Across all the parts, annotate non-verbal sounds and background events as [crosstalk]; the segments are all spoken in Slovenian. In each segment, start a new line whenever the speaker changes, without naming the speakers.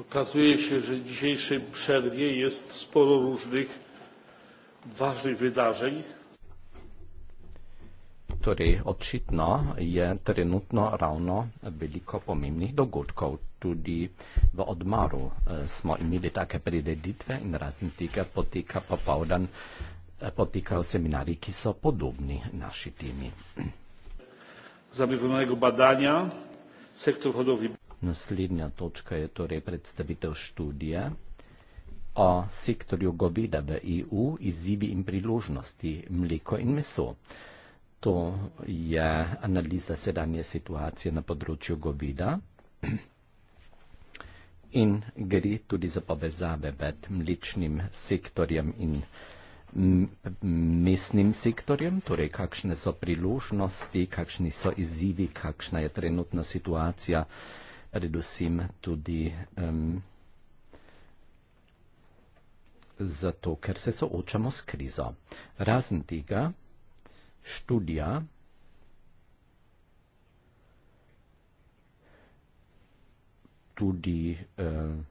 Okazuje się, że w dzisiejszej przerwie jest sporo różnych ważnych wydarzeń.
Torej, očitno je trenutno ravno veliko pomembnih dogodkov. Tudi v odmoru eh, smo imeli take prireditve in razen tega poteka popovdan, eh, potekajo seminari, ki so podobni naši temi.
Zabivnega badanja, sektor hodovine.
Naslednja točka je torej predstavitev študije o sektorju goveda v EU, izzivi in priložnosti mleko in meso. To je analiza sedanje situacije na področju goveda in gre tudi za povezave med mlečnim sektorjem in mestnim sektorjem, torej kakšne so priložnosti, kakšni so izzivi, kakšna je trenutna situacija predvsem tudi um, zato, ker se soočamo s krizo. Razen tega, študija tudi um,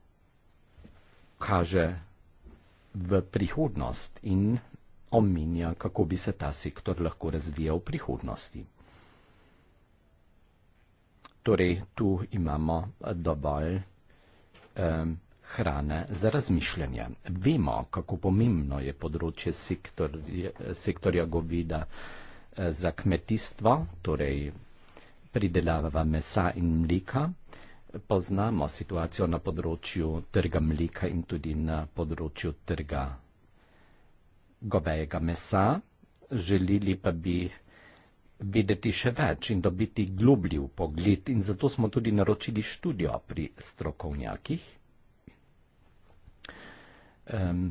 kaže v prihodnost in ominja, kako bi se ta sektor lahko razvijal v prihodnosti. Torej, tu imamo dovolj um, hrane za razmišljanje. Vemo, kako pomembno je področje sektor, sektorja govida eh, za kmetijstvo, torej pridelava mesa in mlika. Poznamo situacijo na področju trga mlika in tudi na področju trga govejega mesa. Želeli pa bi vedeti še več in dobiti globlji pogled, in zato smo tudi naročili študijo pri strokovnjakih. Um,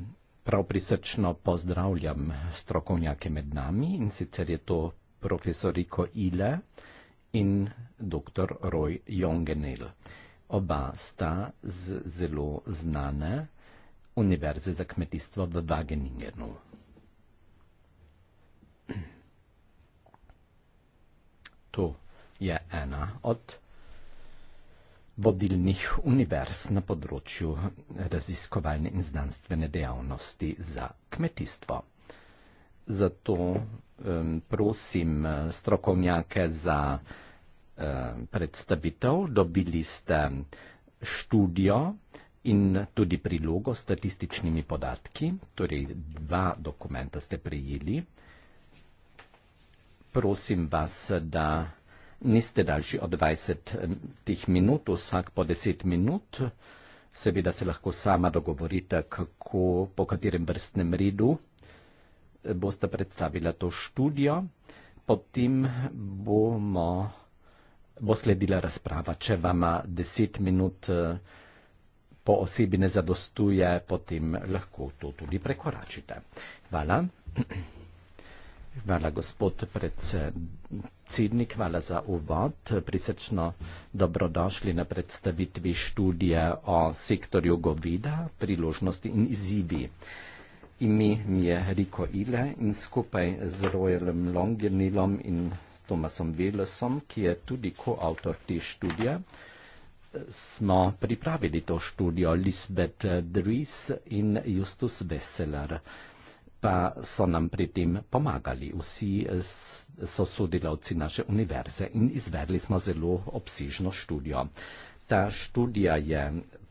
prav prisrčno pozdravljam strokovnjake med nami in sicer je to profesor Riko Ile in dr. Roy Jongenel. Oba sta z zelo znane Univerze za kmetijstvo v Wageningenu. Mm to je ena od vodilnih univerz na področju raziskovalne in znanstvene dejavnosti za kmetijstvo. Zato um, prosim eh, strokovnjake za um, predstavitev. Dobili ste študijo in tudi prilogo s statističnimi podatki, torej dva dokumenta ste prejeli prosim vas, da niste daljši od 20 eh, minut, vsak po 10 minut. Seveda se lahko sama dogovorite, kako, po katerem vrstnem redu eh, boste predstavila to študijo. Potem bomo, bo sledila razprava. Če vama 10 minut eh, po osebi ne zadostuje, potem lahko to tudi prekoračite. Hvala. [clears throat] Hvala, gospod predsednik. Hvala za uvod. Prisrčno dobrodošli na predstavitvi študije o sektorju govida, priložnosti in izzivi. Ime mi je Riko Ile in skupaj z Royalem Longenilom in Tomasom Velosom, ki je tudi koautor te študije, smo pripravili to študijo Lisbeth Dries in Justus Wesseler pa so nam pri tem pomagali vsi eh, so sodelavci naše univerze in izvedli smo zelo obsežno študijo. Ta študija je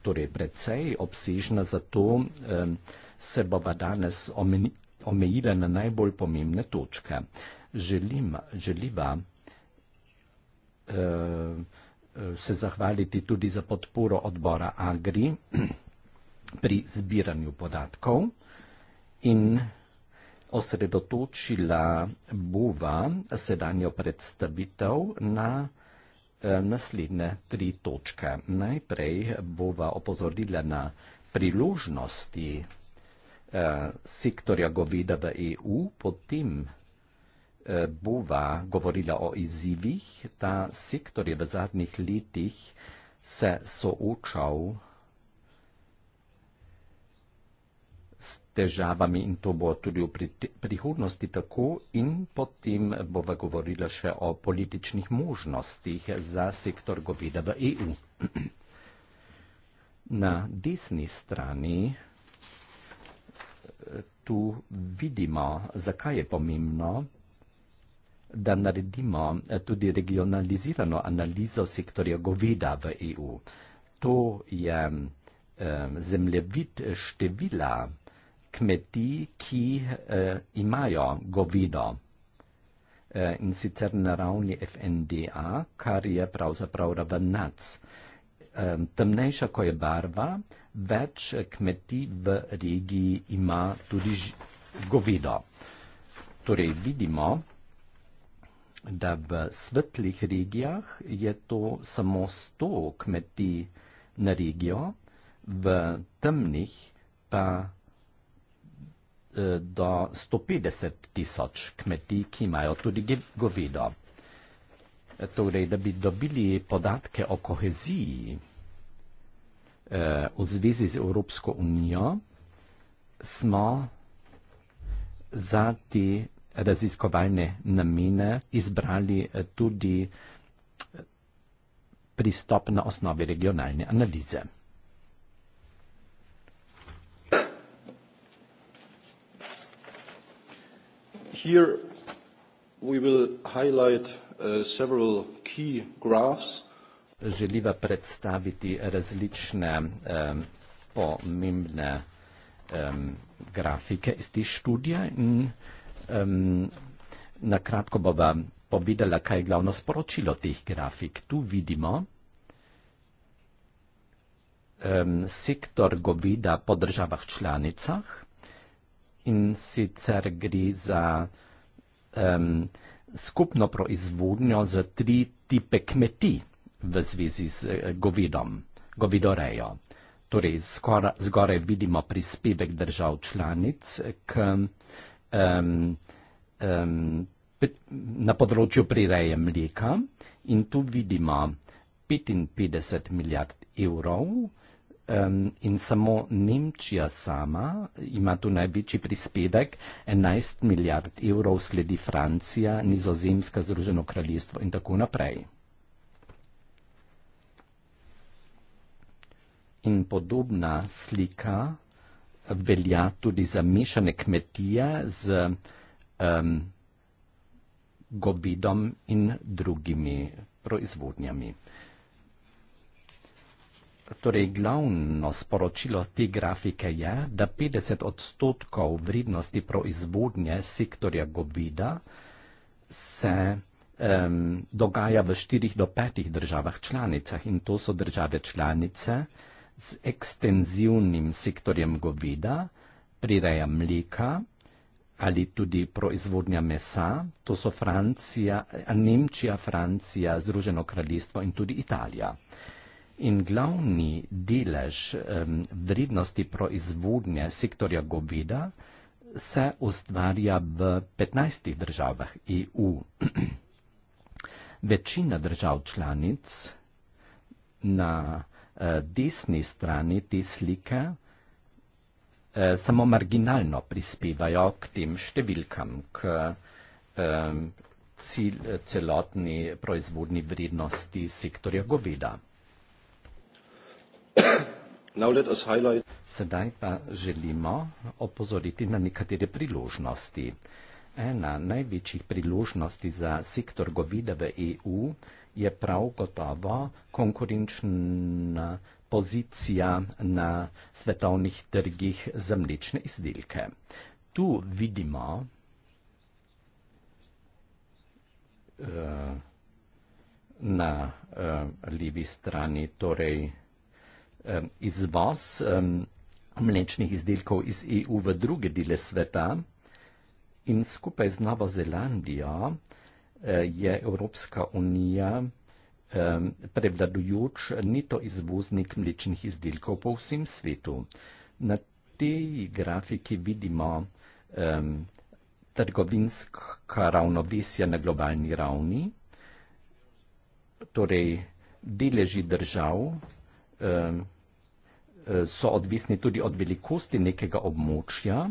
torej precej obsežna, zato eh, se bova danes omejila na najbolj pomembne točke. Želim, želiva eh, se zahvaliti tudi za podporo odbora Agri [clears throat] pri zbiranju podatkov in osredotočila Buva sedanjo predstavitev na eh, naslednje tri točke. Najprej bova opozorila na priložnosti eh, sektorja goveda v EU, potem eh, bova govorila o izzivih, da sektor je v zadnjih letih se soočal eh, težavami in to bo tudi v prihodnosti tako in potem bova govorila še o političnih možnostih za sektor goveda v EU. [clears throat] Na desni strani eh, tu vidimo, zakaj je pomembno, da naredimo eh, tudi regionalizirano analizo sektorja goveda v EU. To je eh, zemljevit števila vsega, kmetij, ki eh, imajo govido eh, in sicer na ravni FNDA, kar je pravzaprav ravenac. Eh, temnejša, ko je barva, več kmetij v regiji ima tudi govido. Torej vidimo, da v svetlih regijah je to samo 100 kmetij na regijo, v temnih pa Eh, do 150 tisoč kmetij, ki imajo tudi govido. Eh, torej, da bi dobili podatke o koheziji eh, v zvezi z Evropsko unijo, smo za te raziskovalne namene izbrali tudi pristop na osnovi regionalne analize.
Here we will highlight uh, several key graphs.
Želiva predstaviti različne um, pomembne um, grafike iz te študije in um, na kratko bova povedala, kaj je glavno sporočilo teh grafik. Tu vidimo sektor govida po državah članicah, in sicer gre za um, skupno proizvodnjo za tri tipe kmetij v zvezi z eh, govedom, govedorejo. Torej, skor, zgore vidimo prispevek držav članic k, um, um, na področju prireje mleka in tu vidimo 55 milijard evrov um, in samo Nemčija sama ima tu največji prispevek, 11 milijard evrov sledi Francija, Nizozemska, Združeno kraljestvo in tako naprej. In podobna slika velja tudi za mešane kmetije z um, govidom in drugimi proizvodnjami. Torej, glavno sporočilo te grafike je, da 50 odstotkov vrednosti proizvodnje sektorja gobida se um, dogaja v 4 do 5 državah članicah in to so države članice z ekstenzivnim sektorjem gobida, prireja mleka ali tudi proizvodnja mesa, to so Francija, Nemčija, Francija, Združeno kraljestvo in tudi Italija. In glavni delež um, vrednosti proizvodnje sektorja goveda se ustvarja v 15 državah EU. Večina držav članic na uh, desni strani te slike uh, samo marginalno prispevajo k tem številkam, k um, cilj, celotni proizvodni vrednosti sektorja goveda.
Now let us highlight...
Sedaj pa želimo opozoriti na nekatere priložnosti. Ena največjih priložnosti za sektor govida v EU je prav gotovo konkurenčna pozicija na svetovnih trgih za mlečne izdelke. Tu vidimo uh, na uh, levi strani torej, uh, Um, izvoz um, mlečnih izdelkov iz EU v druge dele sveta in skupaj z Novo Zelandijo uh, je Evropska unija um, prevladujoč neto izvoznik mlečnih izdelkov po vsem svetu. Na tej grafiki vidimo um, trgovinska ravnovesja na globalni ravni, torej deleži držav, um, so odvisni tudi od velikosti nekega območja,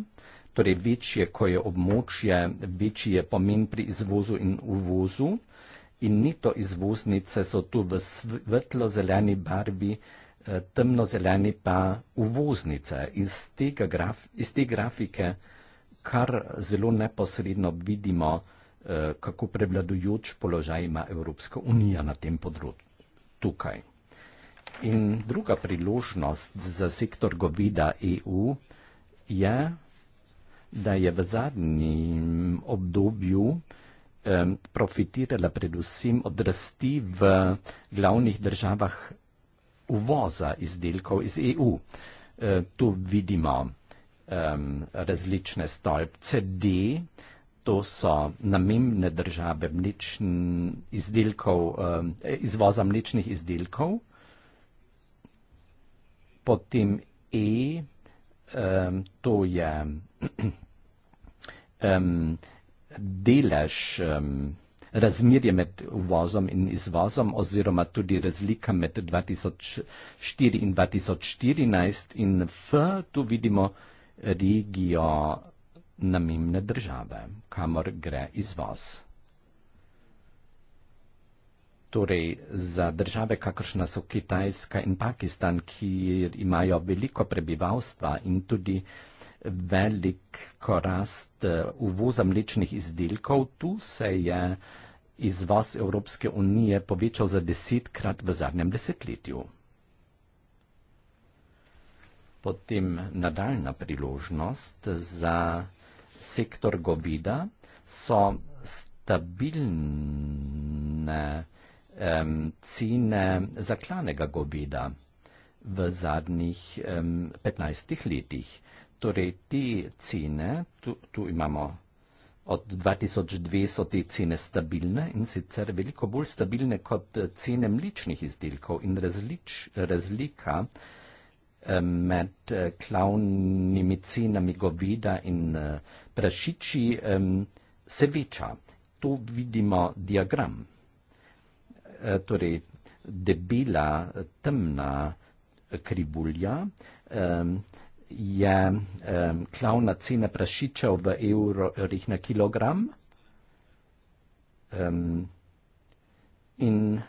torej večje, ko je območje, večji je pomen pri izvozu in uvozu. In nito izvoznice so tu v svetlo zeleni barvi, eh, temno zeleni pa uvoznice. Iz, tega graf, iz te grafike kar zelo neposredno vidimo, eh, kako prevladujoč položaj ima Evropska unija na tem področju tukaj. In druga priložnost za sektor govida EU je, da je v zadnjem obdobju profitirala predvsem od rasti v glavnih državah uvoza izdelkov iz EU. E, tu vidimo različne stolpce D, to so namembne države izvoza mlečnih izdelkov, pod tim i, e, um, to je um, [clears throat] delež um, razmerje med uvozom in izvozom oziroma tudi razlika med 2004 in 2014 in F, tu vidimo regijo namimne države, kamor gre izvoz torej za države, kakršna so Kitajska in Pakistan, ki imajo veliko prebivalstva in tudi velik korast eh, uvoza mlečnih izdelkov, tu se je izvoz Evropske unije povečal za desetkrat v zadnjem desetletju. Potem nadaljna priložnost za sektor govida so stabilne um, cene um, zaklanega gobida v zadnjih um, 15 letih. Torej, te cene, tu, tu imamo od 2002 so te cene stabilne in sicer veliko bolj stabilne kot eh, cene mličnih izdelkov in različ, razlika eh, med eh, klavnimi cenami govida in prašiči se veča. To vidimo diagram. Eh, torej debela, temna kribulja, je klavna cena prašičev v evrih na kilogram. In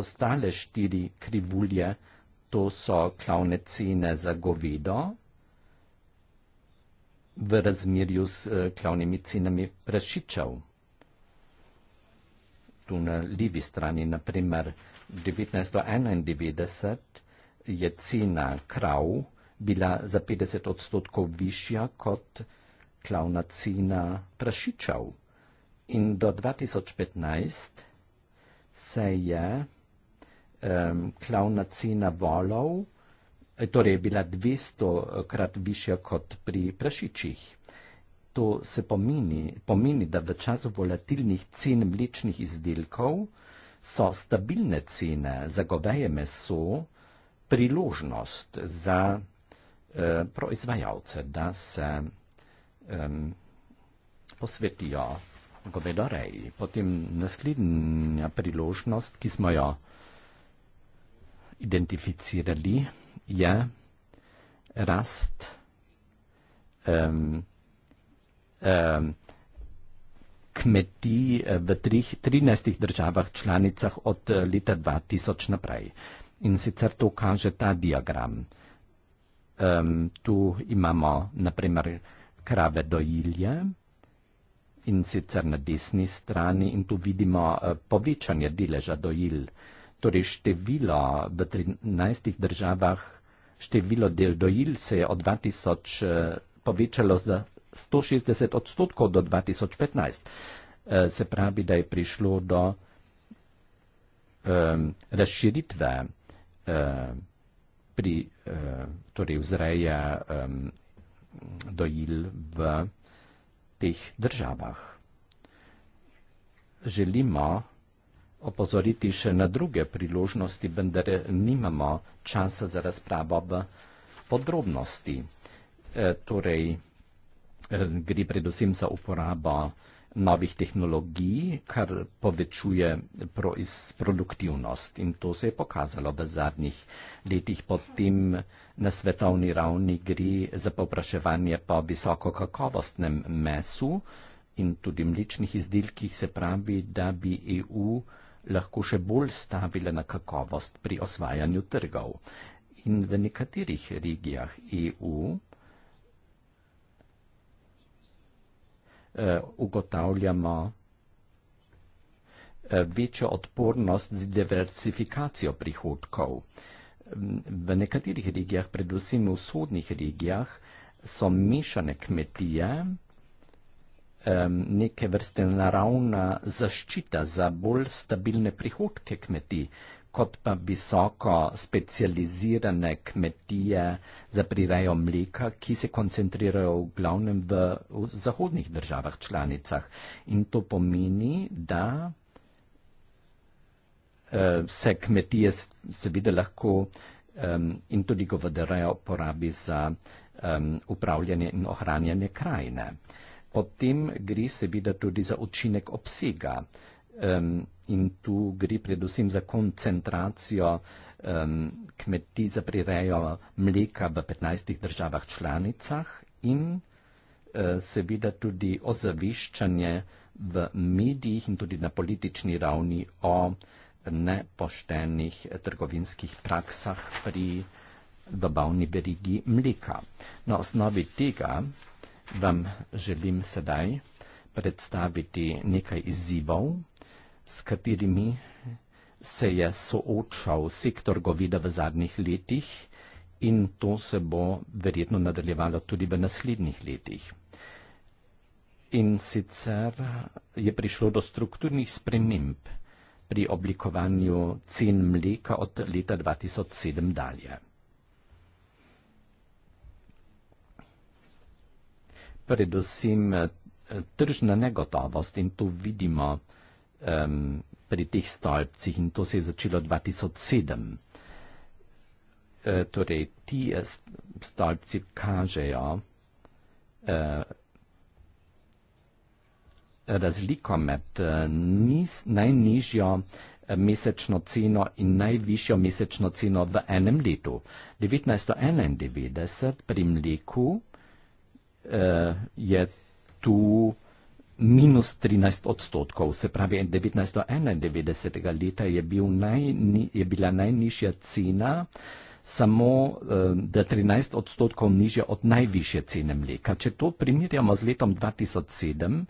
ostale štiri krivulje, to so klavne cene za govedo v razmerju z eh, glavnimi cenami prašičev. Tu na levi strani, naprimer 1991, je cena krav bila za 50 odstotkov višja kot glavna cena prašičev. In do 2015 se je glavna um, cena volov torej je bila 200 krat više kot pri prašičih. To se pomeni, pomeni, da v času volatilnih cen mlečnih izdelkov so stabilne cene za goveje meso priložnost za eh, proizvajalce, da se eh, posvetijo govedoreji. Potem naslednja priložnost, ki smo jo identificirali, je rast um, um, kmetij eh, v trih, 13 državah članicah od eh, leta 2000 naprej. In sicer to kaže ta diagram. Um, tu imamo naprimer krave do ilje in sicer na desni strani in tu vidimo eh, povečanje deleža dojil. Torej število v 13 državah število del dojil se je od 2000 eh, povečalo za 160 odstotkov do 2015. Eh, se pravi, da je prišlo do um, razširitve um, pri, um, torej vzreja um, dojil v teh državah. Želimo, opozoriti še na druge priložnosti, vendar nimamo časa za razpravo v podrobnosti. E, torej, e, gre predvsem za uporabo novih tehnologij, kar povečuje pro, produktivnost in to se je pokazalo v zadnjih letih. Potem na svetovni ravni gre za popraševanje po visoko kakovostnem mesu in tudi mličnih izdelkih, se pravi, da bi EU lahko še bolj stavile na kakovost pri osvajanju trgov. In v nekaterih regijah EU eh, ugotavljamo eh, večjo odpornost z diversifikacijo prihodkov. Mm, v nekaterih regijah, predvsem v vzhodnih regijah, so mešane kmetije, neke vrste naravna zaščita za bolj stabilne prihodke kmetij, kot pa visoko specializirane kmetije za prirejo mleka, ki se koncentrirajo v glavnem v, v zahodnih državah članicah. In to pomeni, da eh, se kmetije seveda lahko eh, in tudi govedarejo porabi za eh, upravljanje in ohranjanje krajine. Eh, Potem gre seveda tudi za učinek obsega um, in tu gre predvsem za koncentracijo um, kmetij za prirejo mleka v 15 državah članicah in uh, seveda tudi ozaviščanje v medijih in tudi na politični ravni o nepoštenih trgovinskih praksah pri dobavni berigi mleka. Na osnovi tega vam želim sedaj predstaviti nekaj izzivov, s katerimi se je soočal sektor govida v zadnjih letih in to se bo verjetno nadaljevalo tudi v naslednjih letih. In sicer je prišlo do strukturnih sprememb pri oblikovanju cen mleka od leta 2007 dalje. predvsem eh, tržna negotovost in to vidimo um, pri teh stolpcih in to se je začelo 2007. E, eh, torej, ti eh, stolpci kažejo e, razliko med niz, najnižjo mesečno ceno in najvišjo mesečno ceno v enem letu. 1991 pri mleku Eh, je tu minus 13 odstotkov, se pravi 1991. leta je, bil naj, je bila najnižja cena samo eh, da 13 odstotkov nižja od najvišje cene mleka. Če to primerjamo z letom 2007,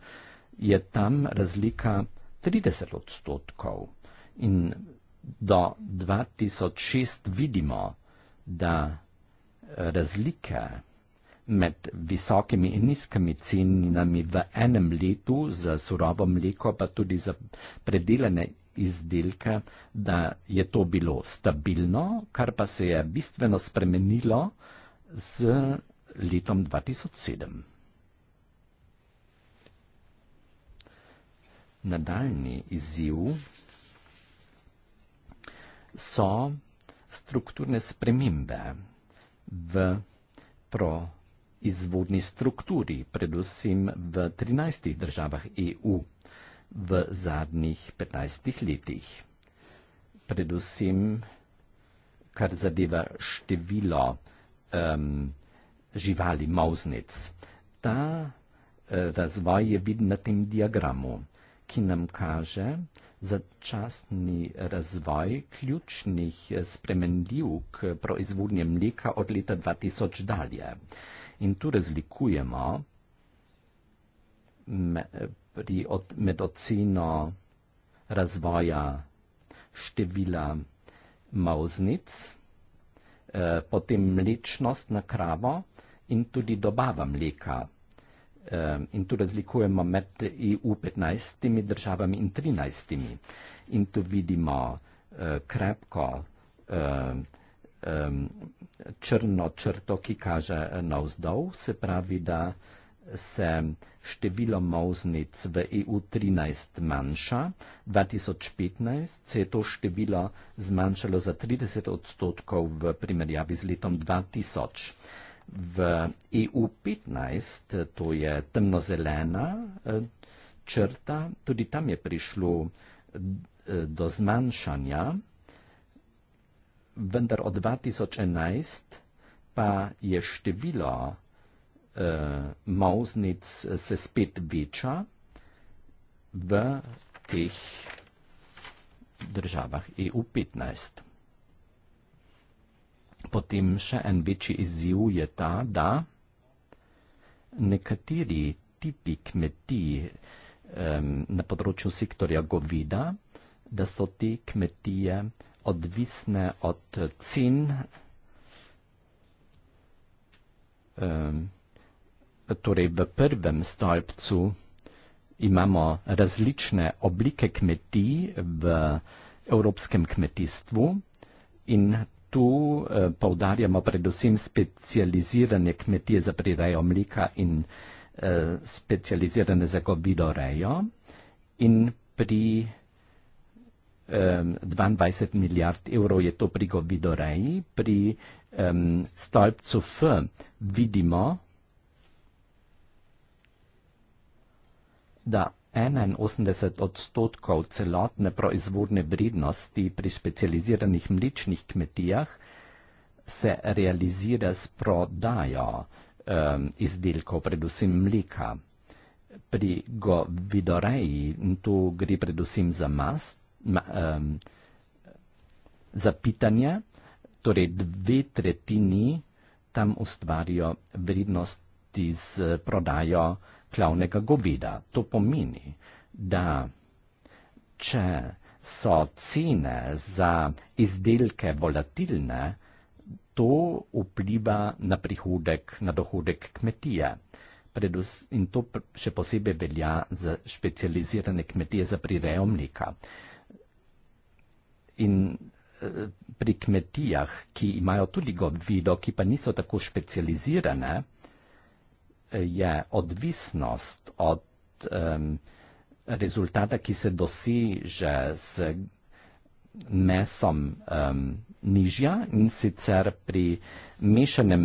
je tam razlika 30 odstotkov. In do 2006 vidimo, da eh, razlike Med visokimi in nizkimi cenami v enem letu za surovo mleko, pa tudi za predelane izdelke, da je to bilo stabilno, kar pa se je bistveno spremenilo z letom 2007. Nadaljni izziv so strukturne spremembe v proračunu izvodni strukturi, predvsem v 13 državah EU v zadnjih 15 letih. Predvsem, kar zadeva število um, živali, mauznic. Ta uh, razvoj je vidn na tem diagramu, ki nam kaže začasni razvoj ključnih eh, spremenljivk proizvodnje mleka od leta 2000 dalje. In tu razlikujemo med oceno razvoja števila mavznic, eh, potem mlečnost na kravo in tudi dobava mleka. Eh, in tu razlikujemo med EU 15 državami in 13. In tu vidimo eh, krepko črno črto, ki kaže eh, navzdol, se pravi, da se število moznic v EU 13 manjša, 2015 se je to število zmanjšalo za 30 odstotkov v primerjavi z letom 2000. V EU 15, eh, to je temnozelena eh, črta, tudi tam je prišlo do zmanjšanja vendar od 2011 pa je število uh, eh, mauznic eh, se spet veča v teh državah EU15. Potem še en večji izziv je ta, da nekateri tipi kmetij um, na področju sektorja govida, da so te kmetije odvisne od cen. Torej, v prvem stolpcu imamo različne oblike kmetij v evropskem kmetijstvu in tu eh, poudarjamo predvsem specializirane kmetije za prirejo mlika in eh, specializirane za govidorejo in pri um, 22 milijard evrov je to pri govidoreji, pri um, stolpcu F vidimo, da 81 odstotkov celotne proizvodne vrednosti pri specializiranih mličnih kmetijah se realizira s prodajo um, izdelkov, predvsem mleka. Pri govidoreji, tu gre predvsem za mast, zapitanja, torej dve tretjini tam ustvarijo vrednosti z prodajo klavnega goveda. To pomeni, da če so cene za izdelke volatilne, to vpliva na prihodek, na dohodek kmetije. In to še posebej velja za specializirane kmetije za prirejo mleka. In eh, pri kmetijah, ki imajo tudi gobvido, ki pa niso tako specializirane, eh, je odvisnost od um, rezultata, ki se dosiže z mesom um, nižja in sicer pri mešanem,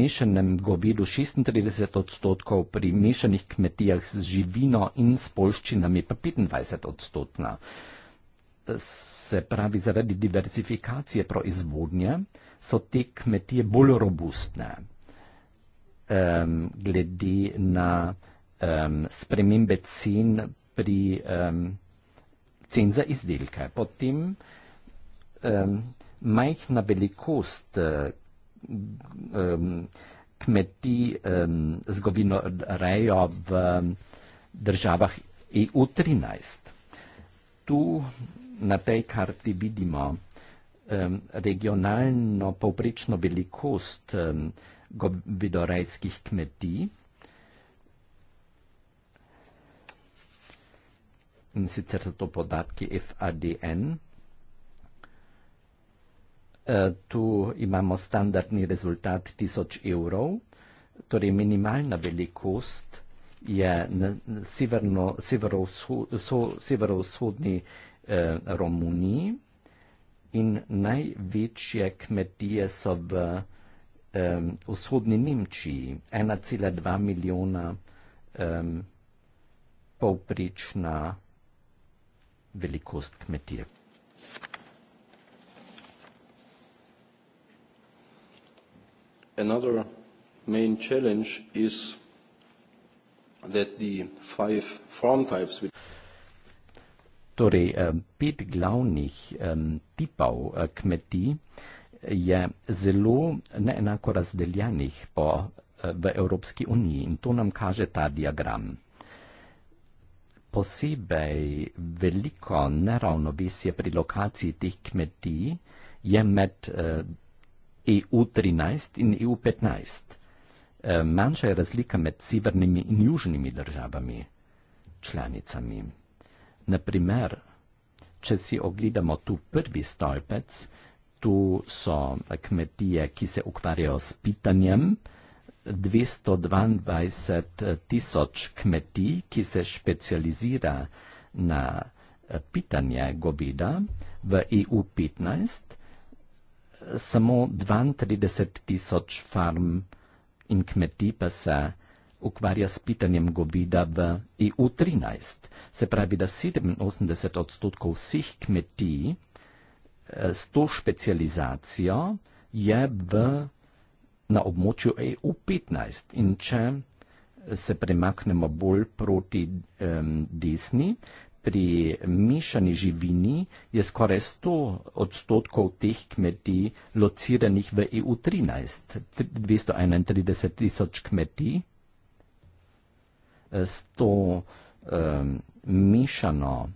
mešanem govidu 36 odstotkov, pri mešanih kmetijah z živino in s polščinami pa 25 odstotkov se pravi zaradi diversifikacije proizvodnje, so te kmetije bolj robustne um, glede na um, spremembe cen pri um, cen za izdelke. Potem um, majhna velikost um, kmetij um, zgovino rejo v državah EU13. Tu na tej karti vidimo um, regionalno povprečno velikost um, gobidorajskih kmetij. In sicer so to podatki FADN. E, tu imamo standardni rezultat 1000 evrov, torej minimalna velikost je severovzhodni severo Eh, Romuniji in največje kmetije so v eh, vzhodni Nemčiji, 1,2 milijona eh, povprečna velikost kmetije.
Another main challenge is that the five farm types. Which...
Torej, pet glavnih tipov eh, kmetij je zelo neenako razdeljenih po, eh, v Evropski uniji in to nam kaže ta diagram. Posebej veliko neravnovesje pri lokaciji teh kmetij je med EU13 eh, e in EU15. Manjša je razlika med severnimi in južnimi državami članicami. Naprimer, če si ogledamo tu prvi stolpec, tu so eh, kmetije, ki se ukvarjajo s pitanjem, 222 eh, tisoč kmetij, ki se specializira na eh, pitanje gobida v EU15, samo 32 tisoč farm in kmetij pa se ukvarja s pitanjem gobida v EU13, se pravi, da 87 odstotkov vseh kmetij eh, s to specializacijo je v, na območju EU15. In če eh, se premaknemo bolj proti um, desni, pri mešani živini je skoraj 100 odstotkov teh kmetij lociranih v EU13, 231 tisoč kmetij s to um, mešano,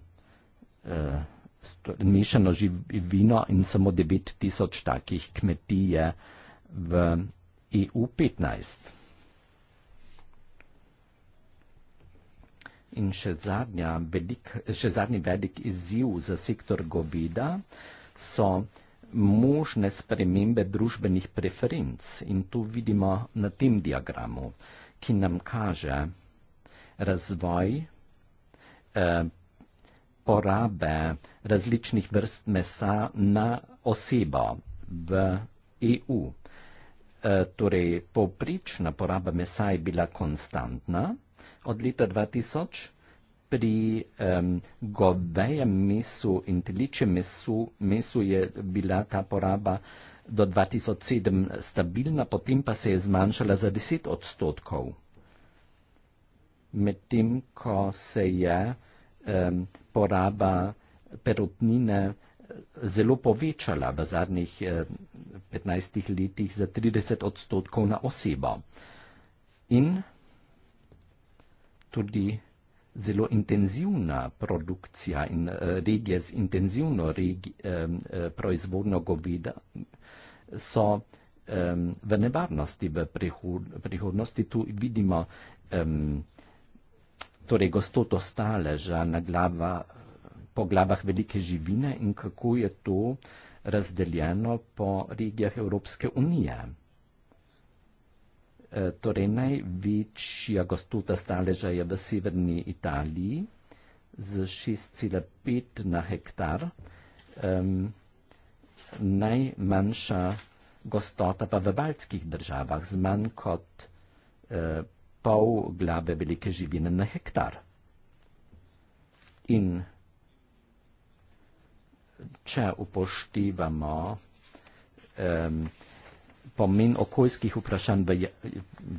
uh, mešano živino in samo 9000 takih kmetij je v EU15. In še, zadnja, velik, še zadnji velik izziv za sektor govida so možne spremembe družbenih preferenc. In to vidimo na tem diagramu, ki nam kaže, razvoj, eh, porabe različnih vrst mesa na osebo v EU. Eh, torej, povprečna poraba mesa je bila konstantna od leta 2000, pri um, govejem mesu in teličem mesu, mesu je bila ta poraba do 2007 stabilna, potem pa se je zmanjšala za 10 odstotkov medtem ko se je um, poraba perutnine eh, zelo povečala v zadnjih um, eh, 15 letih za 30 odstotkov na osebo. In tudi zelo intenzivna produkcija in uh, regije z intenzivno regi, um, uh, proizvodno govida so um, v nevarnosti v prihod prihodnosti. Tu vidimo um, torej gostoto staleža na glava, po glavah velike živine in kako je to razdeljeno po regijah Evropske unije. E, torej največja gostota staleža je v severni Italiji z 6,5 na hektar, e, najmanjša gostota pa v baltskih državah z manj kot e, pol glave velike živine na hektar. In če upoštevamo um, pomen okoljskih vprašanj v, ja-,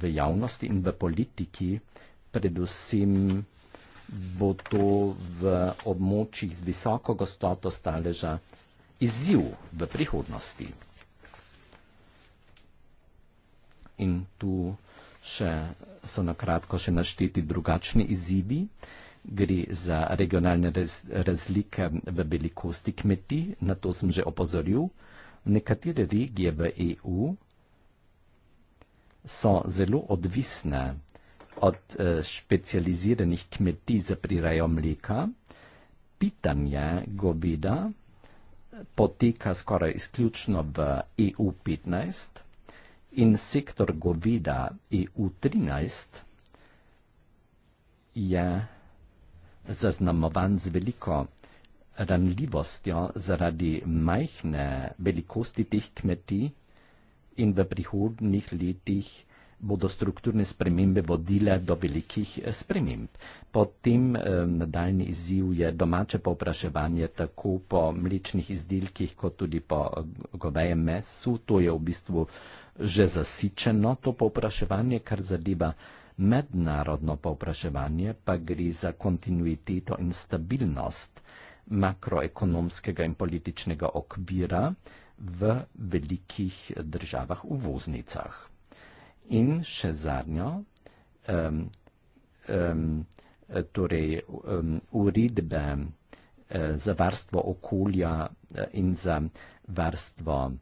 v javnosti in v politiki, predvsem bo to v območjih z visoko gostoto staleža izziv v prihodnosti. In tu še so na kratko še našteti drugačni izzivi. Gre za regionalne razlike v velikosti kmetij, na to sem že opozoril. Nekatere regije v EU so zelo odvisne od eh, specializiranih kmetij za prirejo mleka. Pitanje govida poteka skoraj izključno v EU 15 in sektor govida EU13 je zaznamovan z veliko ranljivostjo zaradi majhne velikosti teh kmetij in v prihodnih letih bodo strukturne spremembe vodile do velikih sprememb. Potem eh, nadaljni izziv je domače povpraševanje tako po mlečnih izdelkih, kot tudi po eh, govejem mesu. To je v bistvu eh, že zasičeno to povpraševanje, kar zadeva mednarodno povpraševanje, pa gre za kontinuiteto in stabilnost makroekonomskega in političnega okvira v velikih državah uvoznicah. In še zadnjo, um, um, torej um, uredbe um, za varstvo okolja eh, in za varstvo um,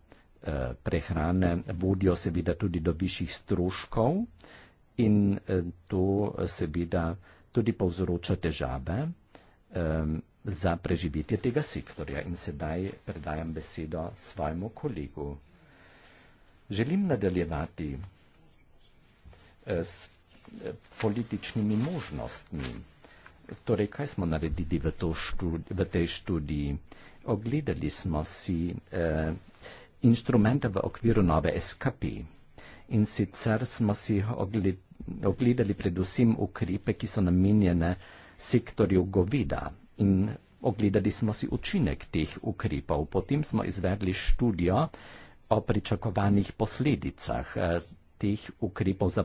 prehrane vodijo seveda tudi do višjih stroškov in eh, to eh, seveda tudi povzroča težave ehm, za preživetje tega sektorja. In sedaj predajam besedo svojemu kolegu. Želim nadaljevati eh, s političnimi možnostmi. Torej, kaj smo naredili v, študi, v tej študiji? Ogledali smo si eh, inštrumente v okviru nove eskapi. In sicer smo si ogledali predvsem ukrepe, ki so namenjene sektorju govida in ogledali smo si učinek teh ukrepov. Potem smo izvedli študijo o pričakovanih posledicah eh, teh ukrepov za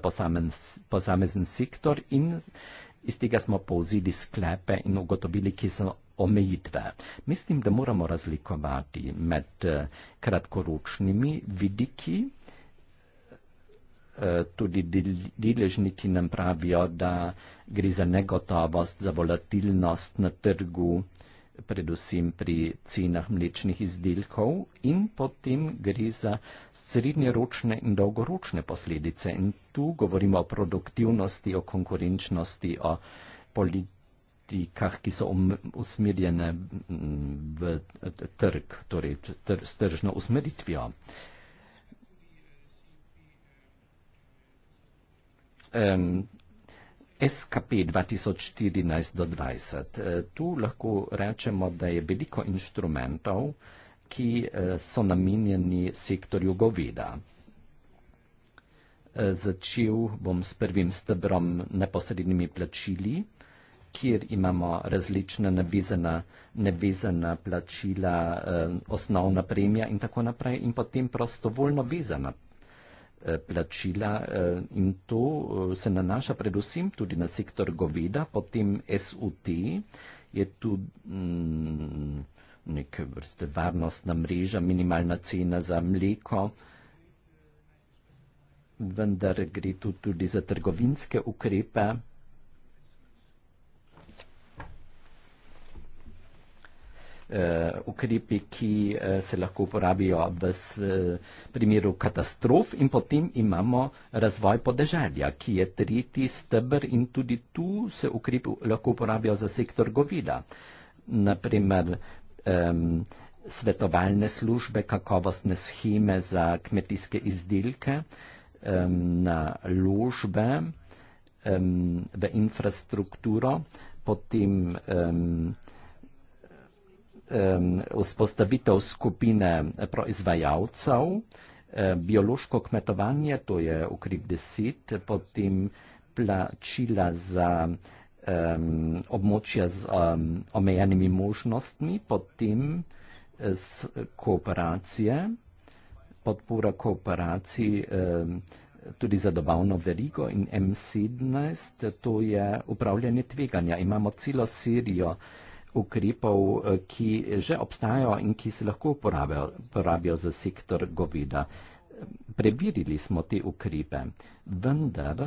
posamezen sektor in iz tega smo povzeli sklepe in ugotovili, ki so omejitve. Mislim, da moramo razlikovati med eh, kratkoročnimi vidiki, eh, tudi deležniki nam pravijo, da gre za negotovost, za volatilnost na trgu, predvsem pri cenah mlečnih izdelkov in potem gre za srednjeročne in dolgoročne posledice. In tu govorimo o produktivnosti, o konkurenčnosti, o politiki ti kah, ki so um-, usmerjene mm, v e, e, trg, torej tr, s tržno usmeritvijo. Um, SKP 2014 do 2020. E, tu lahko rečemo, da je veliko inštrumentov, ki so namenjeni sektorju goveda. Začel bom s prvim stebrom neposrednimi plačili kjer imamo različna navizana, navizana plačila, eh, osnovna premija in tako naprej in potem prostovoljno vezana eh, plačila eh, in to eh, se nanaša predvsem tudi na sektor goveda, potem SUT je tu hm, mm, neka vrste varnostna mreža, minimalna cena za mleko, vendar gre tu tudi za trgovinske ukrepe. uh, ukrepi, ki uh, se lahko uporabijo v uh, primeru katastrof in potem imamo razvoj podeželja, ki je tretji stebr in tudi tu se ukrepi lahko uporabijo za sektor govida. Naprimer, um, svetovalne službe, kakovostne scheme za kmetijske izdelke, um, na ložbe um, v infrastrukturo, potem um, vzpostavitev skupine proizvajalcev, biološko kmetovanje, to je ukrep 10, potem plačila za območja z omejenimi možnostmi, potem z eh, kooperacije, podpora kooperaciji tudi za dobavno verigo in M17, to je upravljanje tveganja. Imamo celo serijo ukrepov, eh, ki že obstajajo in ki se lahko uporabijo, uporabijo za sektor goveda. Preverili smo te ukrepe, vendar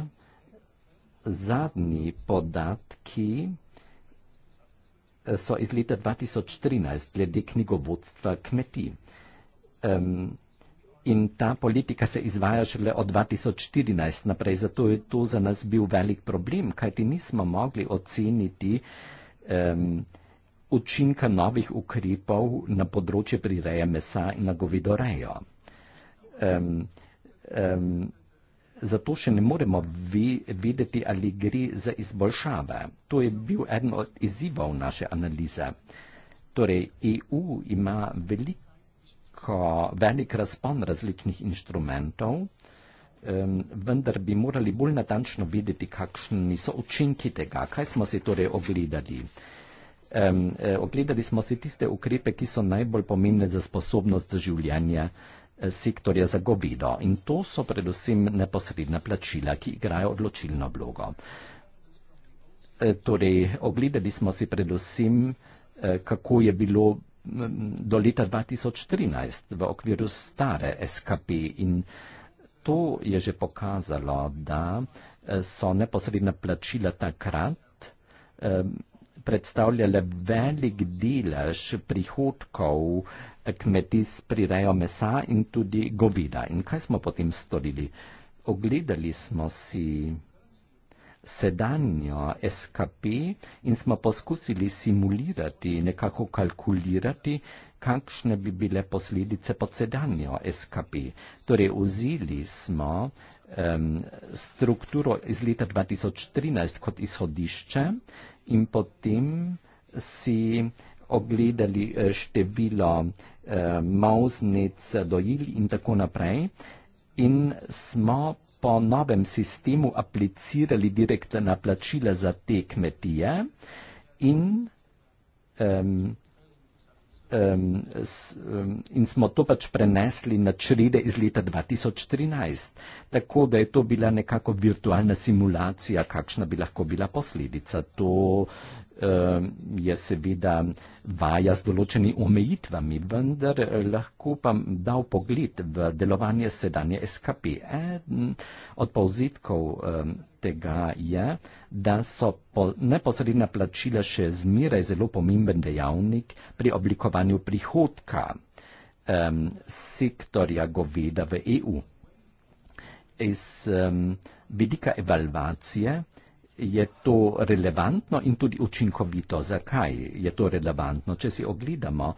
zadnji podatki eh, so iz leta 2013 glede knjigovodstva kmetij. Um, in ta politika se izvaja šele od 2014 naprej, zato je to za nas bil velik problem, kajti nismo mogli oceniti. Um, učinka novih ukrepov na področje prireje mesa in na govedorejo. Um, um, zato še ne moremo vedeti, ali gre za izboljšave. To je bil eden od izzivov naše analize. Torej, EU ima veliko, velik razpon različnih inštrumentov, um, vendar bi morali bolj natančno vedeti, kakšni so učinki tega, kaj smo si torej ogledali. Um, ogledali smo si tiste ukrepe, ki so najbolj pomembne za sposobnost življenja e, sektorja za govedo in to so predvsem neposredna plačila, ki igrajo odločilno vlogo. E, torej, ogledali smo si predvsem, e, kako je bilo do leta 2013 v okviru stare SKP in to je že pokazalo, da e, so neposredna plačila takrat. E, predstavljale velik delež prihodkov eh, kmetij s prirejo mesa in tudi govida. In kaj smo potem storili? Ogledali smo si sedanjo SKP in smo poskusili simulirati, nekako kalkulirati, kakšne bi bile posledice pod sedanjo SKP. Torej, vzeli smo um, strukturo iz leta 2013 kot izhodišče, in potem si ogledali eh, število eh, mauznic, eh, dojil in tako naprej. In smo po novem sistemu aplicirali direktna plačila za te kmetije in eh, um, s, um, in smo to pač prenesli na črede iz leta 2013. Tako da je to bila nekako virtualna simulacija, kakšna bi lahko bila posledica. To eh, je seveda vaja z določeni omejitvami, vendar eh, lahko pa dal pogled v delovanje sedanje SKP. En od povzetkov eh, tega je, da so po, neposredna plačila še zmeraj zelo pomemben dejavnik pri oblikovanju prihodka eh, sektorja goveda v EU. Iz eh, vidika evalvacije, je to relevantno in tudi učinkovito. Zakaj je to relevantno? Če si ogledamo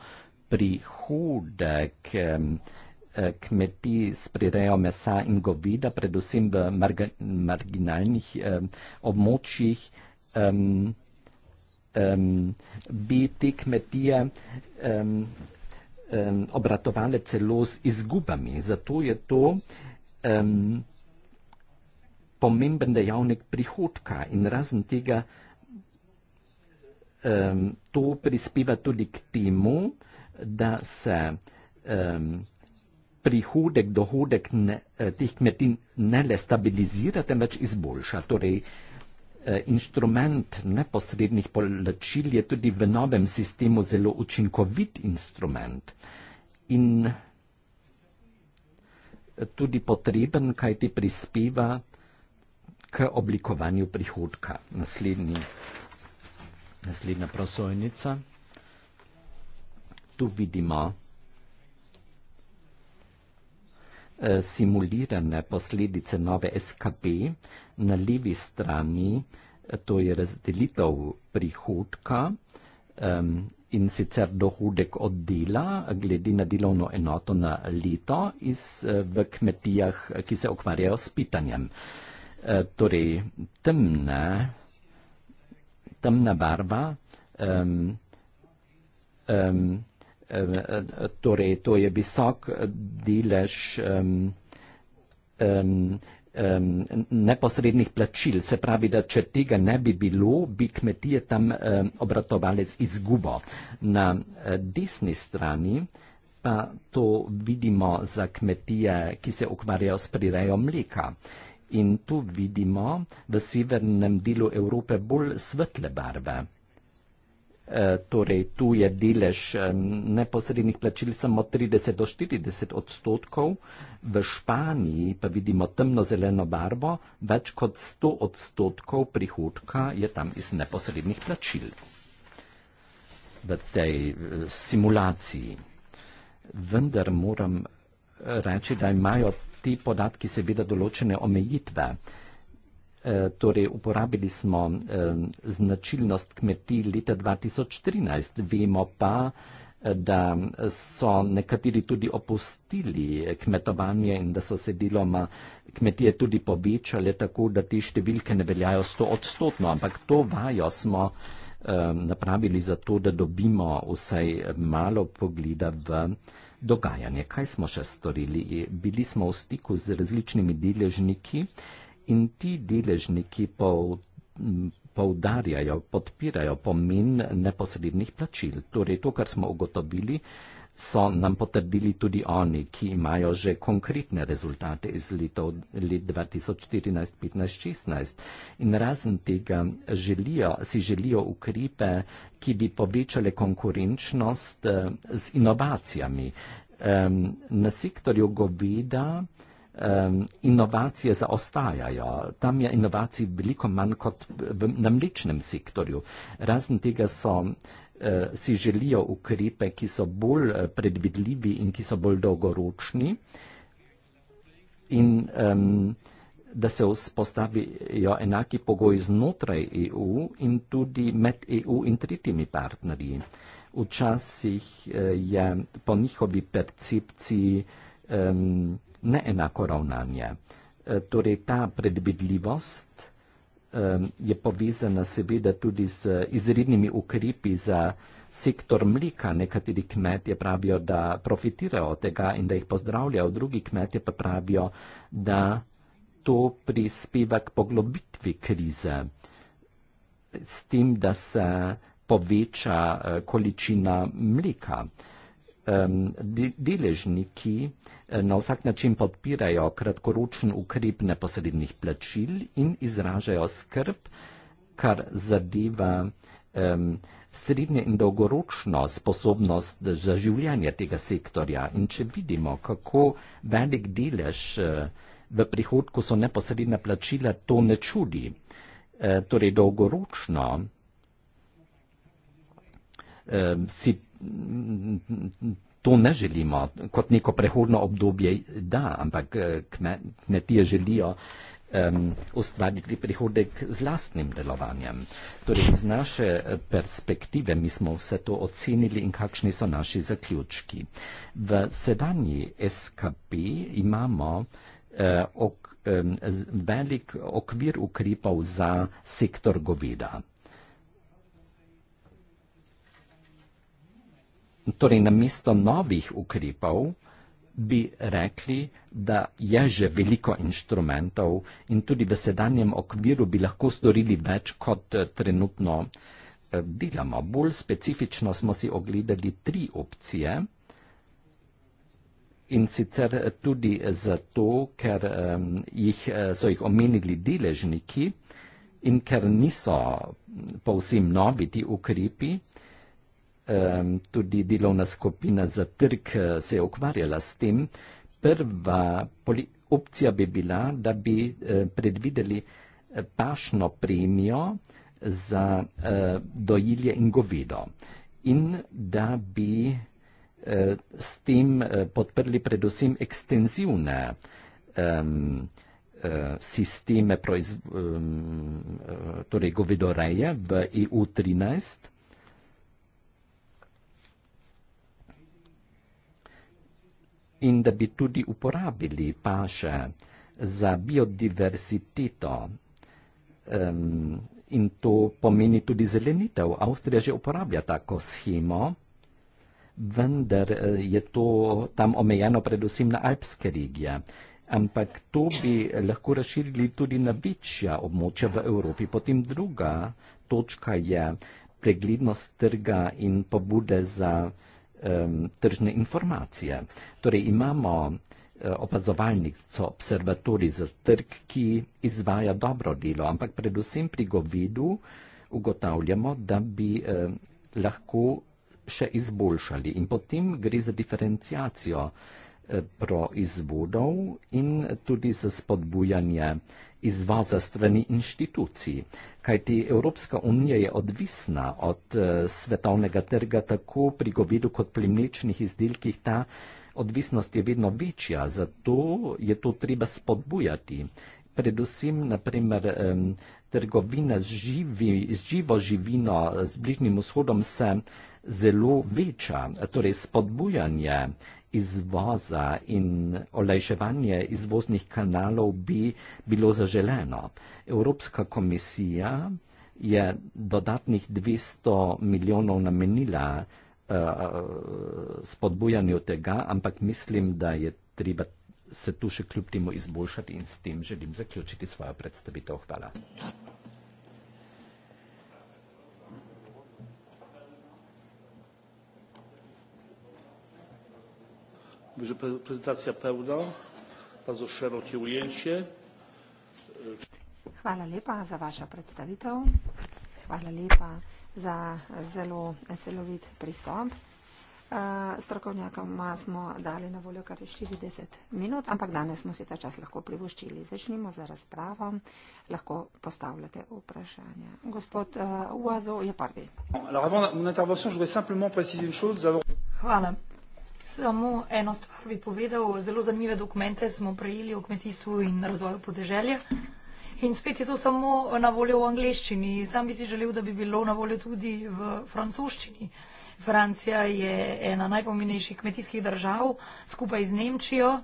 prihodek eh, kmetij s prirejo mesa in govida, predvsem v marga, marginalnih območjih, um, um, bi te kmetije um, um, obratovale celo z izgubami. Zato je to. Um, pomemben dejavnik prihodka in razen tega um, to prispeva tudi k temu, da se um, prihodek, dohodek ne, eh, teh kmetij ne le stabilizira, temveč izboljša. Torej, eh, Instrument neposrednih polačil je tudi v novem sistemu zelo učinkovit instrument in eh, tudi potreben, kaj ti prispeva k oblikovanju prihodka. Naslednji, naslednja prosojnica. Tu vidimo e, simulirane posledice nove SKP. Na levi strani e, to je razdelitev prihodka um, in sicer dohodek od dela glede na delovno enoto na leto iz, e, v kmetijah, ki se ukvarjajo s pitanjem. Uh, E, torej temna, temna barva, um, um, torej to je visok delež um, um, um, neposrednih plačil. Se pravi, da če tega ne bi bilo, bi kmetije tam um, obratovali z izgubo. Na e, desni strani pa to vidimo za kmetije, ki se ukvarjajo s prirejo mleka in tu vidimo v severnem delu Evrope bolj svetle barve. E, torej, tu je delež e, neposrednih plačil samo 30 do 40 odstotkov, v Španiji pa vidimo temnozeleno barvo, več kot 100 odstotkov prihodka je tam iz neposrednih plačil v tej e, simulaciji. Vendar moram reči, da imajo ti podatki seveda določene omejitve. E, torej, uporabili smo e, značilnost kmetij leta 2013, vemo pa, e, da so nekateri tudi opustili kmetovanje in da so se deloma kmetije tudi povečale tako, da te številke ne veljajo sto odstotno, ampak to vajo smo e, napravili za to, da dobimo vsaj malo pogleda v dogajanje, kaj smo še storili. Bili smo v stiku z različnimi deležniki in ti deležniki pol, poudarjajo, podpirajo pomen neposrednih plačil. Torej, to, kar smo ugotovili, so nam potrdili tudi oni, ki imajo že konkretne rezultate iz leto, let 2014-2015-2016. In razen tega želijo, si želijo ukrepe, ki bi povečale konkurenčnost eh, z inovacijami. Um, na sektorju goveda um, inovacije zaostajajo. Tam je inovacij veliko manj kot v, na mlečnem sektorju. Razen tega so Eh, si želijo ukrepe, ki so bolj eh, predvidljivi in ki so bolj dolgoročni in um, da se vzpostavijo enaki pogoji znotraj EU in tudi med EU in tretjimi partnerji. Včasih eh, je po njihovi percepciji um, neenako ravnanje. Torej ta predvidljivost je povezana seveda tudi z izrednimi ukrepi za sektor mlika. Nekateri kmetje pravijo, da profitirajo od tega in da jih pozdravljajo, drugi kmetje pa pravijo, da to prispeva k poglobitvi krize s tem, da se poveča eh, količina mlika um, deležniki eh, na vsak način podpirajo kratkoročen ukrep neposrednih plačil in izražajo skrb, kar zadeva um, srednje in dolgoročno sposobnost za življanje tega sektorja. In če vidimo, kako velik delež eh, v prihodku so neposredna plačila, to ne čudi. Eh, torej, dolgoročno si to ne želimo kot neko prehodno obdobje, da, ampak eh, kmetije želijo um, ustvariti prihodek z lastnim delovanjem. Torej, iz naše eh, perspektive mi smo vse to ocenili in kakšni so naši zaključki. V sedanji SKP imamo uh, ok, um, velik okvir ukrepov za sektor goveda. Torej, namesto novih ukrepov bi rekli, da je že veliko inštrumentov in tudi v sedanjem okviru bi lahko storili več kot eh, trenutno eh, delamo. Bolj specifično smo si ogledali tri opcije in sicer eh, tudi zato, ker jih, so jih omenili deležniki in ker niso mm, povsem novi ti ukrepi. Ehm, tudi delovna skupina za trg eh, se je ukvarjala s tem. Prva opcija bi bila, da bi eh, predvideli eh, pašno premijo za dojilje in govedo in da bi s tem podprli predvsem ekstenzivne ehm, sisteme, ehm, torej govedoreje v EU 13 in da bi tudi uporabili paše za biodiverziteto. Um, in to pomeni tudi zelenitev. Avstrija že uporablja tako schemo, vendar eh, je to tam omejeno predvsem na alpske regije. Ampak to bi lahko razširili tudi na večja območja v Evropi. Potem druga točka je preglednost trga in pobude za tržne informacije. Torej imamo e, opazovalnik, so observatori za trg, ki izvaja dobro delo, ampak predvsem pri govedu ugotavljamo, da bi e, lahko še izboljšali. In potem gre za diferencijacijo proizvodov in tudi za spodbujanje izvoza strani inštitucij. Kajti Evropska unija je odvisna od eh, svetovnega trga tako pri govedu kot pri mlečnih izdelkih. Ta odvisnost je vedno večja, zato je to treba spodbujati. Predvsem, naprimer, trgovina z, živi, z živo živino z Bližnjim vzhodom se zelo veča, torej spodbujanje izvoza in olajševanje izvoznih kanalov bi bilo zaželeno. Evropska komisija je dodatnih 200 milijonov namenila uh, spodbujanju tega, ampak mislim, da je treba se tu še kljub temu izboljšati in s tem želim zaključiti svojo predstavitev. Hvala.
Duża prezentacja pełna. Bardzo szerokie ujęcie.
Hvala lepa za vašo predstavitev. Hvala lepa za zelo celovit pristop. Eh, Strokovnjakom smo dali na voljo kar 40 minut, ampak danes smo si ta čas lahko privoščili. Začnimo za razpravo. Lahko postavljate vprašanje. Gospod Uazo eh, je prvi. Hvala.
Samo eno stvar bi povedal. Zelo zanimive dokumente smo prejeli o kmetijstvu in razvoju podeželja. In spet je to samo na voljo v angleščini. Sam bi si želel, da bi bilo na voljo tudi v francoščini. Francija je ena najpomenejših kmetijskih držav skupaj z Nemčijo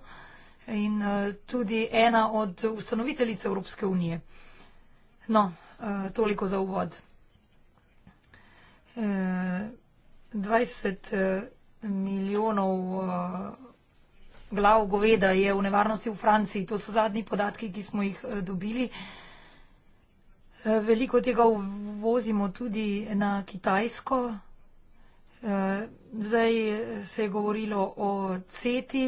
in eh, tudi ena od ustanoviteljic Evropske unije. No, eh, toliko za uvod. 20. Eh, milijonov eh, glav goveda je v nevarnosti v Franciji. To so zadnji podatki, ki smo jih eh, dobili. Eh, veliko tega uvozimo tudi na Kitajsko. Zdaj se je govorilo o CETI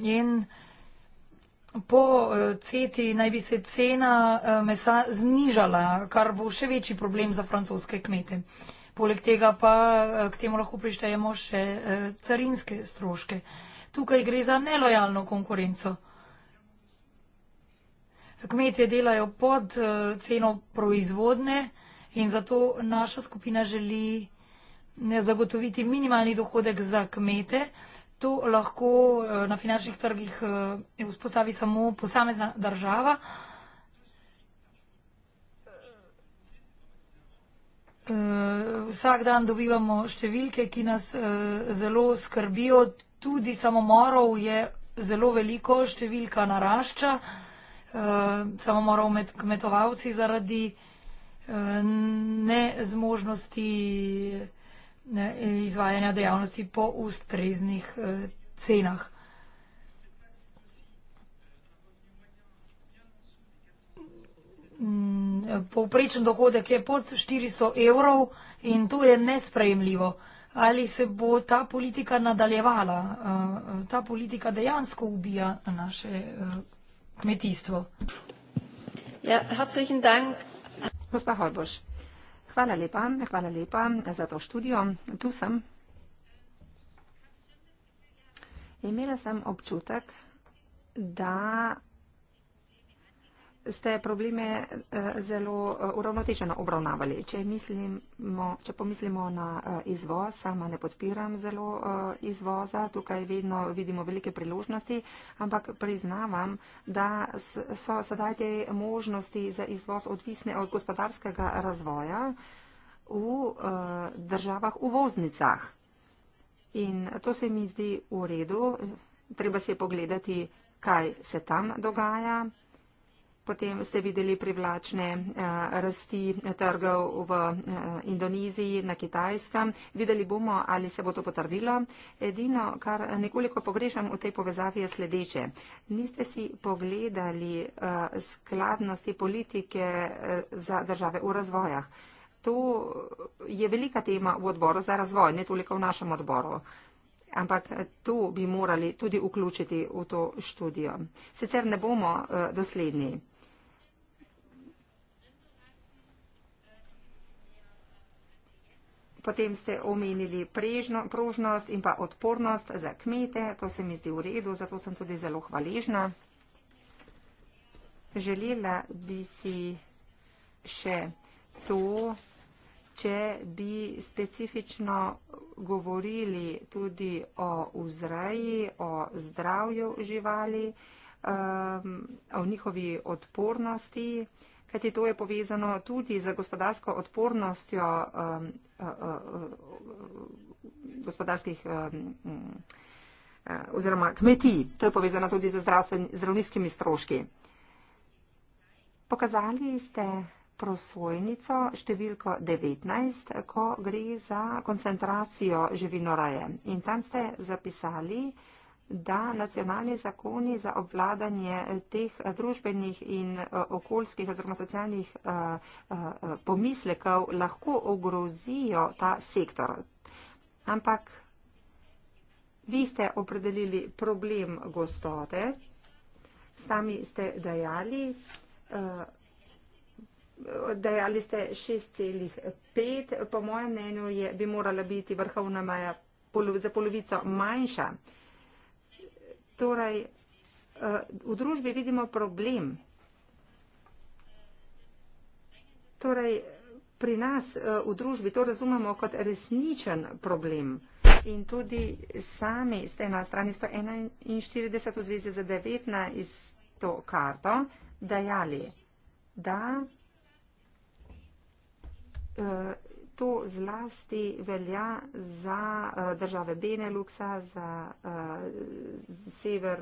in po CETI naj bi se cena mesa znižala, kar bo še večji problem za francoske kmete. Poleg tega pa eh, k temu lahko prištejemo še eh, carinske stroške. Tukaj gre za nelojalno konkurenco. Kmetje delajo pod eh, ceno proizvodne in zato naša skupina želi zagotoviti minimalni dohodek za kmete. To lahko na finančnih trgih vzpostavi samo posamezna država. Eh, vsak dan dobivamo številke, ki nas eh, zelo skrbijo. Tudi samomorov je zelo veliko, številka narašča. Eh, samomorov med kmetovalci zaradi nezmožnosti izvajanja dejavnosti po ustreznih cenah. Mm, povprečen dohodek je pod 400 evrov in to je nesprejemljivo. Ali se bo ta politika nadaljevala? Eh, ta politika dejansko ubija naše eh, kmetijstvo.
Ja, herzlichen Dank. Gospa Holboš, hvala lepa, hvala lepa za to študijo. Tu sem. Imela sem občutek, da ste probleme eh, zelo eh, uravnoteženo obravnavali. Če, mislimo, če pomislimo na eh, izvoz, sama ne podpiram zelo izvoza, tukaj vedno vidimo velike priložnosti, ampak priznavam, da so sedaj te možnosti za izvoz odvisne od gospodarskega razvoja v državah uvoznicah. In to se mi zdi v redu. Treba se pogledati, kaj se tam dogaja. Potem ste videli privlačne eh, rasti trgov v eh, Indoneziji, na Kitajskem. Videli bomo, ali se bo to potrdilo. Edino, kar nekoliko pogrešam v tej povezavi, je sledeče. Niste si pogledali eh, skladnosti politike za države v razvojah. To je velika tema v odboru za razvoj, ne toliko v našem odboru. Ampak to bi morali tudi vključiti v to študijo. Sicer ne bomo dosledni. Potem ste omenili prežno, prožnost in pa odpornost za kmete. To se mi zdi v redu, zato sem tudi zelo hvaležna. Želela bi si še to, če bi specifično govorili tudi o vzraji, o zdravju živali, um, o njihovi odpornosti. Uh, kajti to je povezano tudi z gospodarsko odpornostjo um, uh, uh, uh, gospodarskih um, uh, oziroma kmetij. To je povezano tudi z zdravniškimi stroški. Pokazali ste prosojnico številko 19, ko gre za koncentracijo živinoraje. In tam ste zapisali, da nacionalni zakoni za obvladanje teh družbenih in eh, okoljskih oziroma socialnih eh, eh, pomislekov lahko ogrozijo ta sektor. Ampak vi ste opredelili problem gostote, sami ste dajali, dajali ste 6,5, po mojem mnenju je, bi morala biti vrhovna maja za polovico manjša. Torej, eh, v družbi vidimo problem. Torej, pri nas eh, v družbi to razumemo kot resničen problem. In tudi sami ste na strani 141 v zvezi z 19. karto dajali, da eh, to zlasti velja za uh, države Beneluxa, za, uh, sever,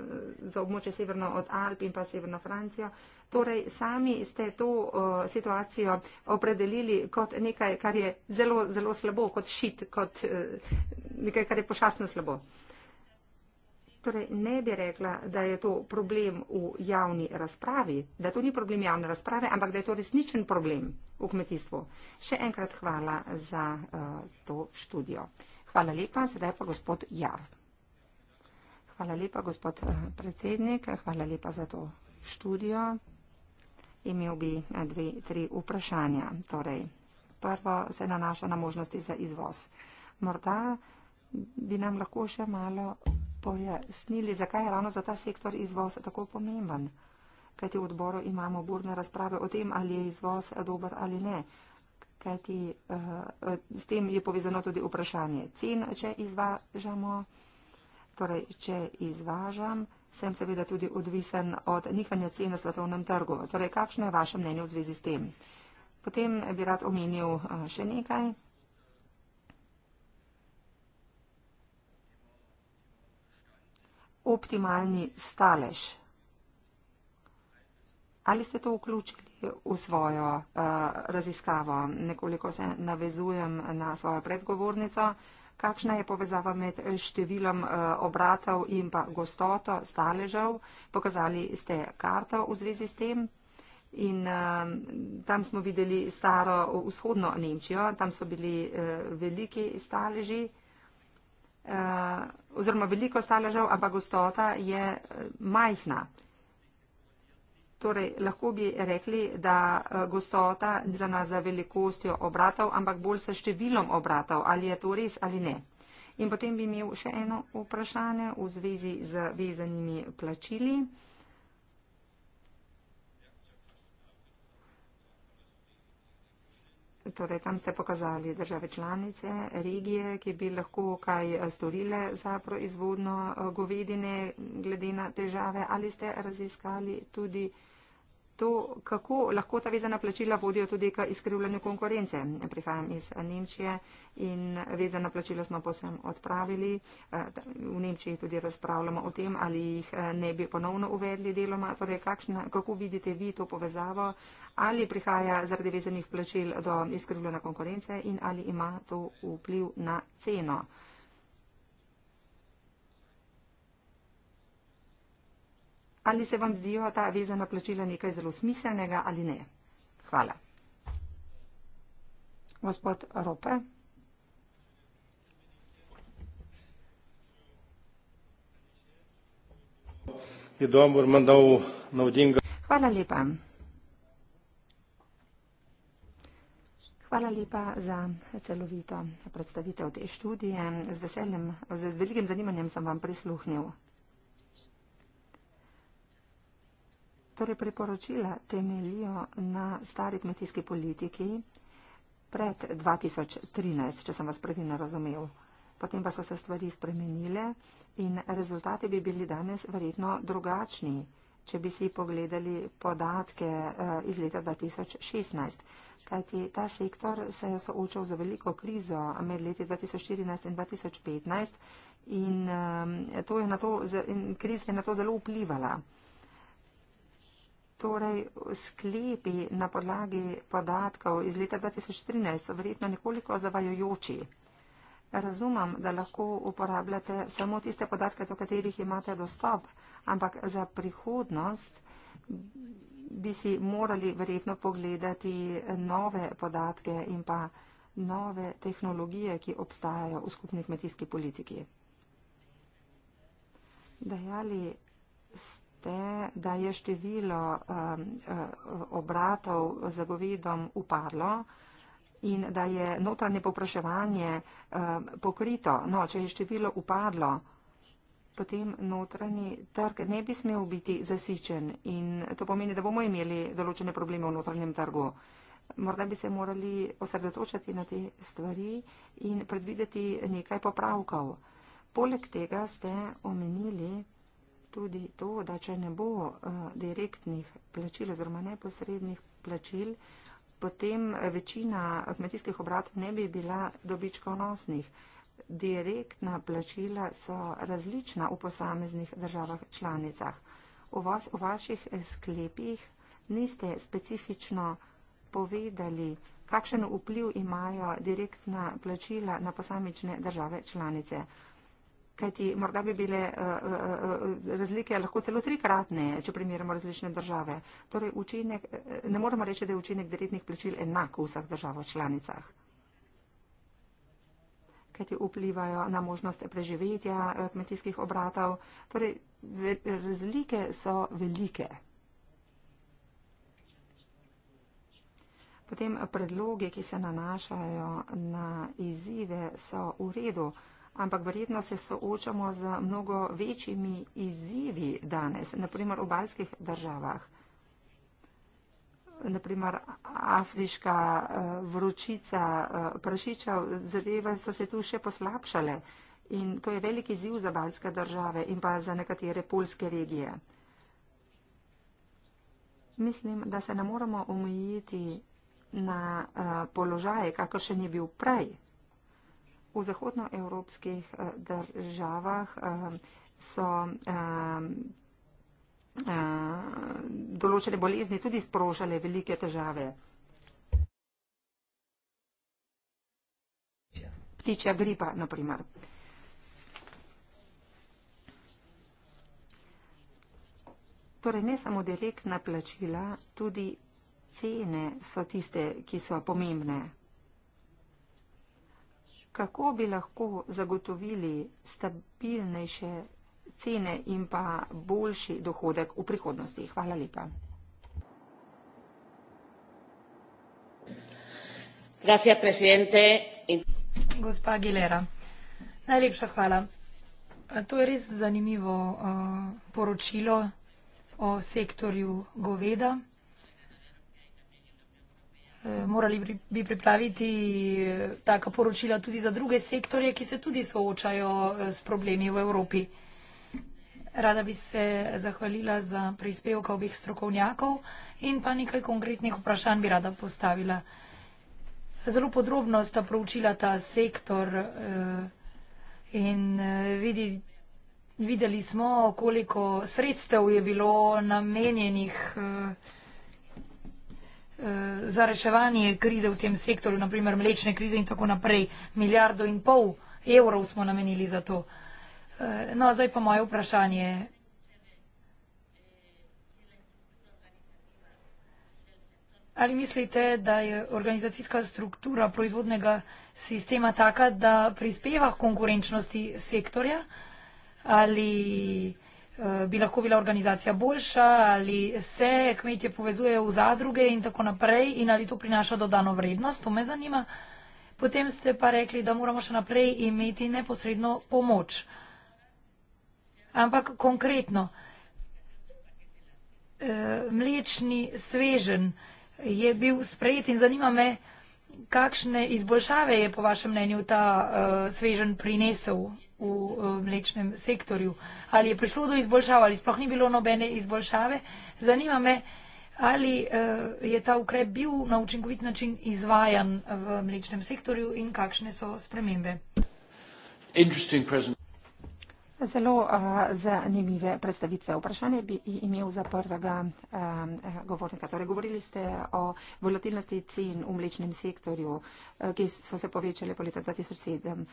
za območje severno od Alp in pa severno Francijo. Torej, sami ste to uh, situacijo opredelili kot nekaj, kar je zelo, zelo slabo, kot šit, kot uh, nekaj, kar je pošastno slabo. Uh, Torej, ne bi rekla, da je to problem v javni razpravi, da to ni problem javne razprave, ampak da je to resničen problem v kmetijstvu. Še enkrat hvala za uh, to študijo. Hvala lepa, sedaj pa gospod Jar. Hvala lepa, gospod eh, predsednik, hvala lepa za to študijo. Imel bi eh, dve, tri vprašanja. Torej, prvo se nanaša na možnosti za izvoz. Morda bi nam lahko še malo pojasnili, zakaj je ravno za ta sektor izvoz tako pomemben. Kajti v odboru imamo burne razprave o tem, ali je izvoz dober ali ne. Kajti eh, s tem je povezano tudi vprašanje cen, če izvažamo. Torej, če izvažam, sem seveda tudi odvisen od nihanja cen na svetovnem trgu. Torej, kakšno je vaše mnenje v zvezi s tem? Potem bi rad omenil eh, še nekaj. optimalni stalež. Ali ste to vključili v svojo uh, raziskavo? Nekoliko se navezujem na svojo predgovornico. Kakšna je povezava med številom uh, obratov in pa gostoto staležev? Pokazali ste karto v zvezi s tem. In uh, tam smo videli staro vzhodno Nemčijo, tam so bili uh, veliki staleži. Uh, Eh, oziroma veliko staležev, ampak gostota je eh, majhna. Torej, lahko bi rekli, da eh, gostota zna za velikostjo obratov, ampak bolj sa številom obratov, ali je to res ali ne. In potem bi imel še eno vprašanje v zvezi z vezanimi plačili. Torej, tam ste pokazali države članice, regije, ki bi lahko kaj eh, storile za proizvodno eh, govedine glede na težave. Ali ste raziskali tudi to, kako lahko ta vezana plačila vodijo tudi k izkrivljanju konkurence. Prihajam iz Nemčije in vezana plačila smo posem odpravili. Eh, v Nemčiji tudi razpravljamo o tem, ali jih eh, ne bi ponovno uvedli deloma. Torej, kakšna, kako vidite vi to povezavo? Ali prihaja zaradi vezanih plačil do izkrivljanja konkurence in ali ima to vpliv na ceno? Ali se vam zdijo ta vezana plačila nekaj zelo smiselnega ali ne? Hvala. Gospod Rope. Hvala lepa. Hvala lepa za celovito predstavitev te študije. Z, veseljem, z velikim zanimanjem sem vam prisluhnil. Torej, priporočila temelijo na stari kmetijski politiki pred 2013, če sem vas pravilno razumel. Potem pa so se stvari spremenile in rezultati bi bili danes verjetno drugačni, če bi si pogledali podatke eh, iz leta 2016. Kajti ta sektor se je soočal z veliko krizo med leti 2014 in 2015 in, eh, je to, in kriz je na to zelo vplivala. Torej, sklepi na podlagi podatkov iz leta 2013 so verjetno nekoliko zavajojoči. Razumem, da lahko uporabljate samo tiste podatke, do katerih imate dostop, ampak za prihodnost bi si morali verjetno pogledati nove podatke in pa nove tehnologije, ki obstajajo v skupni kmetijski politiki. Dajali ste veste, da je število um, uh, obratov za govedom upadlo in da je notranje popraševanje um, pokrito. No, če je število upadlo, potem notranji trg ne bi smel biti zasičen in to pomeni, da bomo imeli določene probleme v notranjem trgu. Morda bi se morali osredotočati na te stvari in predvideti nekaj popravkov. Poleg tega ste omenili, tudi to, da če ne bo eh, direktnih plačil oziroma neposrednih plačil, potem večina kmetijskih obratov ne bi bila dobičkonosnih. Direktna plačila so različna v posameznih državah članicah. V, vas, v vaših eh, sklepih niste specifično povedali, kakšen vpliv imajo direktna plačila na posamične države članice kajti morda bi bile eh, eh, eh, razlike lahko celo trikratne, če primerjamo različne države. Torej, učinek, ne moremo reči, da je učinek direktnih plačil enak v vseh državah članicah kajti vplivajo na možnost preživetja kmetijskih obratov. Torej, razlike so velike. Potem predloge, ki se nanašajo na izzive, so v redu ampak verjetno se soočamo z mnogo večjimi izzivi danes, naprimer v balskih državah. Naprimer, afriška eh, vročica, eh, prašiča, zadeve so se tu še poslabšale in to je velik izziv za balske države in pa za nekatere polske regije. Mislim, da se ne moramo omejiti na eh, položaj, kakor še ni bil prej. V zahodnoevropskih eh, državah eh, so eh, določene bolezni tudi sprožale velike težave. Ptičja gripa, naprimer. Torej, ne samo direktna plačila, tudi cene so tiste, ki so pomembne kako bi lahko zagotovili stabilnejše cene in pa boljši dohodek v prihodnosti. Hvala lepa. Gospa Gilera,
najlepša hvala. To je res zanimivo uh, poročilo o sektorju goveda. Eh, morali bi pripraviti eh, taka poročila tudi za druge sektorje, ki se tudi soočajo eh, s problemi v Evropi. Rada bi se zahvalila za prispevka obih strokovnjakov in pa nekaj konkretnih vprašanj bi rada postavila. Zelo podrobno sta proučila ta sektor in vidi, videli smo, koliko sredstev je bilo namenjenih vprašanj za reševanje krize v tem sektorju, naprimer mlečne krize in tako naprej. Milijardo in pol evrov smo namenili za to. Eh, no, zdaj pa moje vprašanje. Ali mislite, da je organizacijska struktura proizvodnega sistema taka, da prispeva konkurenčnosti sektorja ali Eh, bi lahko bila organizacija boljša, ali se kmetje povezujejo v zadruge in tako naprej in ali to prinaša dodano vrednost, to me zanima. Potem ste pa rekli, da moramo še naprej imeti neposredno pomoč. Ampak konkretno, eh, mlečni svežen je bil sprejet in zanima me, kakšne izboljšave je po vašem mnenju ta eh, svežen prinesel v eh, mlečnem sektorju. Ali je prišlo do izboljšav ali sploh ni bilo nobene izboljšave? Zanima me, ali eh, je ta ukrep bil na učinkovit način izvajan v mlečnem sektorju in kakšne so spremembe.
Zelo uh, zanimive predstavitve. Vprašanje bi imel za prvega um, govornika. Torej, govorili ste o volatilnosti cen v mlečnem sektorju, uh, ki so se povečale po letu 2007.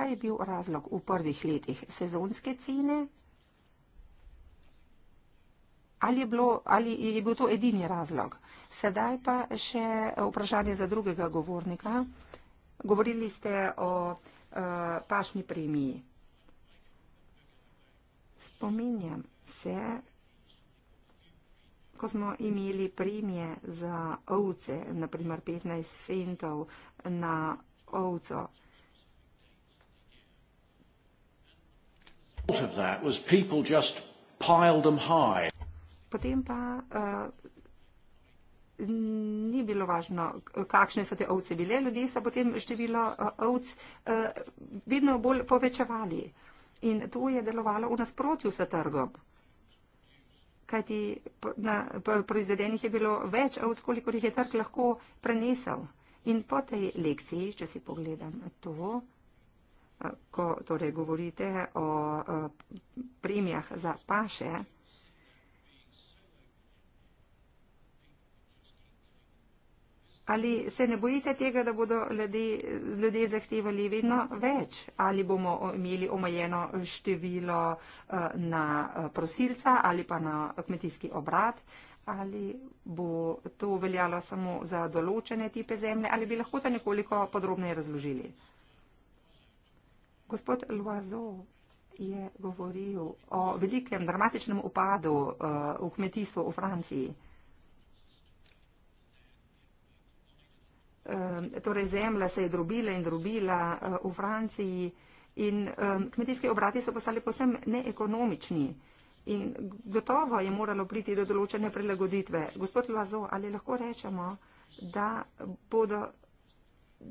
Kaj je bil razlog v prvih letih? Sezonske cene? Ali je, bilo, ali je bil to edini razlog? Sedaj pa še vprašanje za drugega govornika. Govorili ste o uh, pašni premiji. Spominjam se, ko smo imeli premije za ovce, naprimer 15 fentov na ovco. Potem pa uh, ni bilo važno, kakšne so te ovce bile. Ljudje so potem število uh, ovc uh, vedno bolj povečevali. In to je delovalo v nasprotju s trgom. Kajti na proizvedenih je bilo več ovc, koliko jih je trg lahko prenesel. In po tej lekciji, če si pogledam to, ko torej govorite o premijah za paše, Ali se ne bojite tega, da bodo ljudje zahtevali vedno več? Ali bomo imeli omejeno število eh, na eh, prosilca ali pa na kmetijski obrat? Ali bo to veljalo samo za določene tipe zemlje? Ali bi lahko to nekoliko podrobneje razložili? Gospod Loazo je govoril o velikem dramatičnem upadu uh, v kmetijstvu v Franciji. Um, torej zemlja se je drobila in drobila uh, v Franciji in um, kmetijski obrati so postali posem neekonomični. In gotovo je moralo priti do določene prilagoditve. Gospod Loazo, ali lahko rečemo, da bodo,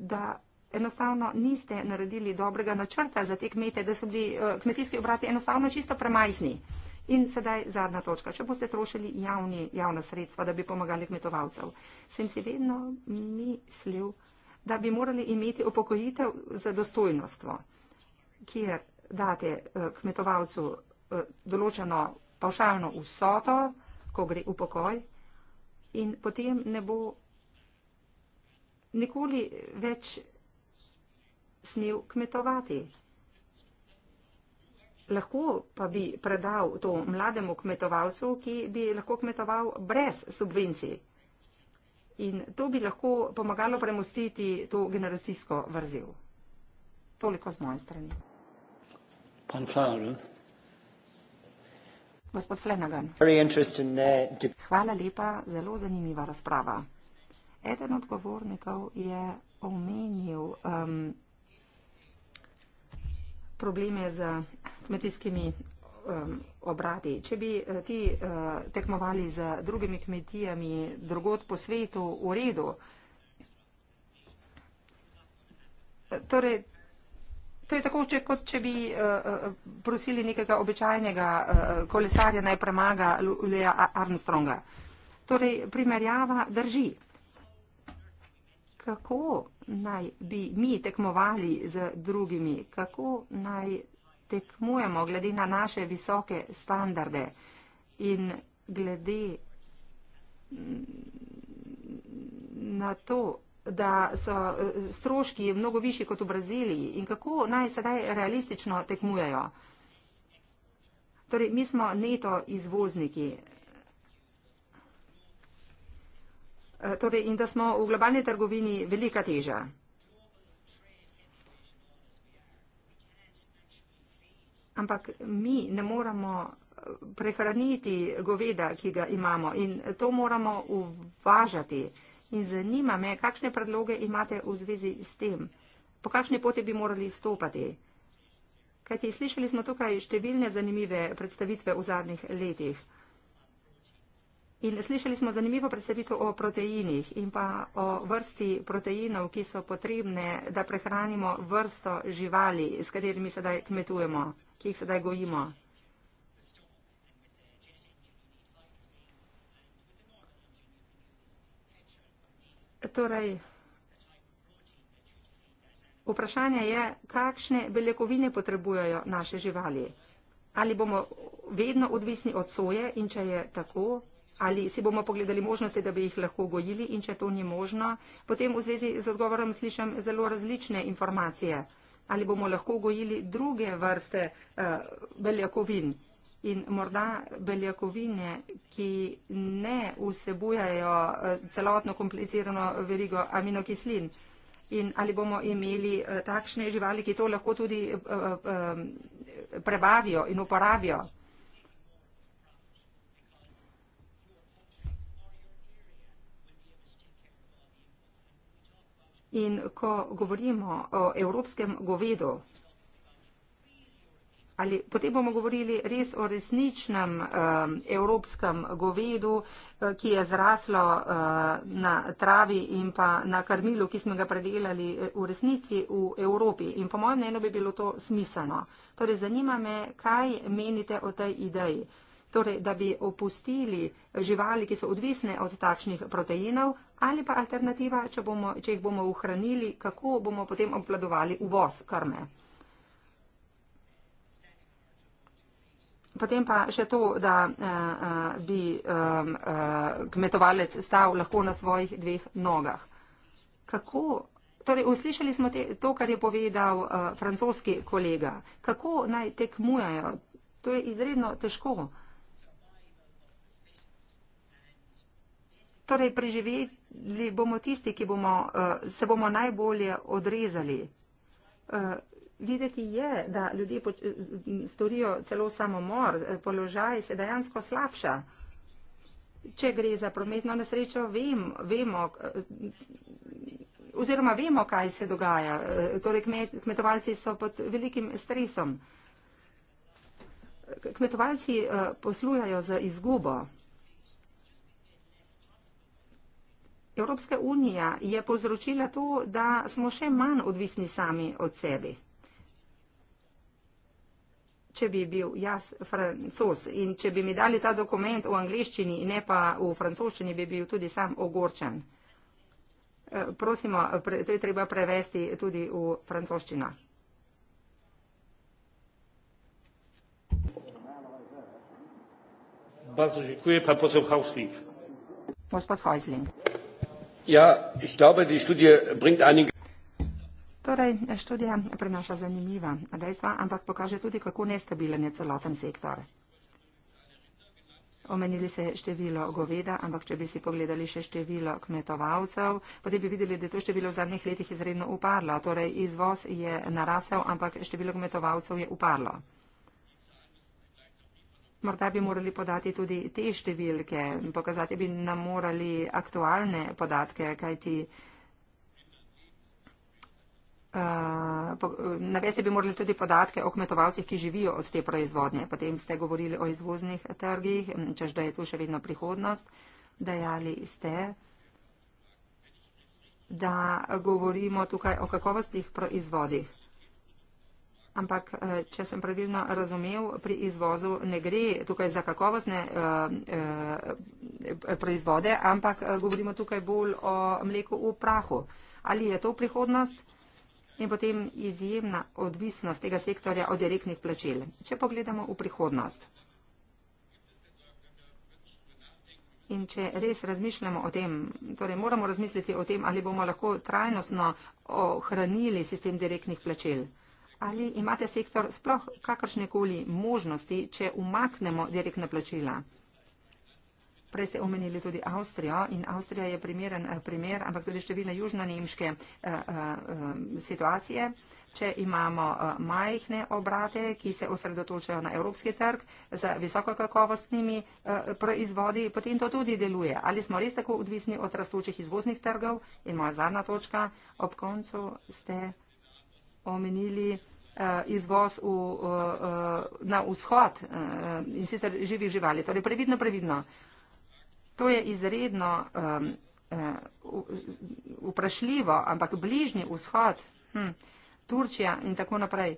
da enostavno niste naredili dobrega načrta za te kmete, da so bili eh, kmetijski obrati enostavno čisto premajhni. In sedaj zadnja točka. Če boste trošili javni, javna sredstva, da bi pomagali kmetovalcev, sem si vedno mislil, da bi morali imeti upokojitev za dostojnostvo, kjer date eh, kmetovalcu eh, določeno pavšalno vsoto, ko gre v pokoj in potem ne bo nikoli več smel kmetovati. Lahko pa bi predal to mlademu kmetovalcu, ki bi lahko kmetoval brez subvencij. In to bi lahko pomagalo premustiti to generacijsko vrzel. Toliko z moje strani.
Pan Flanagan.
Gospod Flanagan.
Uh,
Hvala lepa, zelo zanimiva razprava. Eden od govornikov je omenil. Um, probleme z kmetijskimi um, obradi. Če bi uh, ti uh, tekmovali z drugimi kmetijami drugot po svetu v redu, torej, to je tako, če, kot če bi uh, prosili nekega običajnega uh, kolesarja naj premaga Leja Armstronga. Torej, primerjava drži. Kako naj bi mi tekmovali z drugimi, kako naj tekmujemo glede na naše visoke standarde in glede mm, na to, da so eh, stroški mnogo višji kot v Braziliji in kako naj sedaj realistično tekmujejo. Torej, mi smo neto izvozniki, Eh, torej, in da smo v globalni trgovini velika teža. Ampak mi ne moramo eh, prehraniti goveda, ki ga imamo in to moramo uvažati. In zanima me, kakšne predloge imate v zvezi s tem, po kakšni poti bi morali stopati. Kajti slišali smo tukaj številne zanimive predstavitve v zadnjih letih. In slišali smo zanimivo predstavitev o proteinih in pa o vrsti proteinov, ki so potrebne, da prehranimo vrsto živali, s katerimi sedaj kmetujemo, ki jih sedaj gojimo. Torej, vprašanje je, kakšne beljakovine potrebujejo naše živali. Ali bomo vedno odvisni od soje in če je tako, ali si bomo pogledali možnosti, da bi jih lahko gojili in če to ni možno, potem v zvezi z odgovorom slišim zelo različne informacije, ali bomo lahko gojili druge vrste uh, beljakovin in morda beljakovine, ki ne vsebujajo eh, celotno komplicirano verigo aminokislin. In ali bomo imeli eh, takšne živali, ki to lahko tudi prebavijo in uporabijo. In ko govorimo o evropskem govedu, ali potem bomo govorili res o resničnem um, evropskem govedu, uh, ki je zraslo uh, na travi in pa na karmilu, ki smo ga predelali uh, v resnici v Evropi. In po mojem mnenju bi bilo to smiselno. Torej, zanima me, kaj menite o tej ideji. Torej, da bi opustili živali, ki so odvisne od takšnih proteinov, ali pa alternativa, če, bomo, če jih bomo ohranili, kako bomo potem obvladovali uvoz krme. Potem pa še to, da uh, uh, bi uh, uh, kmetovalec stal lahko na svojih dveh nogah. Kako? Torej, uslišali smo te, to, kar je povedal uh, francoski kolega. Kako naj tekmujajo? To je izredno težko. Torej, preživeti li, bomo tisti, ki bomo, uh, se bomo najbolje odrezali. Uh, videti je, da ljudje po, uh, storijo celo samomor, položaj se dejansko slabša. Če gre za prometno nesrečo, vem, vemo, uh, oziroma vemo, kaj se dogaja. Uh, torej kmet, kmetovalci so pod velikim stresom. Kmetovalci uh, poslujajo z izgubo. Evropska unija je povzročila to, da smo še manj odvisni sami od sebe. Če bi bil jaz francos in če bi mi dali ta dokument v angliščini in ne pa v francoščini, bi bil tudi sam ogorčen. Eh, prosimo, to je treba prevesti tudi v francoščino. Gospod Heusling. Ja, torej, študija prenaša zanimiva dejstva, ampak pokaže tudi, kako nestabilen je celoten sektor. Omenili se število goveda, ampak če bi si pogledali še število kmetovalcev, potem bi videli, da je to število v zadnjih letih izredno upadlo. Torej, izvoz je narasel, ampak število kmetovalcev je upadlo. Morda bi morali podati tudi te številke, pokazati bi nam morali aktualne podatke, kajti uh, eh, navesti bi morali tudi podatke o kmetovalcih, ki živijo od te proizvodnje. Potem ste govorili o izvoznih trgih, čež da je tu še vedno prihodnost, dajali ste da govorimo tukaj o kakovostnih proizvodih ampak eh, če sem pravilno razumel, pri izvozu ne gre tukaj za kakovostne eh, eh, proizvode, ampak govorimo tukaj bolj o mleku v prahu. Ali je to prihodnost? In potem izjemna odvisnost tega sektorja od direktnih plačil. Če pogledamo v prihodnost. In če res razmišljamo o tem, torej moramo razmisliti o tem, ali bomo lahko trajnostno ohranili sistem direktnih plačil ali imate sektor sploh kakršne koli možnosti, če umaknemo direktna plačila? Prej ste omenili tudi Avstrijo in Avstrija je primeren eh, primer, ampak tudi številne južno-nemške eh, eh, situacije. Če imamo majhne obrate, ki se osredotočajo na evropski trg z visokokakovostnimi proizvodi, potem to tudi deluje. Ali smo res tako odvisni od rastočih izvoznih trgov? In moja zadnja točka, ob koncu ste omenili eh, izvoz v, eh, na vzhod eh, in sicer živih živali. Torej, previdno, previdno. To je izredno vprašljivo, ampak bližnji vzhod, hm, Turčija in tako naprej.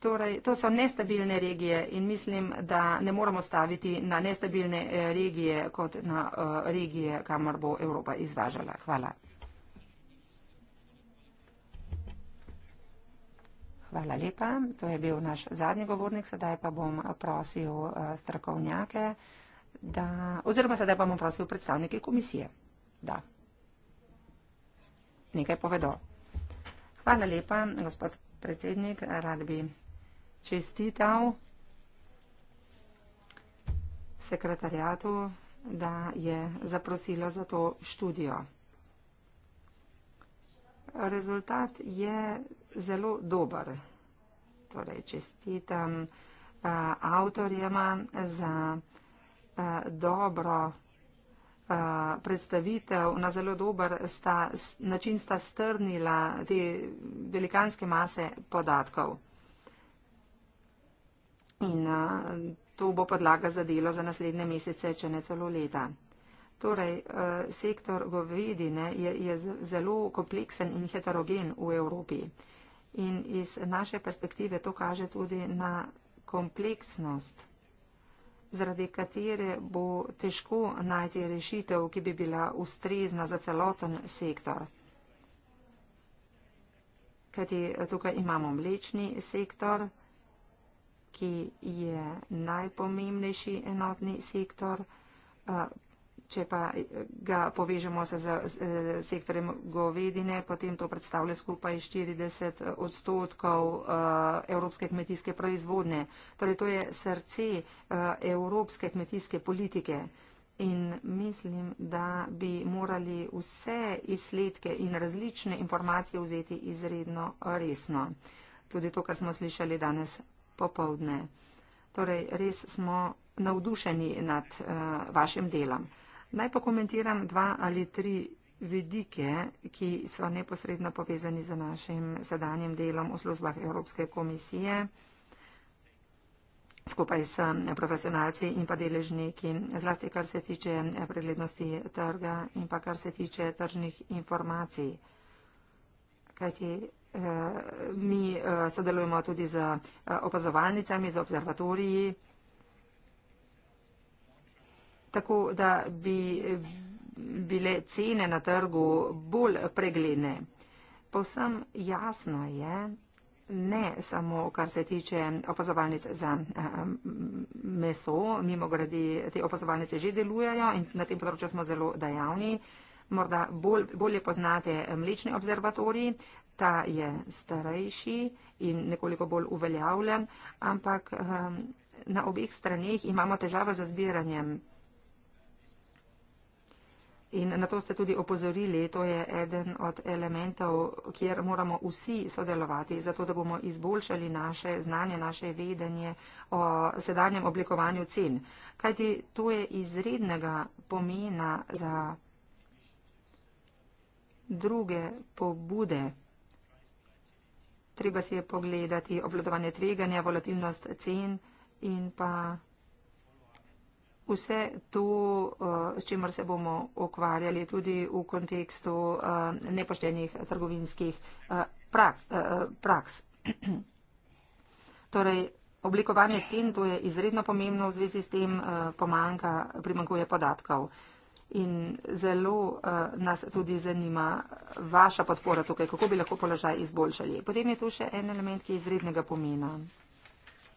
Torej, to so nestabilne regije in mislim, da ne moramo staviti na nestabilne regije kot na regije, kamor bo Evropa izvažala. Hvala. Hvala lepa. To je bil naš zadnji govornik. Sedaj pa bom prosil eh, strokovnjake, da, oziroma sedaj pa bom prosil predstavnike komisije, da nekaj povedo. Hvala lepa, gospod predsednik. Rad bi čestital sekretarjatu, da je zaprosilo za to študijo rezultat je zelo dober. Torej, čestitam uh, avtorjema za uh, dobro uh, predstavitev. Na zelo dober sta, s, način sta strnila te velikanske mase podatkov. In uh, to bo podlaga za delo za naslednje mesece, če ne celo leta. Torej, eh, sektor govedi ne, je, je zelo kompleksen in heterogen v Evropi. In iz naše perspektive to kaže tudi na kompleksnost, zaradi katere bo težko najti rešitev, ki bi bila ustrezna za celoten sektor. Kajti eh, tukaj imamo mlečni sektor, ki je najpomembnejši enotni sektor, eh, Če pa ga povežemo se z, z, z sektorem govedine, potem to predstavlja skupaj 40 odstotkov uh, evropske kmetijske proizvodne. Torej, to je srce uh, evropske kmetijske politike. In mislim, da bi morali vse izsledke in različne informacije vzeti izredno resno. Tudi to, kar smo slišali danes popovdne. Torej, res smo navdušeni nad uh, vašim delom. Naj pokomentiram dva ali tri vidike, ki so neposredno povezani z našim sedanjem delom v službah Evropske komisije skupaj s profesionalci in pa deležniki, zlasti kar se tiče preglednosti trga in pa kar se tiče tržnih informacij. Kajti eh, mi eh, sodelujemo tudi z eh, opazovalnicami, z observatoriji tako da bi bile cene na trgu bolj pregledne. Povsem jasno je, ne samo kar se tiče opazovalnic za eh, meso, mimo grede te opazovalnice že delujejo in na tem področju smo zelo dejavni. Morda bolj, bolje poznate mlečni observatorij, ta je starejši in nekoliko bolj uveljavljen, ampak eh, na obeh straneh imamo težave za zbiranjem In na to ste tudi opozorili, to je eden od elementov, kjer moramo vsi sodelovati, zato da bomo izboljšali naše znanje, naše vedenje o sedanjem oblikovanju cen. Kajti to je izrednega pomena za druge pobude. Treba si je pogledati obvladovanje tveganja, volatilnost cen in pa Vse to, eh, s čimer se bomo okvarjali tudi v kontekstu eh, nepoštenih trgovinskih eh, praks. [clears throat] Torej, oblikovanje cen, to je izredno pomembno v zvezi s tem, pomanka, primankuje podatkov. In zelo nas tudi zanima vaša podpora tukaj, kako bi lahko položaj izboljšali. Potem je tu še en element, ki je izrednega pomena.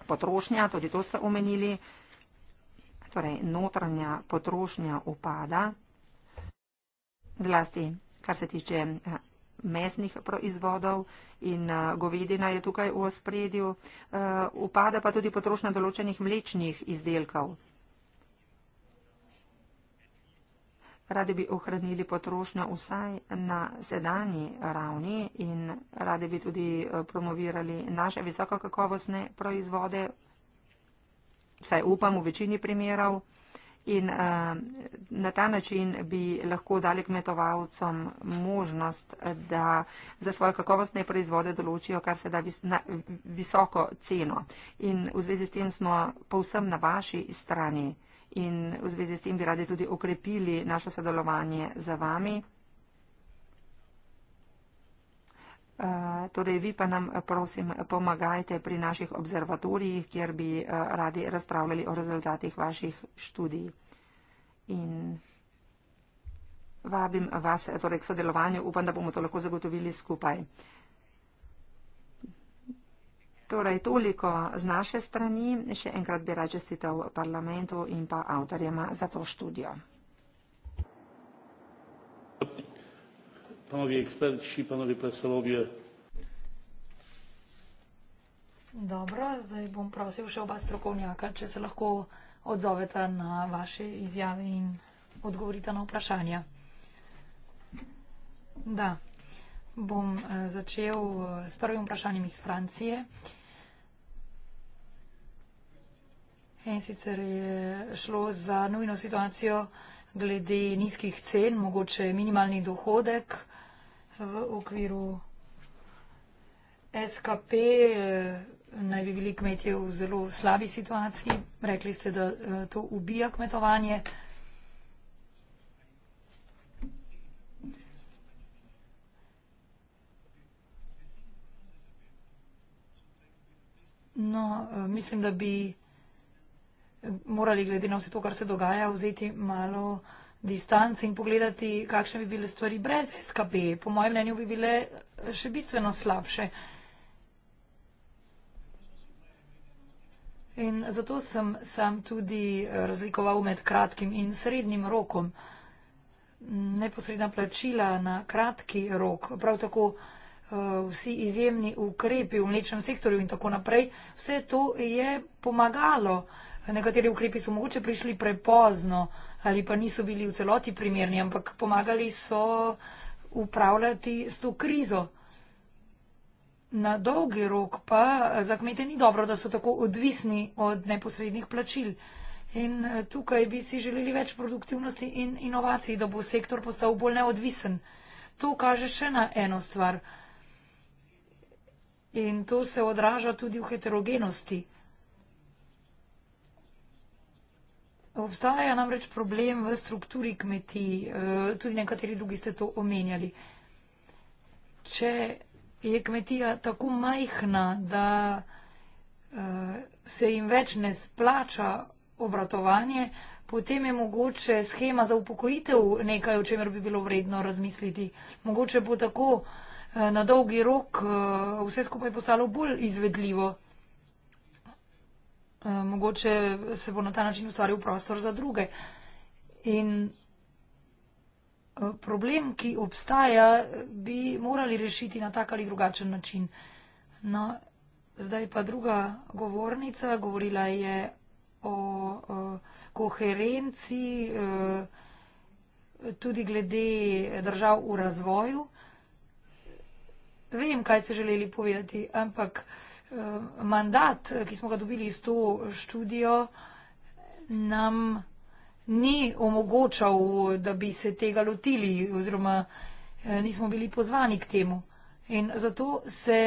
Potrošnja, tudi to ste omenili torej notranja potrošnja upada, zlasti kar se tiče eh, mesnih proizvodov in eh, govedina je tukaj v ospredju, eh, upada pa tudi potrošnja določenih mlečnih izdelkov. Radi bi ohranili potrošnjo vsaj na sedanji ravni in radi bi tudi promovirali naše visokokakovostne proizvode, vsaj upam, v večini primerov. In uh, na ta način bi lahko dali kmetovalcem možnost, da za svoje kakovostne proizvode določijo kar se da vis na, visoko ceno. In v zvezi s tem smo povsem na vaši strani. In v zvezi s tem bi radi tudi okrepili naše sodelovanje za vami. Eh, torej, vi pa nam, eh, prosim, pomagajte pri naših observatorijih, kjer bi eh, radi razpravljali o rezultatih vaših študij. In vabim vas torej, k sodelovanju. Upam, da bomo to lahko zagotovili skupaj. Torej, toliko z naše strani. Še enkrat bi rad čestitev parlamentu in pa avtorjema za to študijo. Hvala
panowie eksperci, panowie profesorowie.
Dobro, zdaj bom prosil še oba strokovnjaka, če se lahko odzoveta na vaše izjave in odgovorita na vprašanja. Da, bom eh, začel eh, s prvim vprašanjem iz Francije. In sicer je šlo za nujno situacijo glede nizkih cen, mogoče minimalni dohodek v okviru SKP eh, naj bi bili kmetje v zelo slabi situaciji. Rekli ste, da eh, to ubija kmetovanje. No, eh, mislim, da bi morali glede na vse to, kar se dogaja, vzeti malo distance in pogledati, kakšne bi bile stvari brez SKB. Po mojem mnenju bi bile eh, še bistveno slabše. In zato sem sam tudi eh, razlikoval med kratkim in srednjim rokom. Neposredna plačila na kratki rok, prav tako eh, vsi izjemni ukrepi v mlečnem sektorju in tako naprej, vse to je pomagalo. Nekateri ukrepi so mogoče prišli prepozno, ali pa niso bili v celoti primerni, ampak pomagali so upravljati s to krizo. Na dolgi rok pa za kmete ni dobro, da so tako odvisni od neposrednih plačil. In eh, tukaj bi si želeli več produktivnosti in inovacij, da bo sektor postal bolj neodvisen. To kaže še na eno stvar. In to se odraža tudi v heterogenosti. Obstaja namreč problem v strukturi kmetij, eh, tudi nekateri drugi ste to omenjali. Če je kmetija tako majhna, da eh, se jim več ne splača obratovanje, potem je mogoče schema za upokojitev nekaj, o čemer bi bilo vredno razmisliti. Mogoče bo tako eh, na dolgi rok vse skupaj postalo bolj izvedljivo. Eh, mogoče se bo na ta način ustvaril prostor za druge. In eh, problem, ki obstaja, bi morali rešiti na tak ali drugačen način. No, zdaj pa druga govornica, govorila je o, o eh, koherenci, tudi glede držav v razvoju. Vem, kaj ste želeli povedati, ampak. Eh, mandat, eh, ki smo ga dobili iz to študijo, nam ni omogočal, da bi se tega lotili oziroma eh, nismo bili pozvani k temu. In zato se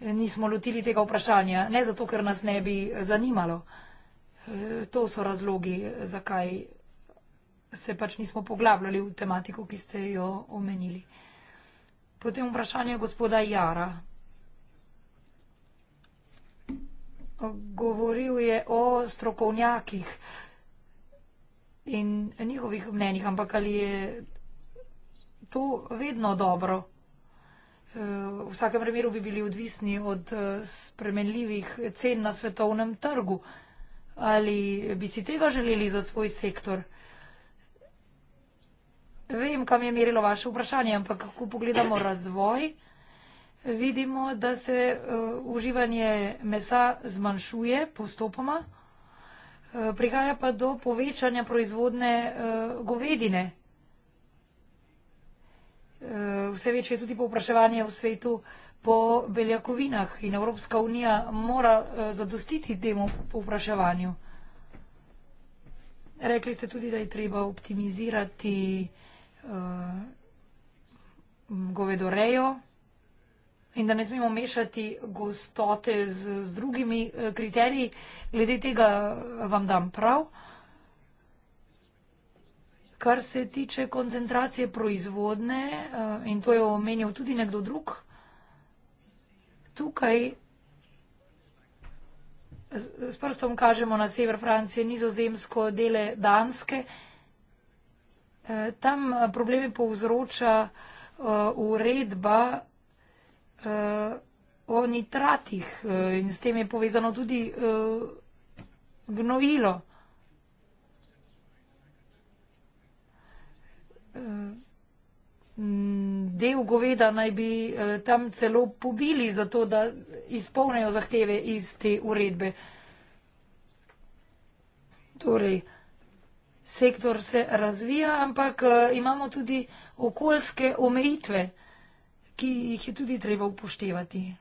nismo lotili tega vprašanja. Ne zato, ker nas ne bi zanimalo. To so razlogi, zakaj se pač nismo poglabljali v tematiko, ki ste jo omenili. Potem vprašanje gospoda Jara. govoril je o strokovnjakih in njihovih mnenjih, ampak ali je to vedno dobro? V vsakem primeru bi bili odvisni od eh, spremenljivih cen na svetovnem trgu. Ali bi si tega želeli za svoj sektor? Vem, kam je merilo vaše vprašanje, ampak kako pogledamo razvoj? vidimo, da se uh, uživanje mesa zmanjšuje postopoma, uh, prihaja pa do povečanja proizvodne uh, govedine. Uh, vse večje je tudi povpraševanje v svetu po beljakovinah in Evropska unija mora uh, zadostiti temu povpraševanju. Rekli ste tudi, da je treba optimizirati uh, govedorejo in da ne smemo mešati gostote z, z drugimi eh, kriteriji. Glede tega eh, vam dam prav. Kar se tiče koncentracije proizvodne, eh, in to je omenil tudi nekdo drug, tukaj s prstom kažemo na sever Francije, nizozemsko dele Danske. Tam probleme povzroča uredba uh, o nitratih uh, in s tem je povezano tudi uh, gnojilo. Del goveda naj bi tam celo pobili, zato da izpolnijo zahteve iz te uredbe. Torej, sektor se razvija, ampak imamo tudi okoljske omejitve ki jih je tudi treba upoštevati.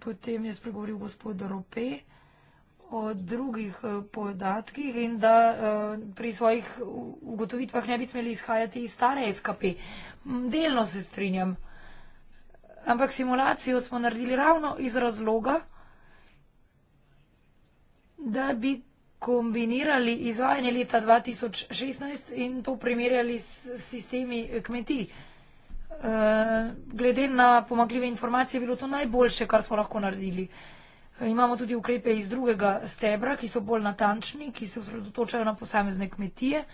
Potem je spregovoril gospod Rope o drugih eh, podatkih in da eh, pri svojih ugotovitvah ne bi smeli izhajati iz stare SKP. Delno se strinjam. Ampak simulacijo smo naredili ravno iz razloga, da bi kombinirali izvajanje leta 2016 in to primerjali s sistemi kmetij. Eh, glede na pomagljive informacije je bilo to najboljše, kar smo lahko naredili. Eh, imamo tudi ukrepe iz drugega stebra, ki so bolj natančni, ki se osredotočajo na posamezne kmetije.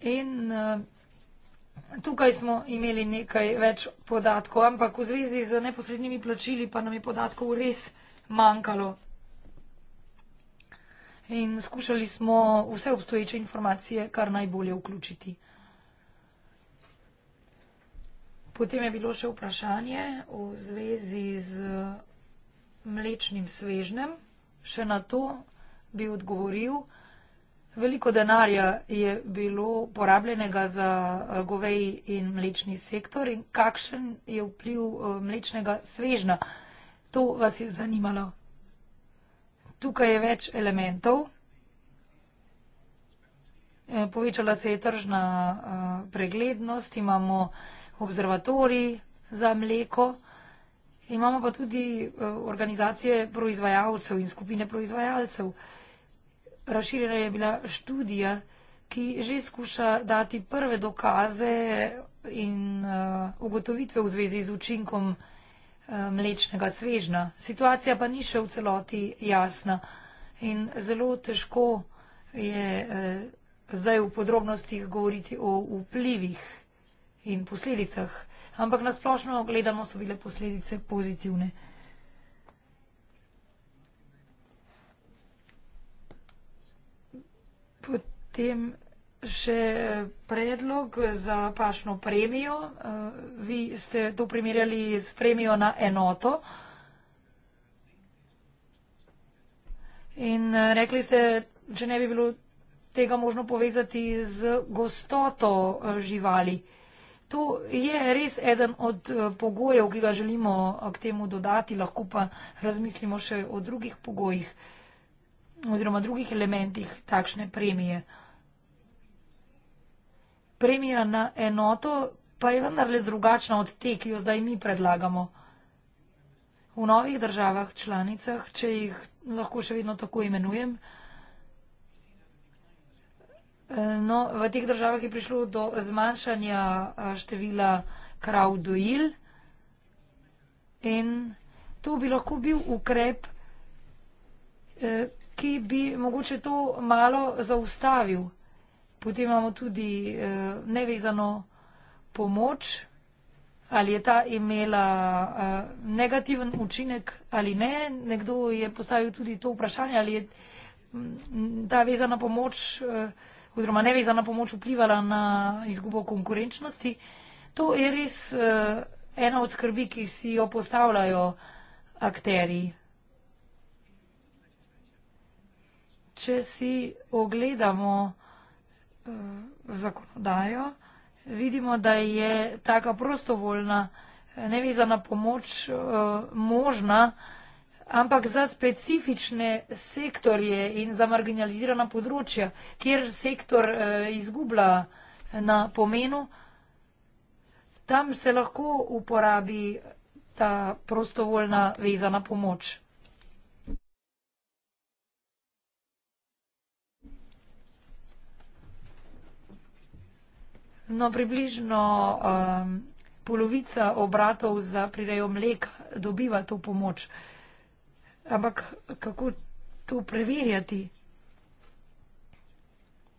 In eh, tukaj smo imeli nekaj več podatkov, ampak v zvezi z neposrednimi plačili pa nam je podatkov res manjkalo in skušali smo vse obstoječe informacije kar najbolje vključiti. Potem je bilo še vprašanje v zvezi z mlečnim svežnem. Še na to bi odgovoril. Veliko denarja je bilo porabljenega za eh, goveji in mlečni sektor in kakšen je vpliv eh, mlečnega svežna. To vas je zanimalo tukaj je več elementov. E, povečala se je tržna e, preglednost, imamo observatorij za mleko, imamo pa tudi e, organizacije proizvajalcev in skupine proizvajalcev. Razširjena je bila študija, ki že skuša dati prve dokaze in ugotovitve v zvezi z učinkom mleka. Eh, mlečnega svežna. Situacija pa ni še v celoti jasna in zelo težko je eh, zdaj v podrobnostih govoriti o vplivih in posledicah, ampak nasplošno gledamo so bile posledice pozitivne. Potem še eh, predlog za pašno premijo. Eh, vi ste to primerjali s premijo na enoto. In eh, rekli ste, če ne bi bilo tega možno povezati z gostoto živali. To je res eden od pogojev, ki ga želimo k temu dodati, lahko pa razmislimo še o drugih pogojih oziroma drugih elementih takšne premije premija na enoto pa je vendarle drugačna od te, ki jo zdaj mi predlagamo. V novih državah članicah, če jih lahko še vedno tako imenujem, no, v teh državah je prišlo do zmanjšanja števila krav dojil in to bi lahko bil ukrep, e, ki bi mogoče to malo zaustavil. Potem imamo tudi uh, nevezano pomoč, ali je ta imela uh, negativen učinek ali ne. Nekdo je postavil tudi to vprašanje, ali je mm, ta vezana pomoč uh, oziroma nevezana pomoč vplivala na izgubo konkurenčnosti. To je res uh, ena od skrbi, ki si jo postavljajo akteri. Če si ogledamo, uh, zakonodajo, vidimo, da je taka prostovoljna eh, nevezana pomoč uh, možna, ampak za specifične sektorje in za marginalizirana področja, kjer sektor uh, izgublja na pomenu, tam se lahko uporabi ta prostovoljna vezana pomoč. No, približno um, polovica obratov za prirejo mleka dobiva to pomoč. Ampak kako to preverjati?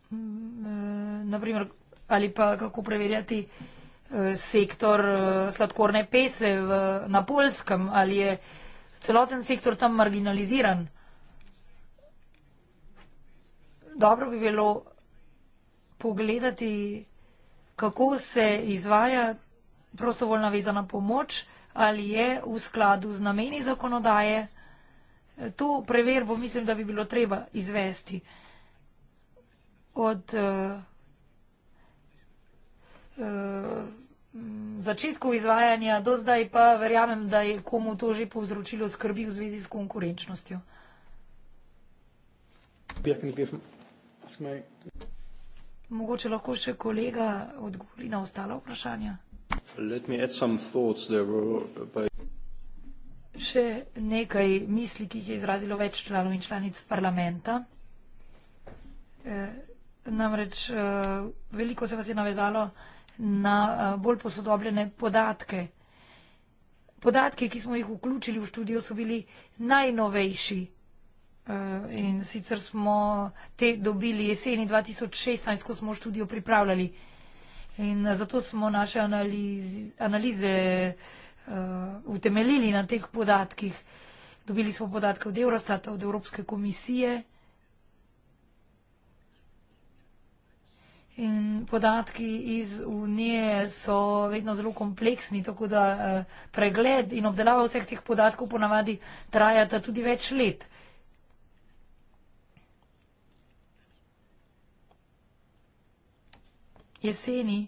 Mm, eh, Naprimer, ali pa kako preverjati eh, sektor eh, sladkorne pese v, na polskem, ali je celoten sektor tam marginaliziran. Dobro bi bilo pogledati kako se izvaja prostovoljna vezana pomoč, ali je v skladu z nameni zakonodaje. To preverbo mislim, da bi bilo treba izvesti. Od uh, uh, začetkov izvajanja do zdaj pa verjamem, da je komu to že povzročilo skrbi v zvezi s konkurenčnostjo. Birken, birken. Mogoče lahko še kolega odgovori na ostala vprašanja. Uh, še nekaj misli, ki jih je izrazilo več članov in članic parlamenta. E, namreč e, veliko se vas je navezalo na e, bolj posodobljene podatke. Podatki, ki smo jih vključili v študijo, so bili najnovejši Eh, in sicer smo te dobili jeseni 2016, ko smo študijo pripravljali. In eh, zato smo naše analize, analize uh, utemeljili na teh podatkih. Dobili smo podatke od Eurostata, od Evropske komisije. In podatki iz Unije so vedno zelo kompleksni, tako da uh, pregled in obdelava vseh teh podatkov ponavadi trajata tudi več let. jeseni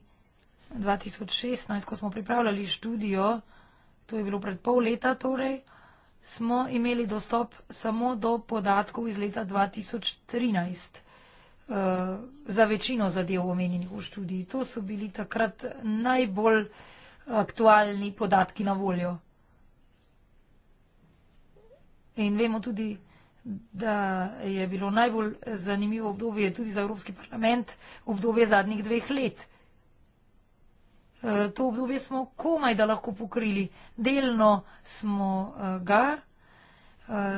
2016, ko smo pripravljali študijo, to je bilo pred pol leta torej, smo imeli dostop samo do podatkov iz leta 2013 uh, eh, za večino zadev omenjenih v študiji. To so bili takrat najbolj aktualni podatki na voljo. In vemo tudi, da je bilo najbolj zanimivo obdobje tudi za Evropski parlament obdobje zadnjih dveh let. E, to obdobje smo komaj da lahko pokrili. Delno smo e, ga e,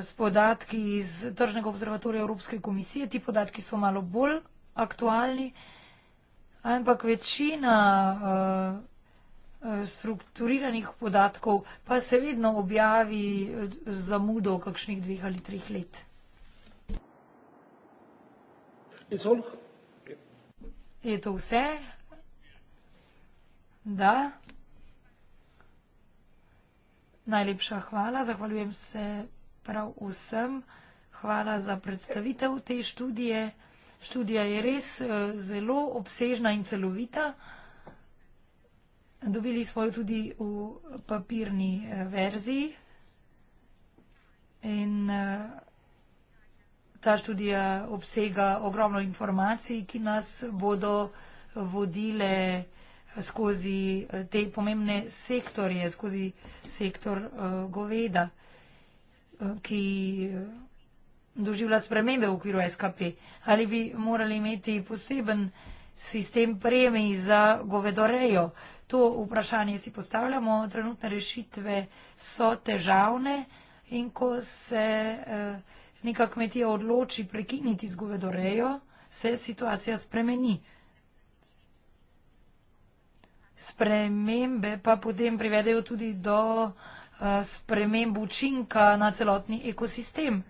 s podatki iz Tržnega observatorija Evropske komisije. Ti podatki so malo bolj aktualni, ampak večina strukturiranih podatkov, pa se vedno objavi eh, zamudo kakšnih dveh ali treh let. Je to vse? Da. Najlepša hvala, zahvaljujem se prav vsem. Hvala za predstavitev te študije. Študija je res eh, zelo obsežna in celovita. Dobili smo jo tudi v papirni eh, verziji. In eh, ta študija obsega ogromno informacij, ki nas bodo vodile eh, skozi te pomembne sektorje, skozi sektor goveda, ki doživlja spremembe v okviru SKP. Ali bi morali imeti poseben sistem premij za govedorejo? to vprašanje si postavljamo. Trenutne rešitve so težavne in ko se eh, neka kmetija odloči prekiniti z govedorejo, se situacija spremeni. Spremembe pa potem privedejo tudi do eh, sprememb učinka na celotni ekosistem.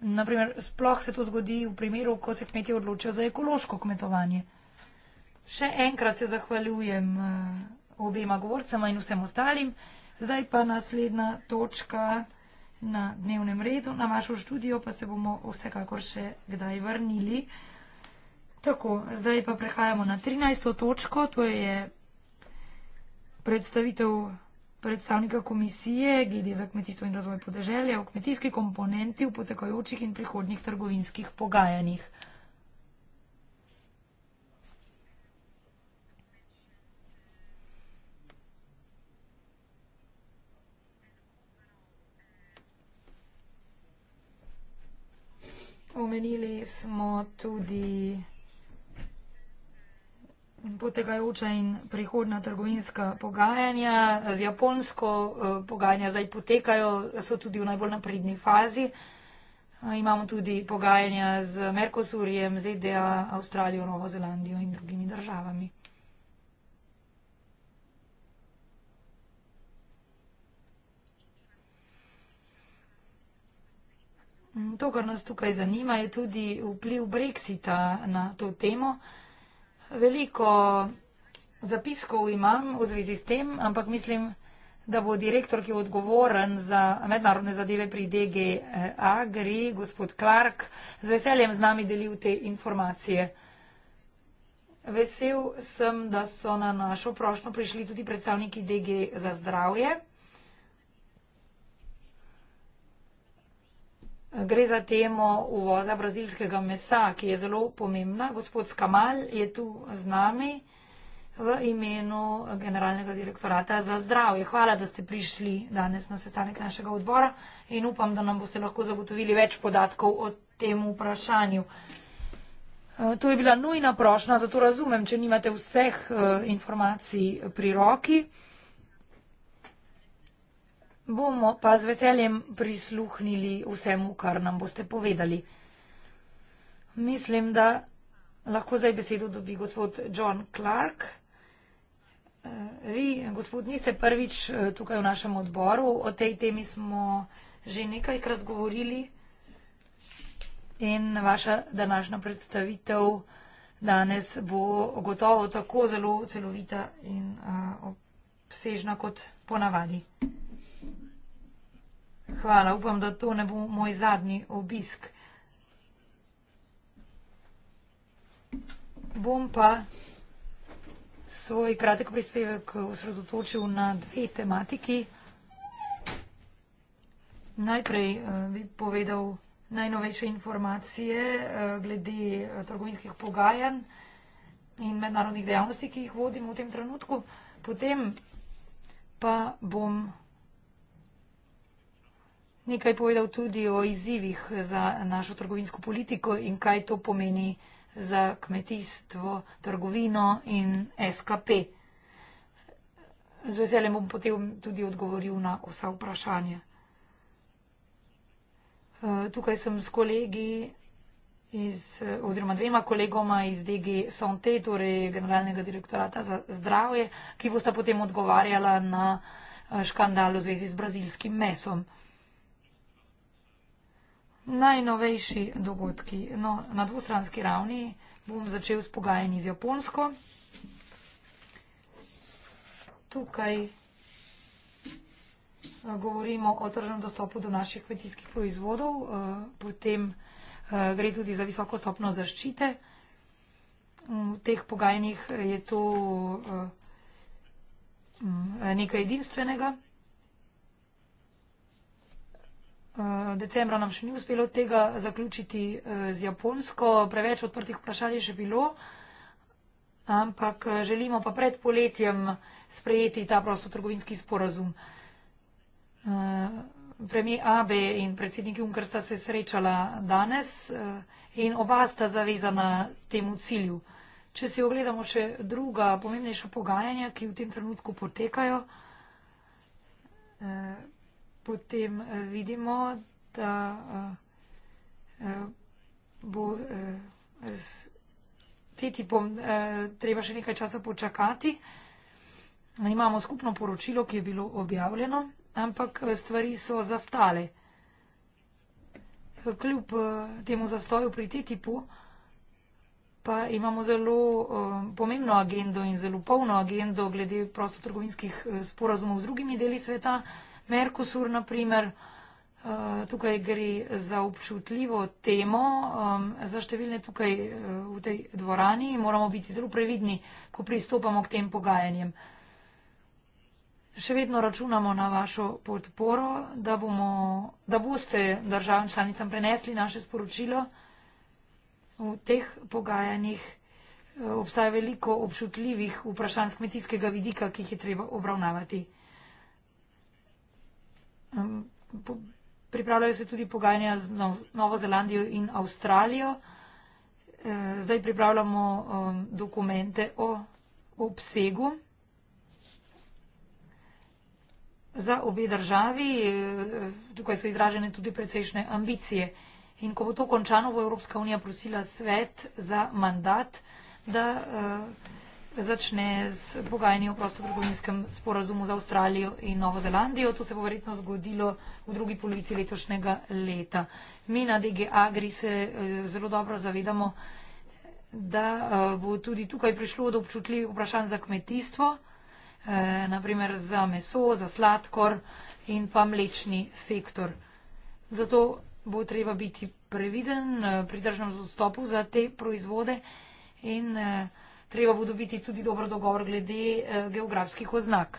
Naprimer, sploh se to zgodi v primeru, ko se kmetje odločijo za ekološko kmetovanje. Še enkrat se zahvaljujem eh, obema govorcama in vsem ostalim. Zdaj pa naslednja točka na dnevnem redu, na vašo študijo pa se bomo vsekakor še kdaj vrnili. Tako, zdaj pa prehajamo na 13. točko, to je predstavitev predstavnika komisije GD za kmetijstvo in razvoj podeželja o kmetijski komponenti v potekajočih in prihodnjih trgovinskih pogajanjih. Omenili smo tudi potekajoča in prihodna trgovinska pogajanja z Japonsko. Eh, pogajanja zdaj potekajo, so tudi v najbolj napredni fazi. Eh, imamo tudi pogajanja z Merkosurjem, ZDA, Avstralijo, Novo Zelandijo in drugimi državami. Mm, to, kar nas tukaj zanima, je tudi vpliv Brexita na to temo. Veliko zapiskov imam v zvezi s tem, ampak mislim, da bo direktor, ki je odgovoren za mednarodne zadeve pri DG Agri, gospod Clark, z veseljem z nami delil te informacije. Vesel sem, da so na našo prošlo prišli tudi predstavniki DG za zdravje. Gre za temo uvoza brazilskega mesa, ki je zelo pomembna. Gospod Skamal je tu z nami v imenu Generalnega direktorata za zdravje. Hvala, da ste prišli danes na sestanek našega odbora in upam, da nam boste lahko zagotovili več podatkov o tem vprašanju. E, to je bila nujna prošnja, zato razumem, če nimate vseh e, informacij pri roki. Bomo pa z veseljem prisluhnili vsemu, kar nam boste povedali. Mislim, da lahko zdaj besedo dobi gospod John Clark. Eh, vi, gospod, niste prvič eh, tukaj v našem odboru. O tej temi smo že nekajkrat govorili in vaša današnja predstavitev danes bo gotovo tako zelo celovita in eh, obsežna kot ponavadi. Hvala, upam, da to ne bo moj zadnji obisk. Bom pa svoj kratek prispevek osredotočil na dve tematiki. Najprej eh, bi povedal najnovejše informacije eh, glede eh, trgovinskih pogajanj in mednarodnih dejavnosti, ki jih vodim v tem trenutku. Potem pa bom nekaj povedal tudi o izzivih za našo trgovinsko politiko in kaj to pomeni za kmetijstvo, trgovino in SKP. Z veseljem bom potem tudi odgovoril na vsa vprašanja. Eh, tukaj sem s kolegi iz, oziroma dvema kolegoma iz DG Sonte, torej Generalnega direktorata za zdravje, ki bosta potem odgovarjala na eh, škandal v zvezi z brazilskim mesom najnovejši dogodki. No, na dvostranski ravni bom začel s pogajanji z Japonsko. Tukaj eh, govorimo o tržnem dostopu do naših kmetijskih proizvodov, eh, potem eh, gre tudi za visoko stopno zaščite. V teh pogajanjih je to mm, nekaj edinstvenega. Eh, decembra nam še ni uspelo tega zaključiti eh, z Japonsko, preveč odprtih vprašanj je še bilo, ampak eh, želimo pa pred poletjem sprejeti ta prostotrgovinski sporazum. Premi Abe in predsednik Juncker sta se srečala danes in oba sta zavezana temu cilju. Če si ogledamo še druga pomembnejša pogajanja, ki v tem trenutku potekajo, potem eh, vidimo, da eh, eh, bo z TTIP-om treba še nekaj časa počakati. Imamo skupno poročilo, ki je bilo objavljeno, ampak stvari so zastale. Kljub temu zastoju pri TTIP-u pa imamo zelo pomembno agendo in zelo polno agendo glede prostotrgovinskih sporazumov z drugimi deli sveta. Merkusur, na primer, eh, tukaj gre za občutljivo temo, za številne tukaj eh, v tej dvorani in moramo biti zelo previdni, ko pristopamo k tem pogajanjem. Še vedno računamo na vašo podporo, da, bomo, da boste državam članicam prenesli naše sporočilo. V teh pogajanjih eh, obstaja veliko občutljivih vprašanj z kmetijskega vidika, ki jih je treba obravnavati. Ehm, pripravljajo se tudi pogajanja z Novo Zelandijo in Avstralijo. Ehm, zdaj pripravljamo ehm, dokumente o obsegu. Za obe državi, tukaj so izražene tudi precejšnje ambicije. In ko bo to končano, bo Evropska unija prosila svet za mandat, da uh, začne z pogajanji o prostotrgovinskem sporazumu za Avstralijo in Novo Zelandijo. To se bo verjetno zgodilo v drugi polovici letošnjega leta. Mi na DG Agri se eh, zelo dobro zavedamo, da eh, bo tudi tukaj prišlo do občutljivih vprašanj za kmetijstvo, eh, naprimer za meso, za sladkor in pa mlečni sektor. Zato bo treba biti previden pri državnem zastopu za te proizvode in eh, treba bo dobiti tudi dober dogovor glede eh, geografskih oznak.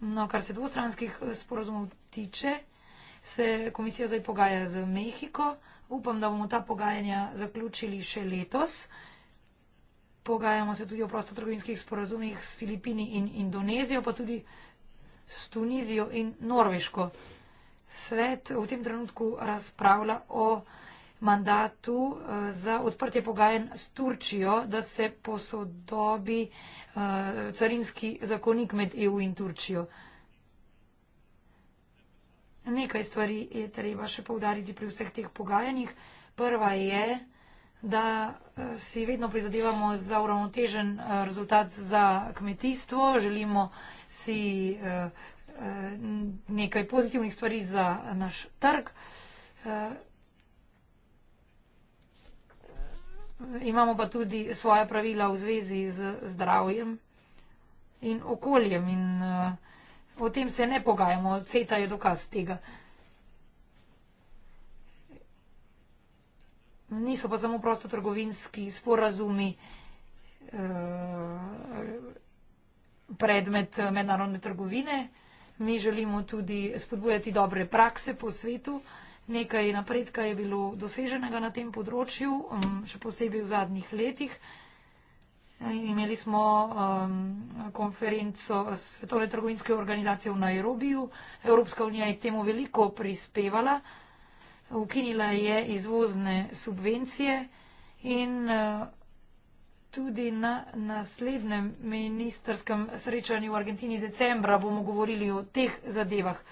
No, kar se dvostranskih eh, sporozumov tiče, se komisija zdaj pogaja z Mehiko. Upam, da bomo ta pogajanja zaključili še letos. Pogajamo se tudi o prostotrgovinskih sporozumih s Filipini in Indonezijo, pa tudi s Tunizijo in Norveško. Svet v tem trenutku razpravlja o mandatu eh, za odprtje pogajanj s Turčijo, da se posodobi eh, carinski zakonik med EU in Turčijo. Nekaj stvari je treba še povdariti pri vseh teh pogajanjih. Prva je, da eh, si vedno prizadevamo za uravnotežen rezultat za kmetijstvo, želimo si nekaj pozitivnih stvari za naš trg. Imamo pa tudi svoje pravila v zvezi z zdravjem in okoljem in eh, o tem se ne pogajamo. CETA je dokaz tega. Niso pa samo prosto trgovinski sporazumi eh, predmet mednarodne trgovine. Mi želimo tudi spodbujati dobre prakse po svetu. Nekaj napredka je bilo doseženega na tem področju, um, še posebej v zadnjih letih. Imeli smo um, konferenco Svetovne trgovinske organizacije v Nairobiju. Evropska unija je k temu veliko prispevala. Ukinila je izvozne subvencije in uh, tudi na naslednjem ministerskem srečanju v Argentini decembra bomo govorili o teh zadevah.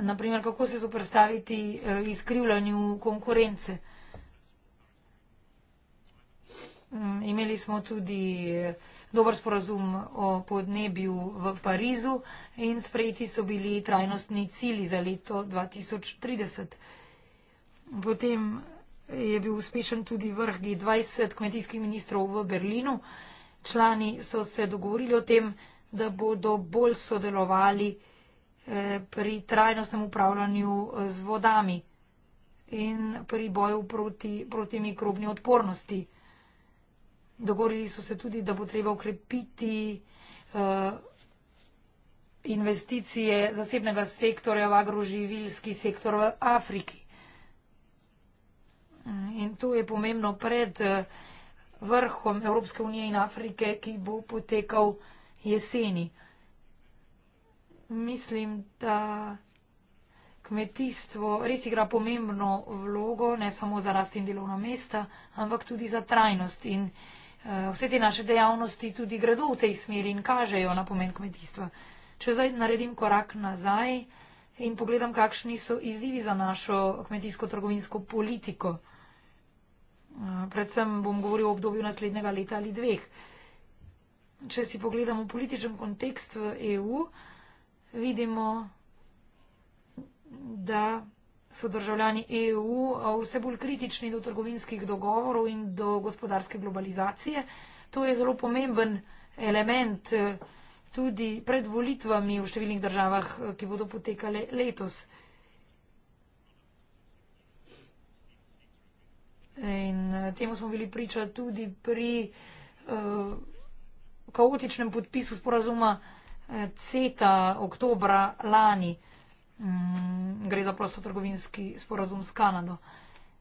Naprimer, kako se zoprstaviti eh, izkrivljanju konkurence? Mm, imeli smo tudi eh, dober sporazum o podnebju v Parizu in sprejeti so bili trajnostni cilji za leto 2030. Potem eh, je bil uspešen tudi vrh G20 kmetijskih ministrov v Berlinu. Člani so se dogovorili o tem, da bodo bolj sodelovali Eh, pri trajnostnem upravljanju eh, z vodami in pri boju proti, proti mikrobni odpornosti. Dogovorili so se tudi, da bo treba ukrepiti eh, investicije zasebnega sektorja v agroživilski sektor v Afriki. Mm, in to je pomembno pred eh, vrhom Evropske unije in Afrike, ki bo potekal jeseni mislim, da kmetijstvo res igra pomembno vlogo, ne samo za rast in delovna mesta, ampak tudi za trajnost. In eh, vse te naše dejavnosti tudi gredo v tej smeri in kažejo na pomen kmetijstva. Če zdaj naredim korak nazaj in pogledam, kakšni so izzivi za našo kmetijsko-trgovinsko politiko. Eh, predvsem bom govoril o obdobju naslednjega leta ali dveh. Če si pogledamo v političnem kontekst v EU, vidimo, da so državljani EU eh, vse bolj kritični do trgovinskih dogovorov in do gospodarske globalizacije. To je zelo pomemben element eh, tudi pred volitvami v številnih državah, eh, ki bodo potekale letos. In temu smo bili priča tudi pri uh, kaotičnem podpisu sporazuma uh, CETA oktobra lani. Mm, gre za prostotrgovinski sporozum s Kanado.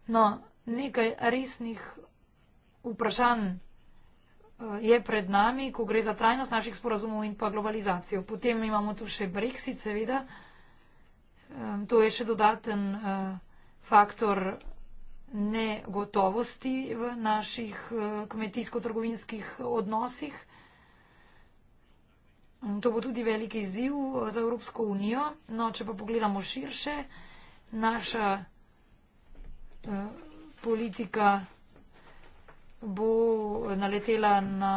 No, nekaj resnih vprašanj eh, je pred nami, ko gre za trajnost naših sporozumov in pa globalizacijo. Potem imamo tu še Brexit, seveda. To je še dodaten eh, faktor negotovosti v naših eh, kmetijsko-trgovinskih odnosih. Mm, to bo tudi velik izziv eh, za Evropsko unijo. No, če pa pogledamo širše, naša eh, politika bo naletela na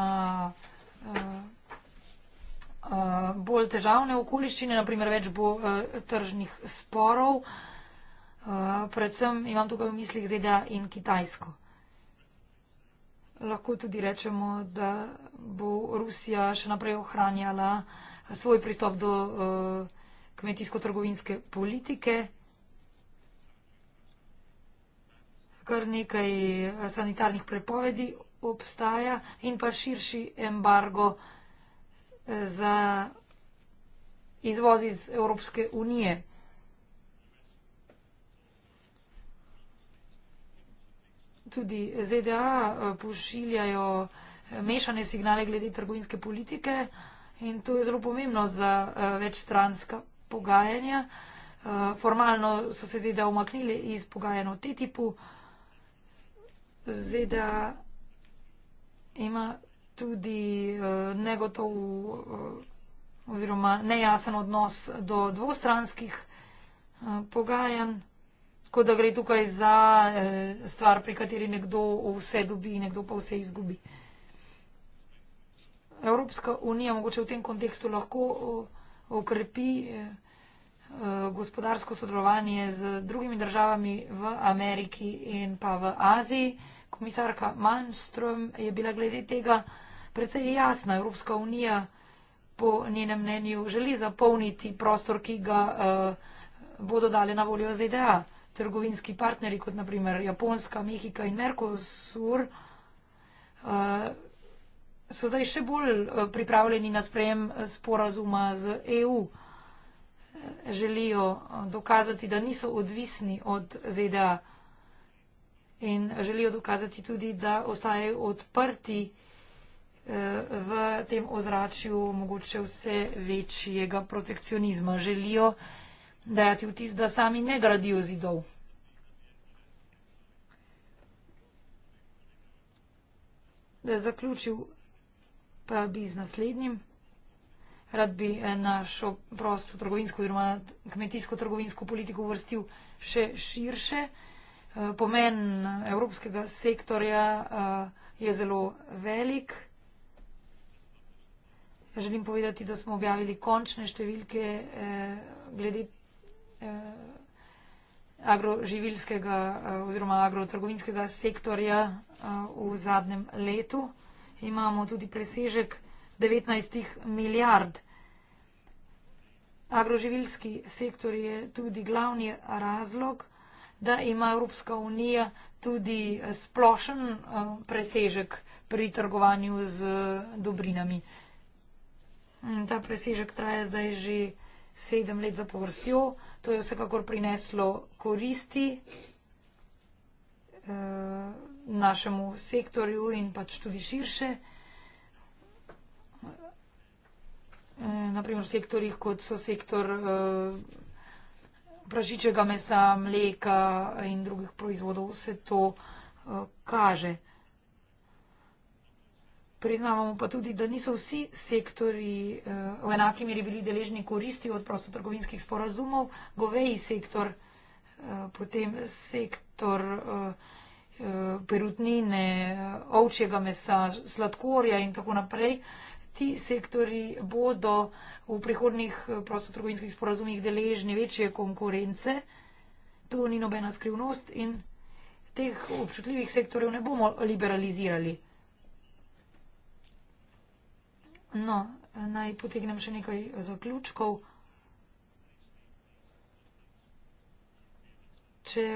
eh, bolj težavne okoliščine, naprimer več bo tržnih sporov. Predvsem imam tukaj v mislih ZDA in Kitajsko. Lahko tudi rečemo, da bo Rusija še naprej ohranjala svoj pristop do eh, kmetijsko-trgovinske politike. Kar nekaj eh, sanitarnih prepovedi obstaja in pa širši embargo eh, za izvoz iz Evropske unije. Tudi ZDA pošiljajo mešane signale glede trgovinske politike in to je zelo pomembno za eh, večstranska pogajanja. Eh, formalno so se ZDA umaknili iz pogajanja o TTIP-u. ZDA ima tudi eh, negotov oziroma nejasen odnos do dvostranskih pogajanj. Tako da gre tukaj za stvar, pri kateri nekdo vse dobi, nekdo pa vse izgubi. Evropska unija mogoče v tem kontekstu lahko eh, okrepi eh, eh, gospodarsko sodelovanje z drugimi državami v Ameriki in pa v Aziji. Komisarka Malmström je bila glede tega predvsej jasna. Evropska unija po njenem mnenju želi zapolniti prostor, ki ga bodo dali na voljo ZDA. Trgovinski partneri, kot naprimer Japonska, Mehika in Merkosur, so zdaj še bolj eh, pripravljeni na sprejem eh, sporazuma z EU. Želijo eh, dokazati, da niso odvisni od ZDA in želijo dokazati tudi, da ostajajo odprti v tem ozračju mogoče vse večjega protekcionizma. Želijo dajati vtis, da sami ne gradijo zidov. Zaključil pa bi z naslednjim. Rad bi eh, našo prosto trgovinsko oziroma kmetijsko trgovinsko politiko uvrstil še širše. Eh, pomen evropskega sektorja eh, je zelo velik. Ja, želim povedati, da smo objavili končne številke glede agroživilskega oziroma agrotrgovinskega sektorja v zadnjem letu imamo tudi presežek 19 milijard. Agroživilski sektor je tudi glavni razlog, da ima Evropska unija tudi eh, splošen eh, presežek pri trgovanju z eh, dobrinami. Mm, ta presežek traja zdaj že sedem let za povrstjo. To je vsekakor prineslo koristi našemu sektorju in pač tudi širše. E, Naprimer v sektorjih, kot so sektor e, prašičega mesa, mleka in drugih proizvodov, se to e, kaže. Priznavamo pa tudi, da niso vsi sektori v enaki meri bili deležni koristi od prostotrgovinskih sporazumov. Goveji sektor, potem sektor prašičega mesa, perutnine, ovčjega mesa, sladkorja in tako naprej. Ti sektori bodo v prihodnih eh, prostotrgovinskih sporazumih deležni večje konkurence. To ni nobena skrivnost in teh občutljivih sektorjev ne bomo liberalizirali. No, eh, naj potegnem še nekaj zaključkov. Če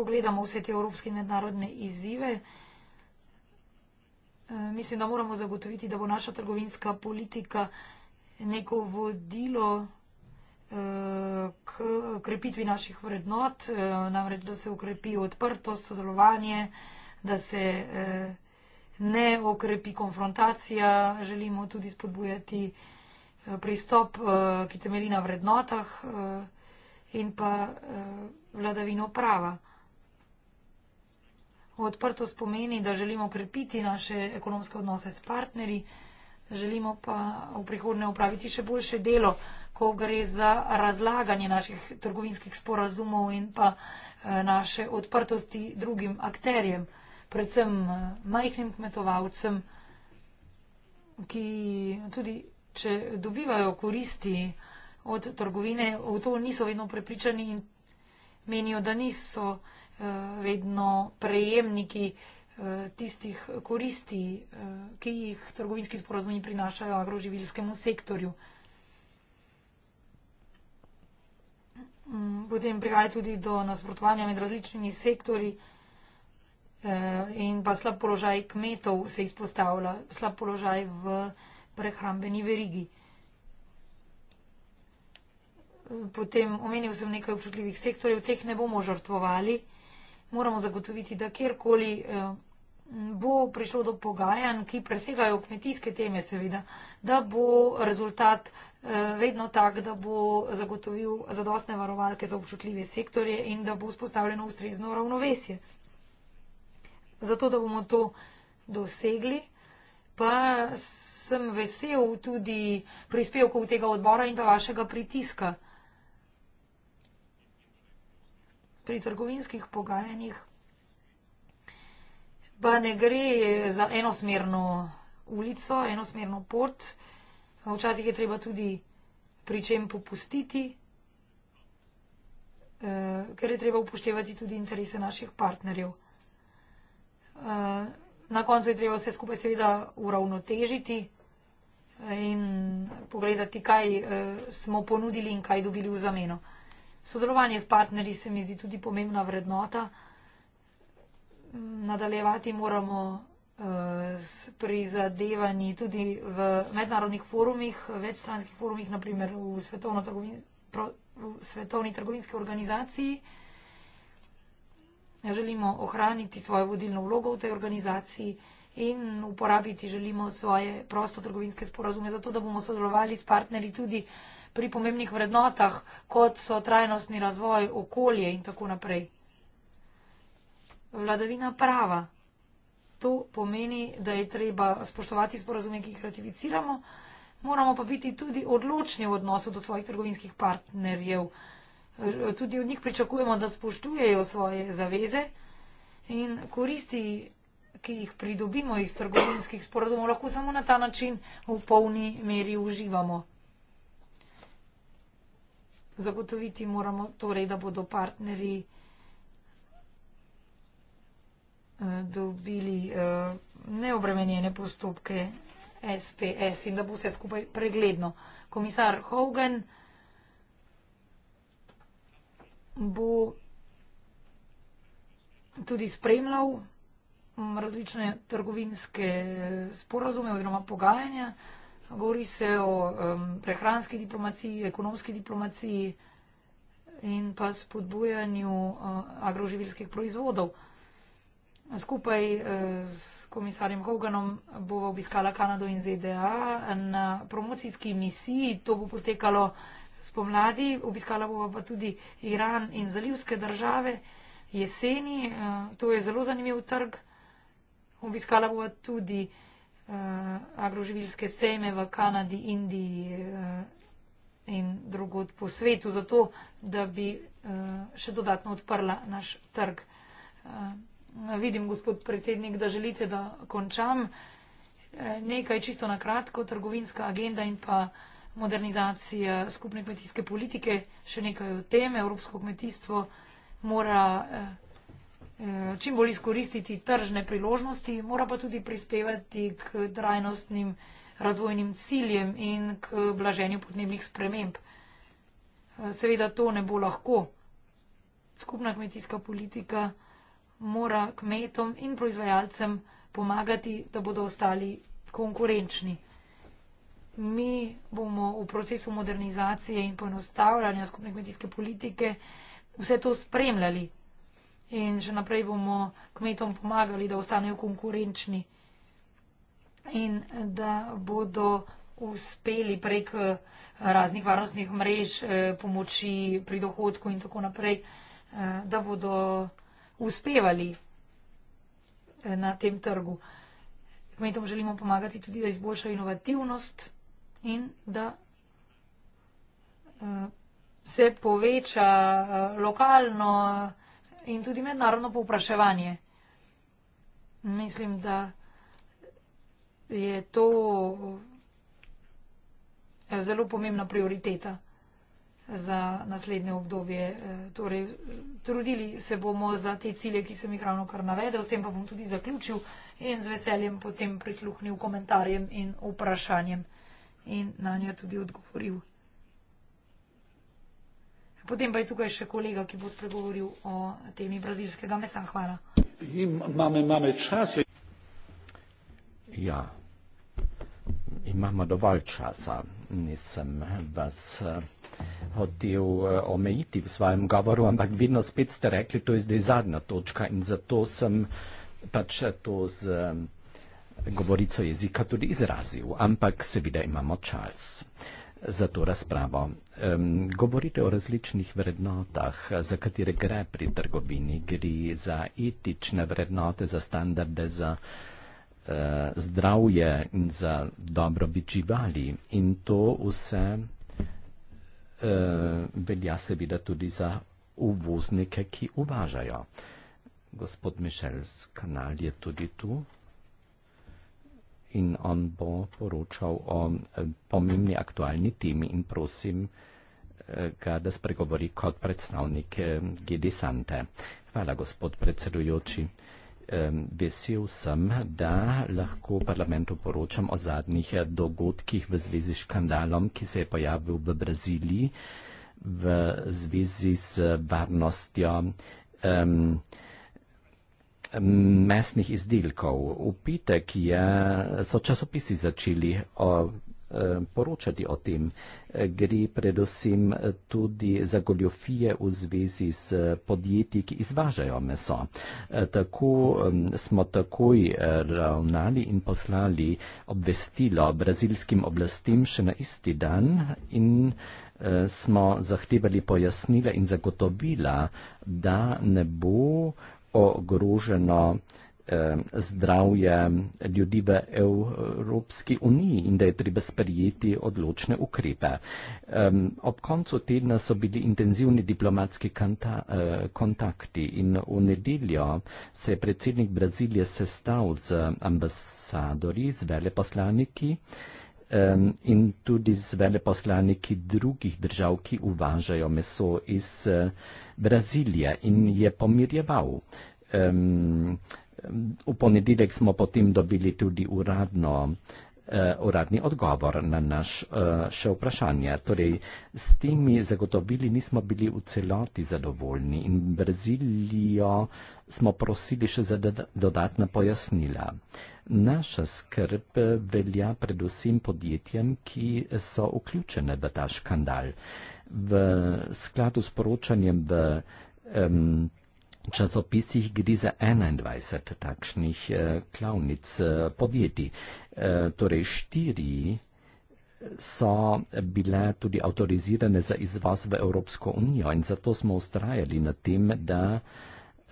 pogledamo vse te evropske in mednarodne izzive, e, mislim, da moramo zagotoviti, da bo naša trgovinska politika neko vodilo e, k krepitvi naših vrednot, e, namreč, da se ukrepi odprtost, sodelovanje, da se ne okrepi konfrontacija, želimo tudi spodbujati pristop, ki temeli na vrednotah in pa vladavino prava. V odprtost pomeni, da želimo krepiti naše ekonomske odnose s partnerji, želimo pa v prihodnje upraviti še boljše delo, ko gre za razlaganje naših trgovinskih sporazumov in pa eh, naše odprtosti drugim akterjem, predvsem eh, majhnim kmetovalcem, ki tudi, če dobivajo koristi od trgovine, v to niso vedno prepričani in menijo, da niso. Eh, vedno prejemniki eh, tistih koristi, eh, ki jih trgovinski sporozumi prinašajo agroživilskemu sektorju. Mm, potem prihaja tudi do nasprotovanja med različnimi sektori in pa slab položaj kmetov se izpostavlja, slab položaj v prehrambeni verigi. Potem omenil sem nekaj občutljivih sektorjev, teh ne bomo žrtvovali moramo zagotoviti, da kjerkoli eh, bo prišlo do pogajanj, ki presegajo kmetijske teme, seveda, da bo rezultat eh, vedno tak, da bo zagotovil zadostne varovalke za občutljive sektorje in da bo vzpostavljeno ustrezno ravnovesje. Zato, da bomo to dosegli, pa sem vesel tudi prispevkov tega odbora in pa vašega pritiska. pri trgovinskih pogajanjih pa ne gre za enosmerno ulico, enosmerno pot. Včasih je treba tudi pri čem popustiti, eh, ker je treba upoštevati tudi interese naših partnerjev. Eh, na koncu je treba vse skupaj seveda uravnotežiti in pogledati, kaj eh, smo ponudili in kaj dobili v zameno sodelovanje s partnerji se mi zdi tudi pomembna vrednota. Nadaljevati moramo eh, s prizadevanji tudi v mednarodnih forumih, večstranskih forumih, naprimer v, trgovin, v Svetovni trgovinski organizaciji. Želimo ohraniti svojo vodilno vlogo v tej organizaciji in uporabiti želimo svoje prostotrgovinske sporazume, zato da bomo sodelovali s partnerji tudi pri pomembnih vrednotah, kot so trajnostni razvoj, okolje in tako naprej. Vladavina prava. To pomeni, da je treba spoštovati sporazume, ki jih ratificiramo, moramo pa biti tudi odločni v odnosu do svojih trgovinskih partnerjev. Tudi od njih pričakujemo, da spoštujejo svoje zaveze in koristi, ki jih pridobimo iz trgovinskih sporazumov, lahko samo na ta način v polni meri uživamo. Zagotoviti moramo torej, da bodo partnerji eh, dobili eh, neobremenjene postopke SPS in da bo vse skupaj pregledno. Komisar Hogan bo tudi spremljal mm, različne trgovinske eh, sporozume oziroma pogajanja. Govori se o um, prehranski diplomaciji, ekonomski diplomaciji in pa spodbujanju uh, agroživilskih proizvodov. Skupaj uh, s komisarjem Hoganom bo obiskala Kanado in ZDA na promocijski misiji. To bo potekalo spomladi, obiskala bo pa tudi Iran in zalivske države jeseni. Uh, to je zelo zanimiv trg. Obiskala bo tudi uh, agroživilske sejme v Kanadi, Indiji uh, in drugod po svetu, zato da bi uh, še dodatno odprla naš trg. Uh, vidim, gospod predsednik, da želite, da končam. Nekaj čisto na kratko, trgovinska agenda in pa modernizacija skupne kmetijske politike, še nekaj o tem, evropsko kmetijstvo mora. Uh, Eh, čim bolj izkoristiti tržne priložnosti, mora pa tudi prispevati k trajnostnim razvojnim ciljem in k blaženju podnebnih sprememb. Eh, seveda to ne bo lahko. Skupna kmetijska politika mora kmetom in proizvajalcem pomagati, da bodo ostali konkurenčni. Mi bomo v procesu modernizacije in poenostavljanja skupne kmetijske politike vse to spremljali in še naprej bomo kmetom pomagali, da ostanejo konkurenčni in da bodo uspeli prek eh,
raznih varnostnih
mrež, eh, pomoči pri dohodku in tako naprej, eh, da bodo uspevali na tem trgu. Kmetom želimo pomagati tudi, da izboljša inovativnost in da se poveča lokalno, in tudi mednarodno povpraševanje. Mislim, da je to eh, zelo pomembna prioriteta za naslednje obdobje. Eh, torej, trudili se bomo za te cilje, ki sem jih ravno kar navedel, s tem pa bom tudi zaključil in z veseljem potem prisluhnil komentarjem in vprašanjem in na njo tudi odgovoril. Potem pa je tukaj še kolega, ki bo spregovoril o temi brazilskega mesa. Hvala.
Imamo, imamo čas.
Ja, imamo dovolj časa. Nisem vas eh, hotel eh, omejiti v svojem govoru, ampak vedno spet ste rekli, to je zdaj zadnja točka in zato sem pač to z eh, govorico jezika tudi izrazil. Ampak seveda imamo čas za to razpravo. Um, govorite o različnih vrednotah, za katere gre pri trgovini. Gre za etične vrednote, za standarde, za uh, zdravje in za dobrobit živali. In to vse uh, velja seveda tudi za uvoznike, ki uvažajo. Gospod Mišels, kanal je tudi tu. In on bo poročal o eh, pomembni aktualni temi in prosim, ga, da spregovori kot predstavnik Gedisante. Hvala, gospod predsedujoči. Vesel sem, da lahko parlamentu poročam o zadnjih eh, dogodkih v zvezi s škandalom, ki se je pojavil v Braziliji v zvezi z varnostjo um, mesnih izdelkov. Upite, ki je, so časopisi začeli o Eh, poročati o tem. Eh, gre predvsem eh, tudi za goljofije v zvezi z podjetji, ki izvažajo meso. Tako smo takoj ravnali in poslali obvestilo brazilskim oblastem še na isti dan in smo zahtevali pojasnila in zagotovila, da ne bo ogroženo Eh, zdravje ljudi v Evropski uniji in da je treba sprijeti odločne ukrepe. Ob koncu tedna so bili intenzivni diplomatski eh, kontakti in v nedeljo se je predsednik Brazilije sestal z ambasadori, z veleposlaniki in tudi z veleposlaniki drugih držav, ki uvažajo meso iz eh, Brazilije in je pomirjeval v ponedeljek smo potem dobili tudi uradno, uh, uradni odgovor na naš uh, še vprašanje. Torej, s temi zagotovili nismo bili v celoti zadovoljni in Brazilijo smo prosili še za dodatna pojasnila. Naša skrb eh, velja predvsem podjetjem, ki so vključene v ta škandal. V skladu s poročanjem v. Um, časopisih gre za 21 takšnih uh, klavnic uh, podjetij. Uh, torej štiri so bile tudi avtorizirane za izvoz v Evropsko unijo in zato smo ustrajali na tem, da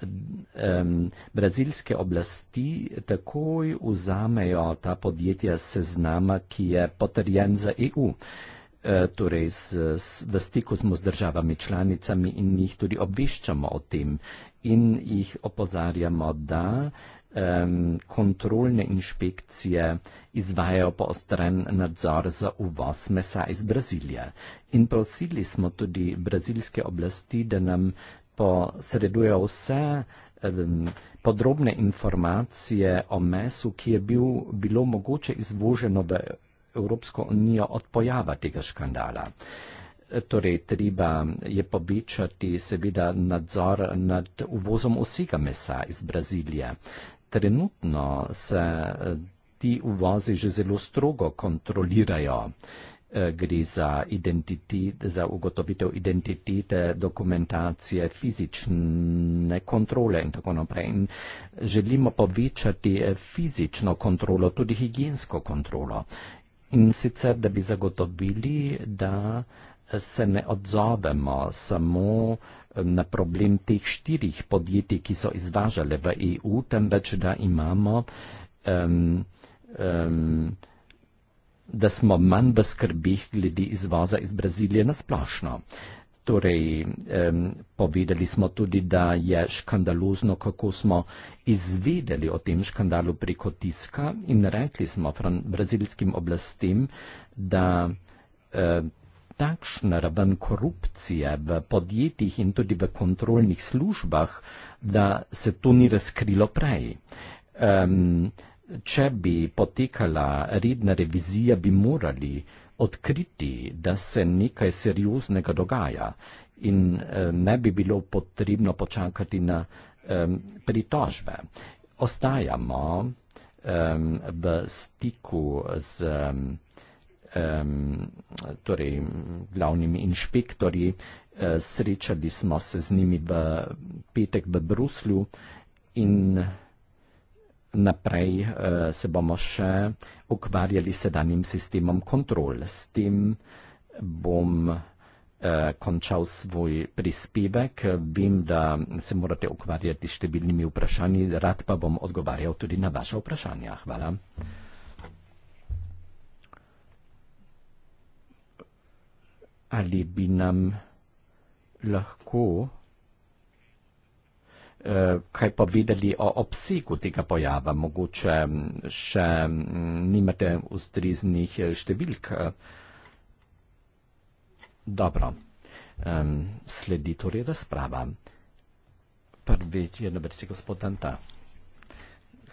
um, brazilske oblasti takoj vzamejo ta podjetja seznama, ki je potrjen za EU. Torej, s, s, v stiku smo z državami članicami in jih tudi obveščamo o tem. Uh, in jih opozarjamo, da um, kontrolne inšpekcije izvajajo poostren nadzor za uvoz mesa iz Brazilije. In prosili smo tudi brazilske oblasti, da nam posredujejo vse um, podrobne informacije o mesu, ki je bil, bilo mogoče izvoženo v Evropsko unijo od pojava tega škandala. Uh, torej treba je povečati seveda nadzor nad uvozom vsega mesa iz Brazilije. Trenutno se eh, ti uvozi že zelo strogo kontrolirajo. Eh, gre za, za ugotovitev identitete, dokumentacije, fizične kontrole in tako naprej. In želimo povečati eh, fizično kontrolo, tudi higijensko kontrolo. In sicer, da bi zagotovili, da uh, se ne odzovemo samo na problem teh štirih podjetij, ki so izvažale v EU, temveč da imamo, um, um, da smo manj v skrbih glede izvoza iz Brazilije na splošno. Torej, um, povedali smo tudi, da je škandalozno, kako smo izvedeli o tem škandalu preko tiska in rekli smo brazilskim oblastem, da uh, takšna raven korupcije v podjetjih in tudi v kontrolnih službah, da se to ni razkrilo prej. Um, če bi potekala redna revizija, bi morali odkriti, da se nekaj serioznega dogaja in um, ne bi bilo potrebno počakati na um, pritožbe. Ostajamo um, v stiku z. Um, torej glavnimi inšpektorji. Eh, srečali smo se z njimi v petek v Bruslju in naprej eh, se bomo še ukvarjali sedanjim sistemom kontrol. S tem bom eh, končal svoj prispevek. Vem, da se morate ukvarjati s številnimi vprašanji, rad pa bom odgovarjal tudi na vaše vprašanja. Hvala. ali bi nam lahko eh, kaj povedali o obsegu tega pojava, mogoče mm, še mm, nimate ustriznih eh, številk. Dobro, sledi torej razprava. Prvi je na vrsti gospod Anta.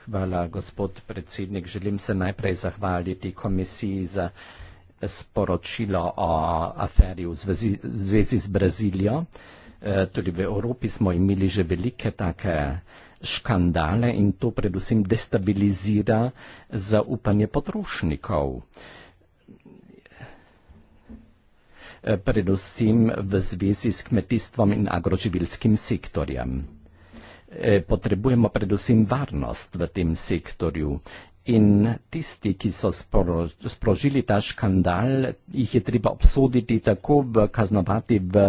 Hvala, gospod predsednik. Želim se najprej zahvaliti komisiji za sporočilo o aferi v zvezi, v zvezi z Brazilijo. E, tudi v Evropi smo imeli že velike take škandale in to predvsem destabilizira zaupanje potrošnikov. E, predvsem v zvezi s kmetijstvom in agroživilskim sektorjem. E, potrebujemo predvsem varnost v tem sektorju In tisti, ki so spro, sprožili ta škandal, jih je treba obsoditi tako v kaznovati v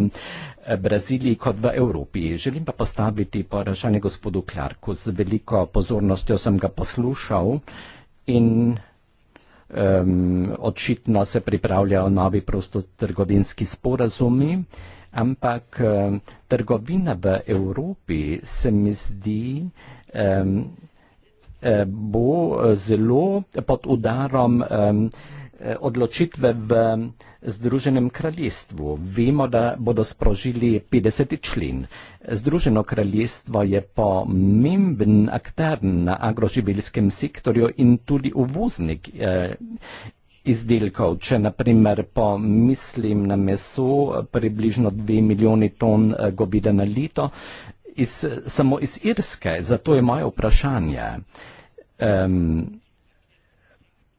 eh, Braziliji kot v Evropi. Želim pa postaviti vprašanje gospodu Klarku. Z veliko pozornostjo sem ga poslušal in um, očitno se pripravljajo novi prostotrgovinski sporazumi, ampak um, trgovina v Evropi se mi zdi. Um, Eh, bo eh, zelo pod udarom eh, odločitve v Združenem kraljestvu. Vemo, da bodo sprožili 50. člen. Združeno kraljestvo je pomemben akter na agroživilskem sektorju in tudi uvoznik izdelkov. Če naprimer pomislim na meso, približno 2 milijoni ton govida na leto, iz, samo iz Irske, zato je moje vprašanje. Um,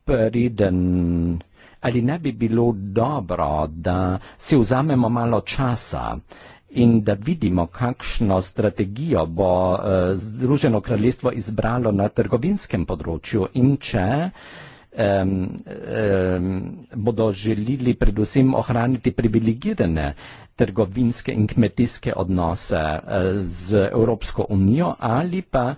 priden, ali ne bi bilo dobro, da si vzamemo malo časa in da vidimo, kakšno strategijo bo uh, Združeno kraljestvo izbralo na trgovinskem področju in če uh, um, um, bodo želeli predvsem ohraniti privilegirane trgovinske in kmetijske odnose e, z Evropsko unijo ali pa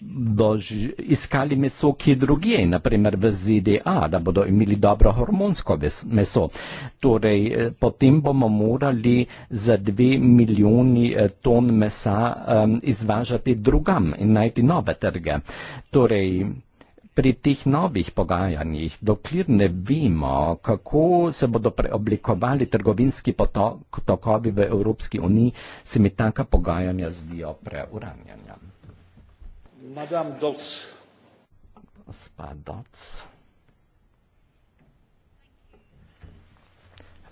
bodo iskali meso, ki je drugje, naprimer v ZDA, da bodo imeli dobro hormonsko meso. Torej, e, potem bomo morali za dve milijoni e, ton mesa um, izvažati drugam in najti nove trge. Torej, pri tih novih pogajanjih, dokler ne vemo, kako se bodo preoblikovali trgovinski potok, tokovi v Evropski uniji, se mi taka pogajanja zdijo preuranjanja.
Madame Dolc.
Gospa Dolc.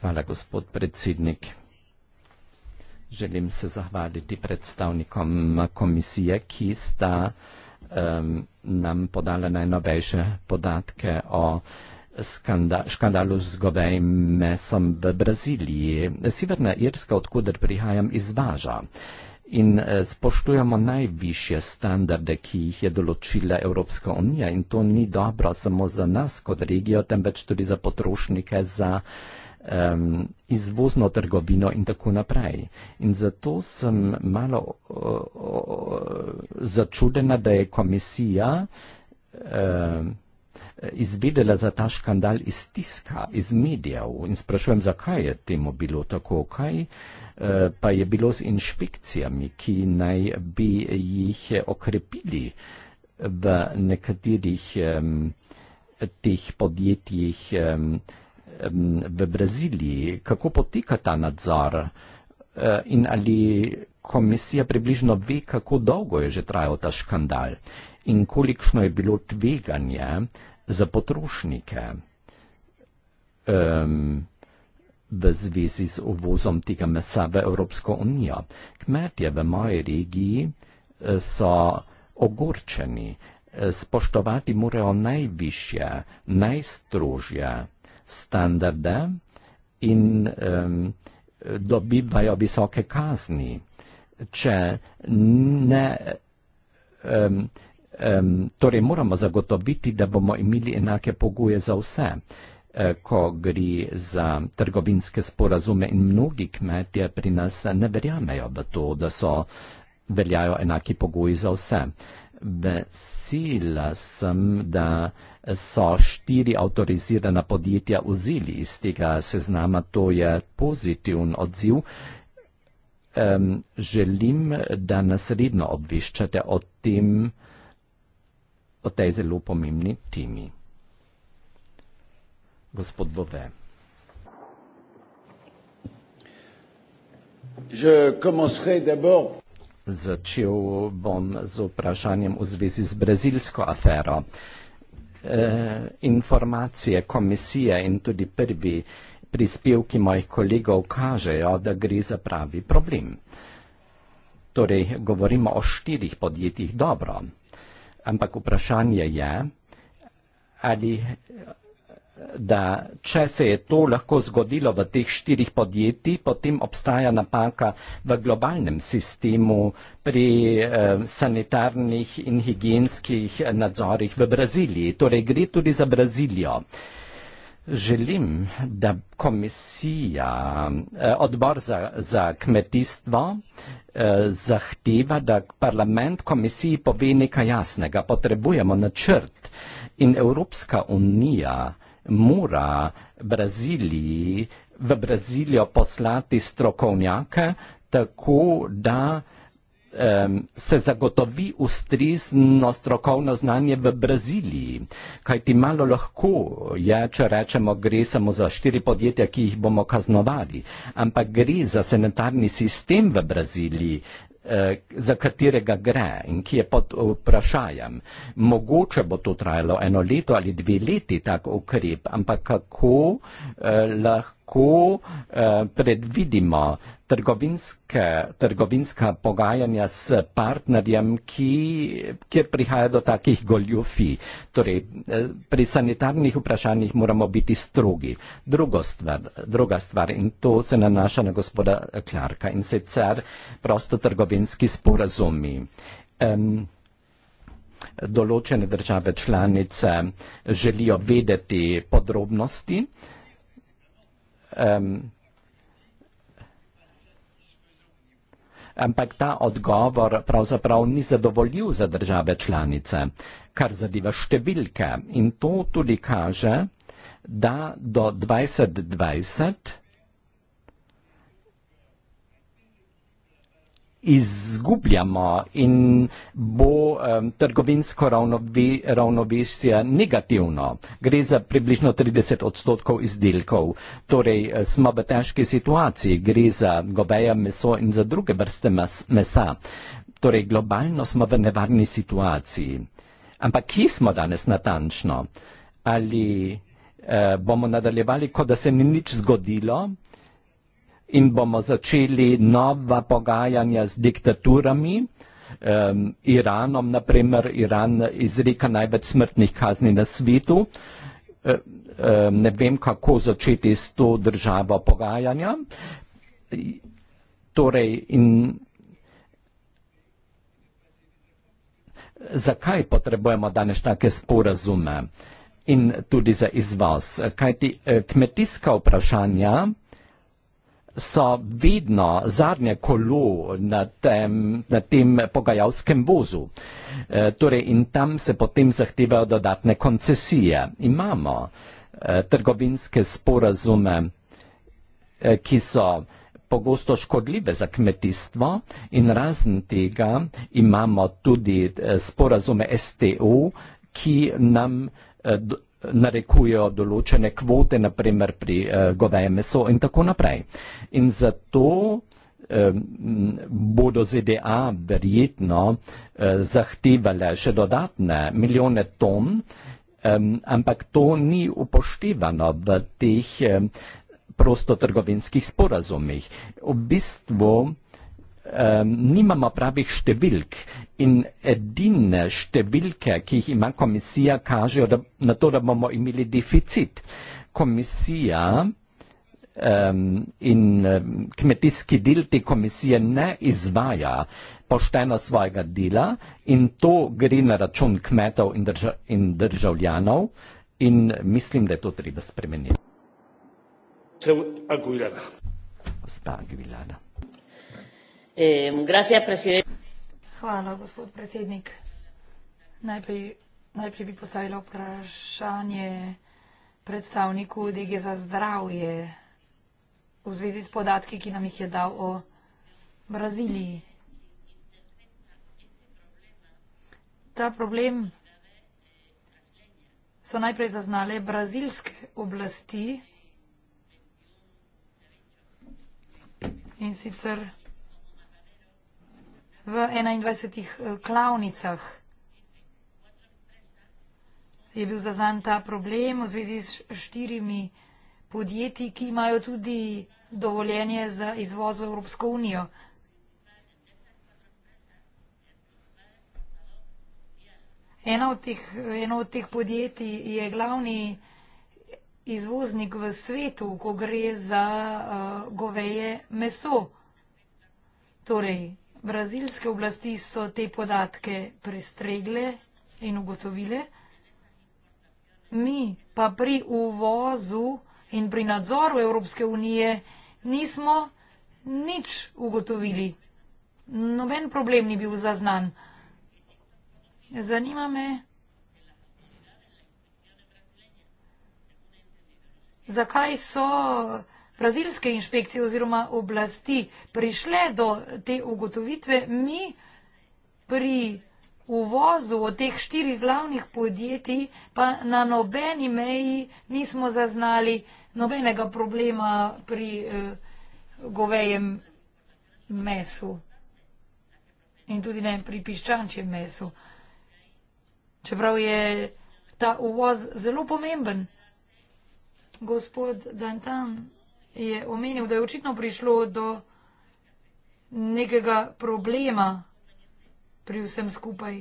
Hvala, gospod predsednik. Želim se zahvaliti predstavnikom komisije, ki sta nam podale najnovejše podatke o škandalu z govejim mesom v Braziliji. Severna Irska, odkuder prihajam, izvaža. In e, spoštujemo najvišje standarde, ki jih je določila Evropska unija. In to ni dobro samo za nas kot regijo, temveč tudi za potrošnike, za uh, um, izvozno trgovino in tako naprej. In zato sem malo o, o, začudena, da je komisija um, izvedela za ta škandal iz tiska, iz medijev in sprašujem, zakaj je temu bilo tako, kaj uh, pa je bilo z inšpekcijami, ki naj bi jih okrepili v nekaterih um, teh podjetjih. Um, v Braziliji, kako poteka ta nadzor eh, in ali komisija približno ve, kako dolgo je že trajal ta škandal in kolikšno je bilo tveganje za potrošnike um, v zvezi z uvozom tega mesa v Evropsko unijo. Kmetje v moji regiji eh, so ogorčeni, eh, spoštovati morajo najvišje, najstrožje standarde in um, dobivajo visoke kazni, če ne. Um, um, torej, moramo zagotoviti, da bomo imeli enake pogoje za vse, e, ko gre za trgovinske sporazume in mnogi kmetje pri nas ne verjamejo v to, da so veljajo enaki pogoji za vse vesela sem, da so štiri avtorizirana podjetja vzeli iz tega seznama. To je pozitiven odziv. Um, želim, da nas redno obveščate o tem, o tej zelo pomembni temi. Gospod Bove.
Je commencerai d'abord
Začel bom z vprašanjem v zvezi z brazilsko afero. E, informacije komisije in tudi prvi prispevki mojih kolegov kažejo, da gre za pravi problem. Torej, govorimo o štirih podjetjih dobro, ampak vprašanje je, ali da če se je to lahko zgodilo v teh štirih podjetij, potem obstaja napaka v globalnem sistemu pri eh, sanitarnih in higijenskih nadzorih v Braziliji. Torej gre tudi za Brazilijo. Želim, da komisija, eh, odbor za, za kmetijstvo eh, zahteva, da parlament komisiji pove nekaj jasnega. Potrebujemo načrt in Evropska unija, mora Braziliji, v Brazilijo poslati strokovnjake, tako da se zagotovi ustrezno strokovno znanje v Braziliji, kajti malo lahko je, če rečemo, gre samo za štiri podjetja, ki jih bomo kaznovali, ampak gre za sanitarni sistem v Braziliji, eh, za katerega gre in ki je pod vprašajem. Mogoče bo to trajalo eno leto ali dve leti tak ukrep, ampak kako eh, lahko eh, predvidimo, trgovinske, trgovinska pogajanja s partnerjem, ki, kjer prihaja do takih goljufi. Torej, eh, pri sanitarnih vprašanjih moramo biti strogi. Stvar, druga stvar, in to se nanaša na gospoda Klarka, in sicer prosto trgovinski sporazumi. Um, določene države članice želijo vedeti podrobnosti. Um, ampak ta odgovor pravzaprav ni zadovoljil za države članice, kar zadeva številke. In to tudi kaže, da do 2020 izgubljamo in bo um, trgovinsko ravnove, ravnovesje negativno. Gre za približno 30 odstotkov izdelkov. Torej eh, smo v težki situaciji, gre za goveje meso in za druge vrste mas, mesa. Torej globalno smo v nevarni situaciji. Ampak kje smo danes natančno? Ali uh, bomo nadaljevali, kot da se ni nič zgodilo? in bomo začeli nova pogajanja z diktaturami, um, Iranom, naprimer Iran izreka največ smrtnih kazni na svetu, um, ne vem, kako začeti s to državo pogajanja. Torej, in zakaj potrebujemo danes take sporazume in tudi za izvoz? Kajti e, kmetijska vprašanja, so vedno zadnje kolo na tem, na tem pogajalskem vozu. E, torej in tam se potem zahtevajo dodatne koncesije. Imamo e, trgovinske sporazume, e, ki so pogosto škodljive za kmetijstvo in razen tega imamo tudi e, sporazume STO, ki nam e, narekujejo določene kvote, naprimer pri eh, goveje meso in tako naprej. In zato eh, bodo ZDA verjetno eh, zahtevale še dodatne milijone ton, eh, ampak to ni upoštevano v teh eh, prostotrgovinskih sporazumih. V bistvu um, nimamo pravih številk in edine številke, ki jih ima komisija, kažejo da, na to, da bomo imeli deficit. Komisija um, in um, kmetijski del te komisije ne izvaja pošteno svojega dela in to gre na račun kmetov in, drža, in državljanov in mislim, da je to treba spremeniti. Gospa Aguilera.
Eh,
hvala gospod predsednik najprej najprej bi postavila vprašanje predstavniku dg za zdravje v zvezi s podatki ki nam jih je dal o braziliji ta problem so najprej zaznale brazilske oblasti in sicer v 21 eh, klavnicah. Je bil zaznan ta problem v zvezi s štirimi podjetji, ki imajo tudi dovoljenje za izvoz v Evropsko unijo. Eno od teh, eno od teh podjetij je glavni izvoznik v svetu, ko gre za uh, goveje meso. Torej, Brazilske oblasti so te podatke prestregle in ugotovile, mi pa pri uvozu in pri nadzoru Evropske unije nismo nič ugotovili. Noben problem ni bil zaznan. Zanima me, zakaj so vsega, brazilske inšpekcije oziroma oblasti prišle do te ugotovitve, mi pri uvozu od teh štirih glavnih podjetij pa na nobeni meji nismo zaznali nobenega problema pri eh, govejem mesu in tudi ne pri piščančjem mesu. Čeprav je ta uvoz zelo pomemben. Gospod Dantan, je omenil, da je očitno prišlo do nekega problema pri vsem skupaj.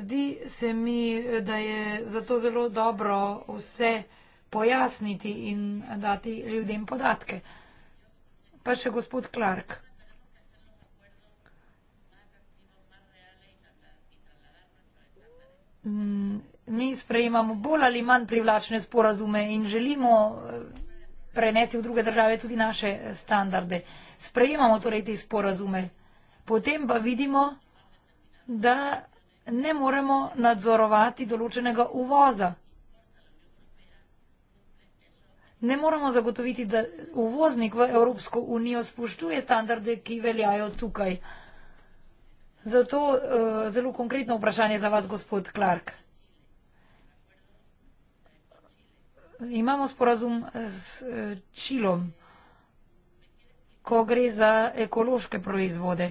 Zdi se mi, da je zato zelo dobro vse pojasniti in dati ljudem podatke. Pa še gospod Clark. Mm, mi sprejemamo bolj ali manj privlačne sporazume in želimo eh, prenesti v druge države tudi naše standarde. Sprejemamo torej te sporazume, potem pa vidimo, da ne moremo nadzorovati določenega uvoza. Ne moremo zagotoviti, da uvoznik v Evropsko unijo spoštuje standarde, ki veljajo tukaj. Zato uh, zelo konkretno vprašanje za vas, gospod Clark. Imamo sporazum eh, s eh, Čilom, ko gre za ekološke proizvode.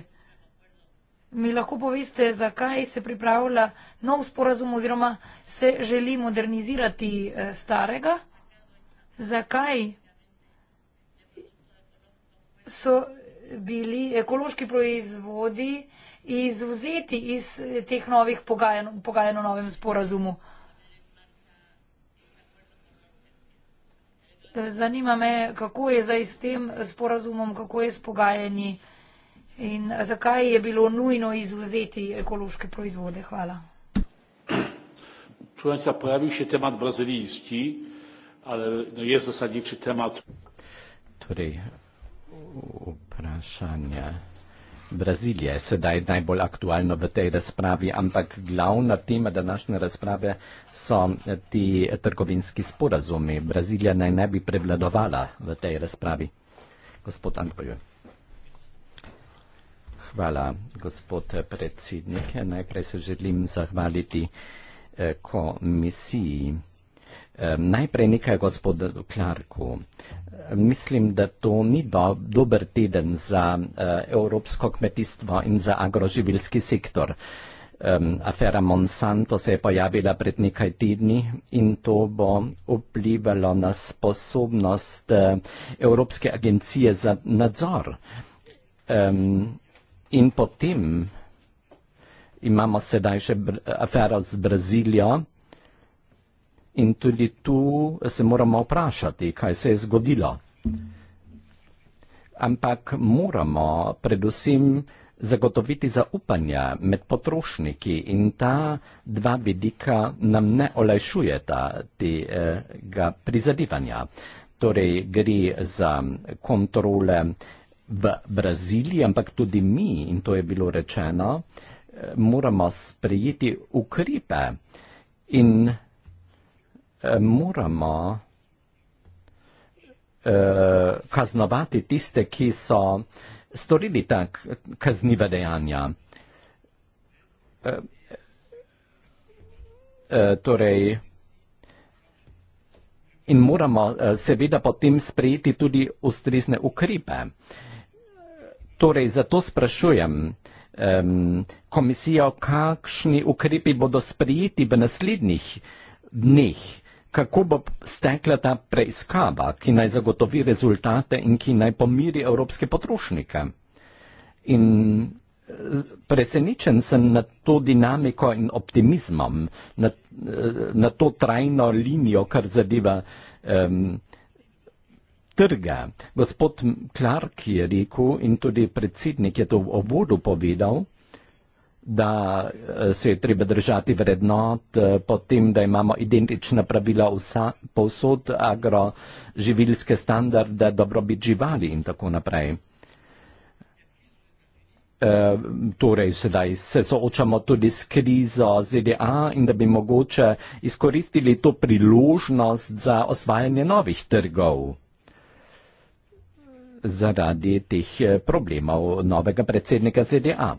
Mi lahko poveste, zakaj se pripravlja nov sporazum oziroma se želi modernizirati eh, starega? Zakaj so bili ekološki proizvodi izvzeti iz teh novih pogajanj o novem sporazumu? Zanima me, kako je zdaj s tem sporazumom, kako je s pogajanji in zakaj je bilo nujno izuzeti ekološke proizvode. Hvala.
Čujem se, pojavil se je temat brazilijski, ampak no, je zasadniči temat.
Torej, vprašanja Brazilije, sedaj najbolj aktualno v tej razpravi, ampak glavna tema današnje razprave so eh, ti trgovinski sporazumi. Brazilija naj ne bi prevladovala v tej razpravi. Gospod Antoju. Hvala, gospod eh, predsednik. Najprej se želim zahvaliti eh, komisiji najprej nekaj gospodu Klarku. Mislim, da to ni do, dober teden za uh, evropsko kmetijstvo in za agroživilski sektor. Um, afera Monsanto se je pojavila pred nekaj tedni in to bo vplivalo na sposobnost uh, Evropske agencije za nadzor. Um, in potem imamo sedaj še br afero z Brazilijo. In tudi tu se moramo vprašati, kaj se je zgodilo. Ampak moramo predvsem zagotoviti zaupanje med potrošniki in ta dva vidika nam ne olajšujeta tega prizadevanja. Torej gre za kontrole v Braziliji, ampak tudi mi, in to je bilo rečeno, moramo sprejeti ukrepe in moramo eh, kaznovati tiste, ki so storili tak kazniva dejanja. Eh, eh, torej, in moramo seveda potem sprejeti tudi ustrezne ukrepe. Torej, zato sprašujem komisijo, kakšni ukrepi bodo sprejeti v naslednjih dneh kako bo stekla ta preiskava, ki naj zagotovi rezultate in ki naj pomiri evropske potrošnike. In eh, presenečen sem na to dinamiko in optimizmom, na, eh, na to trajno linijo, kar zadeva um, trga. Gospod Clark je rekel in tudi predsednik je to v obvodu povedal, da eh, se je treba držati vrednot, eh, potem, da imamo identična pravila vsa, povsod agroživilske standarde, dobrobit živali in tako naprej. E, torej, sedaj se soočamo tudi s krizo ZDA in da bi mogoče izkoristili to priložnost za osvajanje novih trgov zaradi teh problemov novega predsednika ZDA.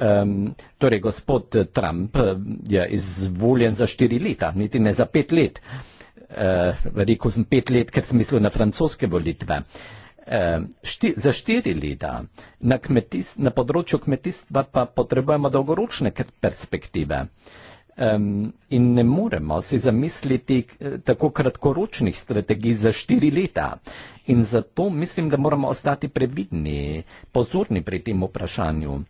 Um, torej, gospod Trump je izvoljen za štiri leta, niti ne za pet let. Uh, rekel sem pet let, ker sem mislil na francoske volitve. Šti, za štiri leta na, kmetist, na področju kmetijstva pa potrebujemo dolgoročne perspektive. Um, in ne moremo si zamisliti eh, tako kratkoročnih strategij za štiri leta. In zato mislim, da moramo ostati previdni, pozorni pri tem vprašanju. Uh,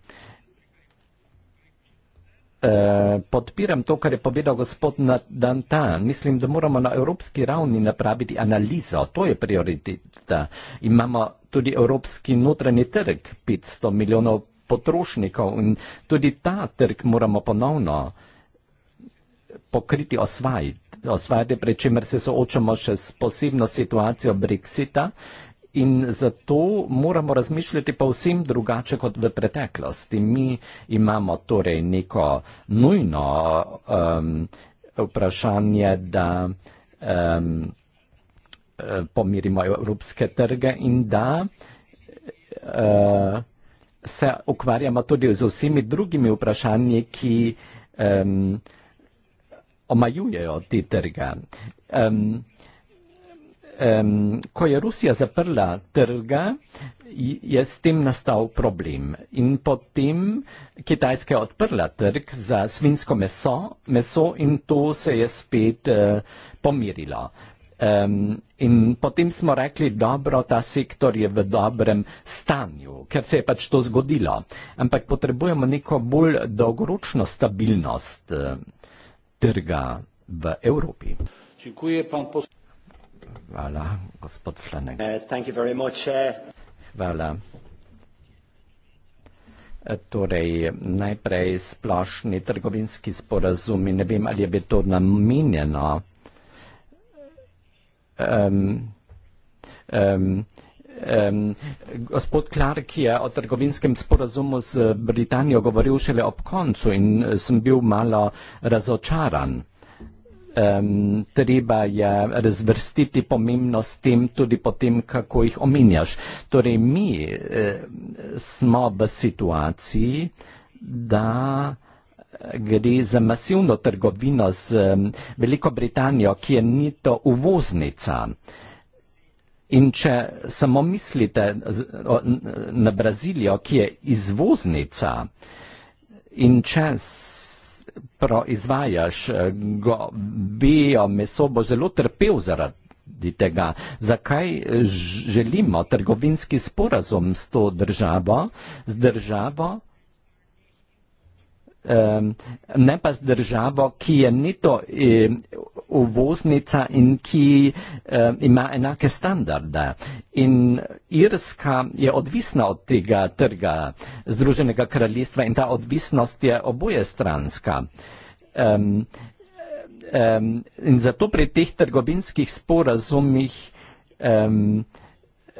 Eh, podpiram to, kar je povedal gospod Dantan. Mislim, da moramo na evropski ravni napraviti analizo. To je prioriteta. Imamo tudi evropski notranji trg, 500 milijonov potrošnikov in tudi ta trg moramo ponovno pokriti osvajati. Osvajati, pred čemer se soočamo še s posebno situacijo Brexita in zato moramo razmišljati pa vsem drugače kot v preteklosti. Mi imamo torej neko nujno um, vprašanje, da um, eh, pomirimo evropske trge in da uh, se ukvarjamo tudi z vsemi drugimi vprašanji, ki um, omajujejo te trge. Um, um, ko je Rusija zaprla trga, je s tem nastal problem. In potem Kitajska je odprla trg za svinsko meso, meso in to se je spet uh, pomirilo. Um, in potem smo rekli, dobro, ta sektor je v dobrem stanju, ker se je pač to zgodilo. Ampak potrebujemo neko bolj dolgoročno stabilnost uh, trga v Evropi.
Dziękuję pan posłowi.
Hvala, gospod Flanek. Eh, thank you very much. Eh. Hvala. Eh, torej, najprej splošni trgovinski sporazumi, ne vem, ali je bi to namenjeno. Um, um, um, gospod Clark je o trgovinskem sporazumu z Britanijo govoril šele ob koncu in sem bil malo razočaran um, treba je razvrstiti pomembnost tem tudi potem, kako jih omenjaš. Torej, mi eh, smo v situaciji, da eh, gre za masivno trgovino z um, Veliko Britanijo, ki je nito uvoznica. In če samo mislite na Brazilijo, ki je izvoznica in čez proizvajaš, eh, go, bio meso bo zelo trpel zaradi. Tega. Zakaj eh, želimo trgovinski sporazum s to državo, z državo, Ehm, ne pa z državo, ki je neto ehm, uvoznica in ki ehm, ima enake standarde. In Irska je odvisna od tega trga Združenega kraljestva in ta odvisnost je oboje stranska. Um, um, in zato pri teh trgovinskih sporazumih um,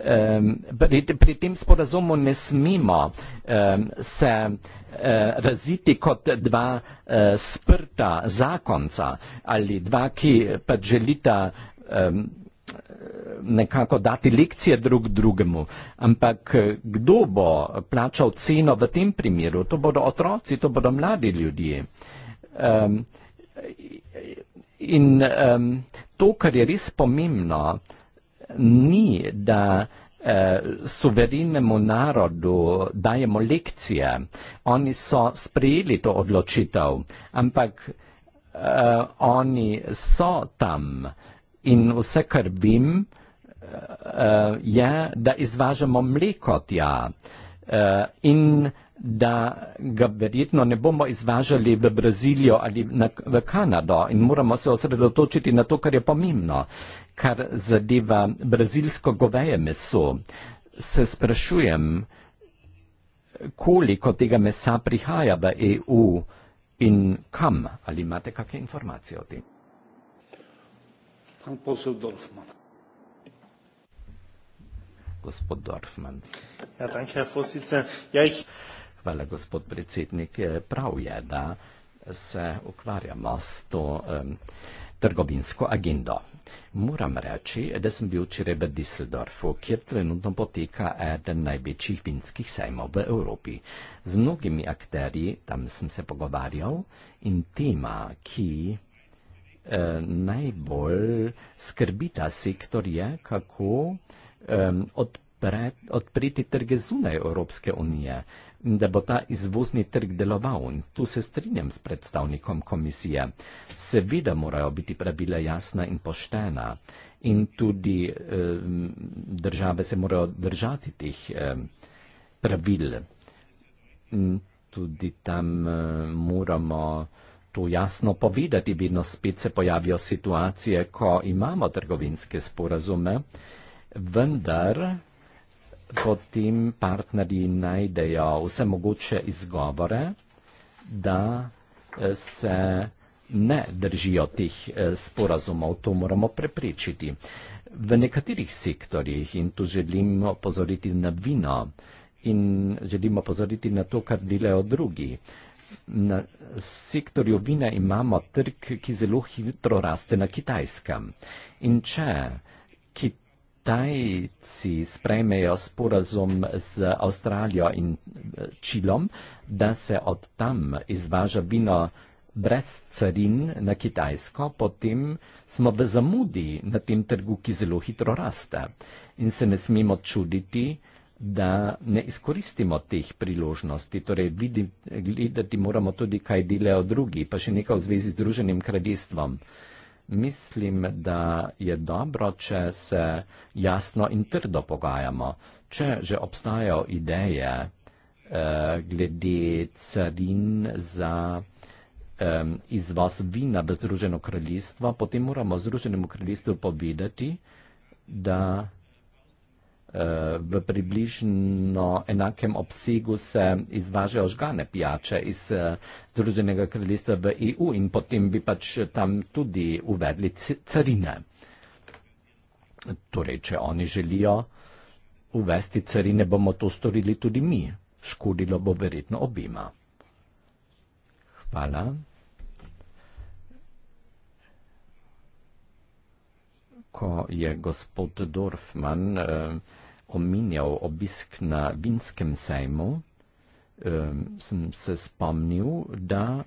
um, pri, pri tem sporazumu ne smemo um, se uh, raziti kot dva uh, sprta zakonca ali dva, ki pa želita um, nekako dati lekcije drug drugemu. Ampak eh, kdo bo plačal ceno v tem primeru? To bodo otroci, to bodo mladi ljudje. Um, in um, to, kar je res pomembno, mi da e, suverenemu narodu dajemo lekcije. Oni so sprejeli to odločitev, ampak e, oni so tam in vse, kar vim, e, eh, je, da izvažamo mleko tja. E, in da ga verjetno ne bomo izvažali v Brazilijo ali na, v Kanado in moramo se osredotočiti na to, kar je pomembno, kar zadeva brazilsko goveje meso. Se sprašujem, koliko tega mesa prihaja v EU in kam, ali imate kakšne informacije o tem? Gospod Dorfman. Ja, danke, Herr Vorsitzender. Ja, ich... Hvala, gospod predsednik. Eh, prav je, da se ukvarjamo s to um, trgovinsko agendo. Moram reči, da sem bil včeraj v Düsseldorfu, kjer trenutno poteka eden največjih vinskih sejmov v Evropi. Z mnogimi akterji tam sem se pogovarjal in tema, ki eh, najbolj skrbi ta sektor, je, kako eh, odpre, odpreti trge zunaj Evropske unije da bo ta izvozni trg deloval. Tu se strinjam s predstavnikom komisije. Seveda morajo biti pravila jasna in poštena in tudi eh, države se morajo držati teh eh, pravil. Tudi tam eh, moramo to jasno povedati. Vedno spet se pojavijo situacije, ko imamo trgovinske sporazume, vendar potem partnerji najdejo vse mogoče izgovore, da eh, se ne držijo teh eh, sporazumov. To moramo preprečiti. V nekaterih sektorjih, in tu želimo pozoriti na vino, in želimo pozoriti na to, kar delajo drugi. Na sektorju vina imamo trg, ki zelo hitro raste na kitajskem. In če kit Tajci sprejmejo sporazum z Avstralijo in Čilom, da se od tam izvaža vino brez carin na Kitajsko, potem smo v zamudi na tem trgu, ki zelo hitro raste. In se ne smemo čuditi, da ne izkoristimo teh priložnosti. Torej, gledati moramo tudi, kaj delajo drugi, pa še nekaj v zvezi z Združenim kraljestvom mislim, da je dobro, če se jasno in trdo pogajamo. Če že obstajajo ideje eh, glede carin za eh, izvoz vina v Združeno kraljestvo, potem moramo Združenemu kraljestvu povedati, da Eh, v približno enakem obsegu se izvažajo žgane pijače iz eh, Združenega kraljestva v EU in potem bi pač tam tudi uvedli carine. Torej, če oni želijo uvesti carine, bomo to storili tudi mi. Škodilo bo verjetno obima. Hvala. Ko je gospod Dorfman eh, omenjal obisk na vinskem sajmu, eh, sem se spomnil, da,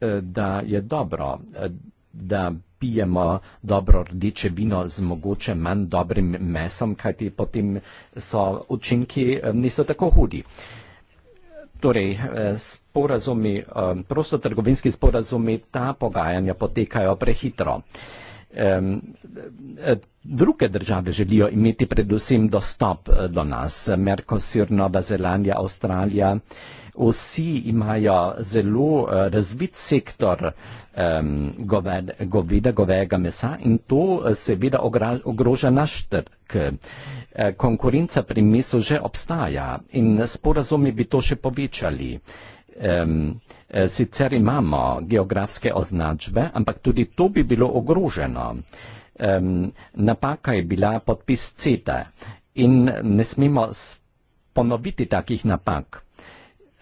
eh, da je dobro, eh, da pijemo dobro rdeče vino z mogoče manj dobrim mesom, kajti potem so učinki eh, niso tako hudi. Torej, e, sporazumi, e, prostotrgovinski sporazumi, ta pogajanja potekajo prehitro. Um, druge države želijo imeti predvsem dostop eh, do nas. Merkosur, Nova Zelandija, Avstralija. Vsi imajo zelo eh, razvit sektor um, goveda, goveda, govega mesa in to seveda ogroža naš trg. Konkurenca pri mesu že obstaja in sporazumi bi to še povečali um, sicer imamo geografske označbe, ampak tudi to bi bilo ogroženo. Um, napaka je bila podpis CETA in ne smemo ponoviti takih napak.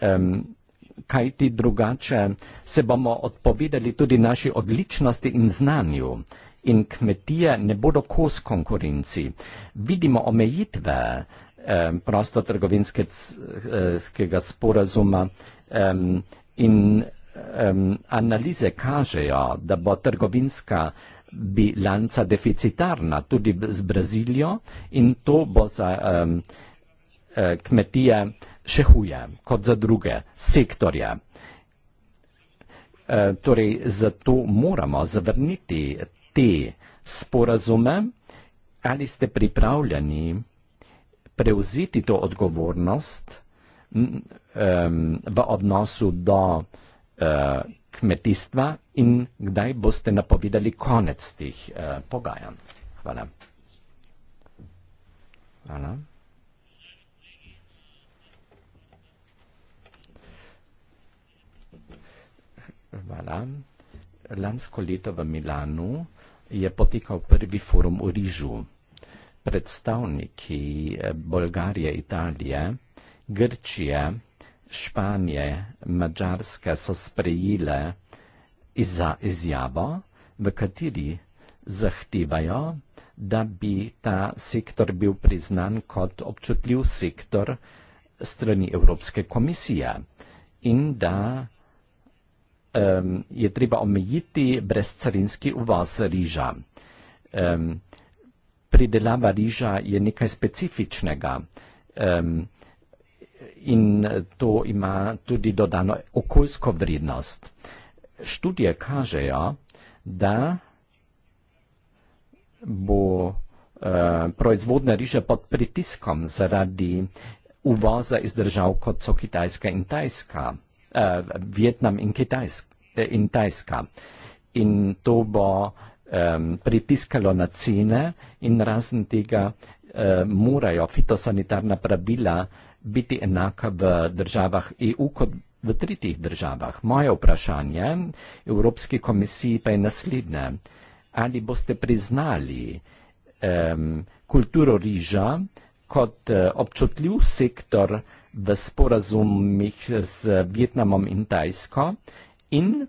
Um, kaj ti drugače se bomo odpovedali tudi naši odličnosti in znanju in kmetije ne bodo kos konkurenci. Vidimo omejitve eh, prostotrgovinskega sporazuma, um, in um, analize kažejo, da bo trgovinska bilanca deficitarna tudi z Brazilijo in to bo za um, kmetije še huje kot za druge sektorje. E, torej, zato moramo zavrniti te sporazume, ali ste pripravljeni prevzeti to odgovornost um, v odnosu do uh, kmetijstva in kdaj boste napovedali konec teh uh, pogajanj. Hvala. Hvala. Hvala. Lansko leto v Milanu je potekal prvi forum v Rižu. Predstavniki eh, Bolgarije, Italije, Grčije, Španije, Mačarske so sprejele iza izjavo, v kateri zahtevajo, da bi ta sektor bil priznan kot občutljiv sektor strani Evropske komisije in da um, je treba omejiti brezcarinski uvoz riža. Um, pridelava riža je nekaj specifičnega. Um, in eh, to ima tudi dodano okoljsko vrednost. Študije kažejo, da bo eh, proizvodna riža pod pritiskom zaradi uvoza iz držav, kot so Kitajska in Tajska, eh, Vietnam in, Kitajsk, eh, in Tajska. In to bo eh, pritiskalo na cene in razen tega eh, morajo fitosanitarna pravila eh, biti enaka v državah EU kot v tretjih državah. Moje vprašanje Evropski komisiji pa je naslednje. Ali boste priznali um, kulturo riža kot uh, občutljiv sektor v sporazumih z Vietnamom in Tajsko in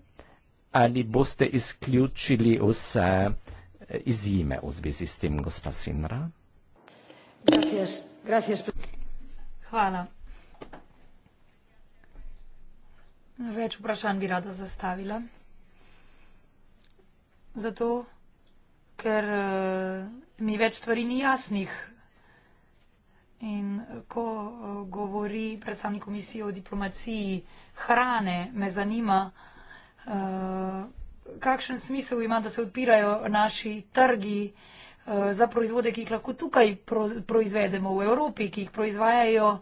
ali boste izključili vse eh, izjime v zvezi s tem, gospa Sinra?
Gracias. Gracias. Hvala. Več vprašanj bi rada zastavila. Zato, ker eh, mi več stvari ni jasnih. In ko eh, govori predstavnik komisije o diplomaciji hrane, me zanima, eh, kakšen smisel ima, da se odpirajo naši trgi in Eh, za proizvode, ki jih lahko tukaj pro, proizvedemo v Evropi, ki jih proizvajajo uh,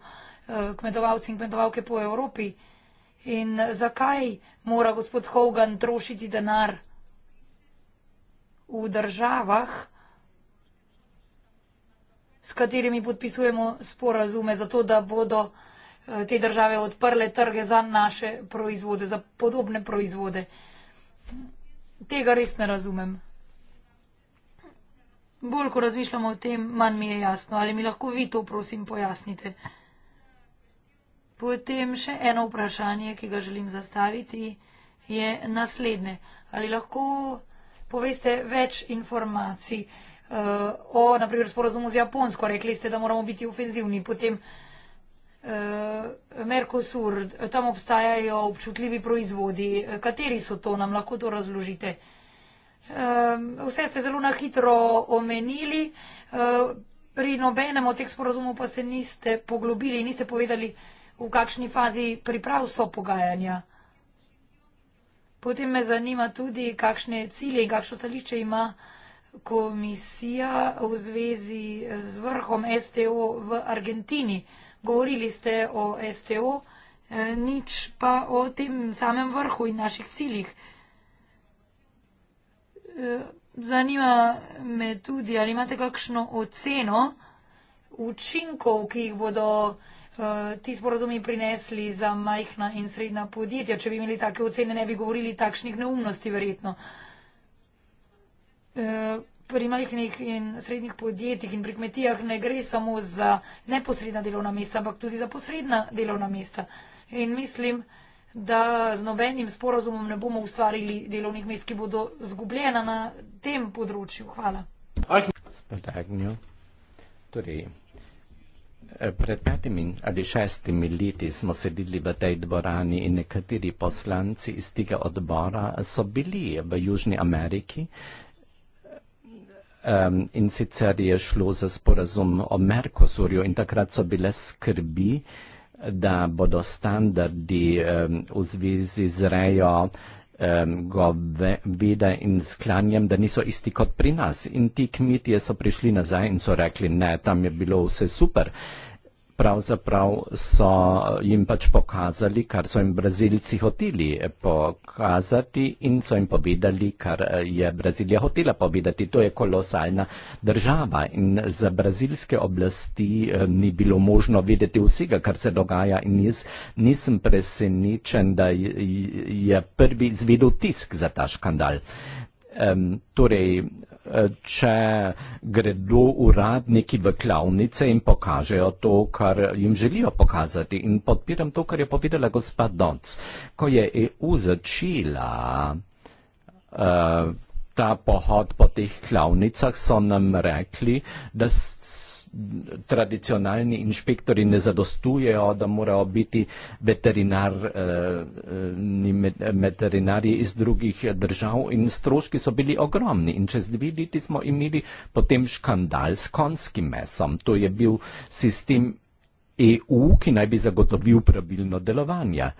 kmetovalci in kmetovalke po Evropi. In zakaj mora gospod Hogan trošiti denar v državah, s katerimi podpisujemo sporazume, zato da bodo eh, te države odprle trge za naše proizvode, za podobne proizvode. Tega res ne razumem. Bolj, ko razmišljamo o tem, manj mi je jasno. Ali mi lahko vi to, prosim, pojasnite? Potem še eno vprašanje, ki ga želim zastaviti, je naslednje. Ali lahko poveste več informacij uh, o, naprimer, sporozumu z Japonsko? Rekli ste, da moramo biti ofenzivni. Potem uh, eh, Merkosur, tam obstajajo občutljivi proizvodi. Kateri so to? Nam lahko to razložite? Uh, Ehm, vse ste zelo na hitro omenili, ehm, pri nobenem od teh sporozumov pa se niste poglobili in niste povedali, v kakšni fazi priprav so pogajanja. Potem me zanima tudi, kakšne cilje in kakšno stališče ima komisija v zvezi z vrhom STO v Argentini. Govorili ste o STO, eh, nič pa o tem samem vrhu in naših ciljih. Eh, zanima me tudi, ali imate kakšno oceno učinkov, ki jih bodo eh, ti sporozumi prinesli za majhna in srednja podjetja. Če bi imeli take ocene, ne bi govorili takšnih neumnosti, verjetno. Eh, pri majhnih in srednjih podjetjih in pri kmetijah ne gre samo za neposredna delovna mesta, ampak tudi za posredna delovna mesta. In mislim, da da z nobenim sporozumom ne bomo ustvarili delovnih mest, ki bodo zgubljena na tem področju. Hvala.
Spodagnil. Torej, eh, pred petimi ali šestimi leti smo sedeli v tej dvorani in nekateri poslanci iz tega odbora so bili v Južni Ameriki. Um, in sicer je šlo za sporazum o Merkosurju in takrat so bile skrbi, uh, da bodo standardi um, v zvezi z rejo um, goveda in sklanjem, da niso isti kot pri nas. In ti kmetije so prišli nazaj in so rekli, ne, tam je bilo vse super. Uh, pravzaprav so jim pač pokazali, kar so jim Brazilci hoteli eh, pokazati in so jim povedali, kar eh, je Brazilija hotela povedati. To je kolosalna država in za brazilske oblasti eh, ni bilo možno vedeti vsega, kar se dogaja in jaz nisem presenečen, da je prvi zvedel tisk za ta škandal. Um, torej, če gredo uradniki v klavnice in pokažejo to, kar jim želijo pokazati. In podpiram to, kar je povedala gospa Donc. Ko je EU začela eh, ta pohod po teh klavnicah, so nam rekli, da tradicionalni inšpektori ne zadostujejo, da morajo biti veterinar, eh, veterinarji iz drugih držav in stroški so bili ogromni. In čez dve leti smo imeli potem škandal s konjskim mesom. To je bil sistem EU, ki naj bi zagotovil pravilno delovanje.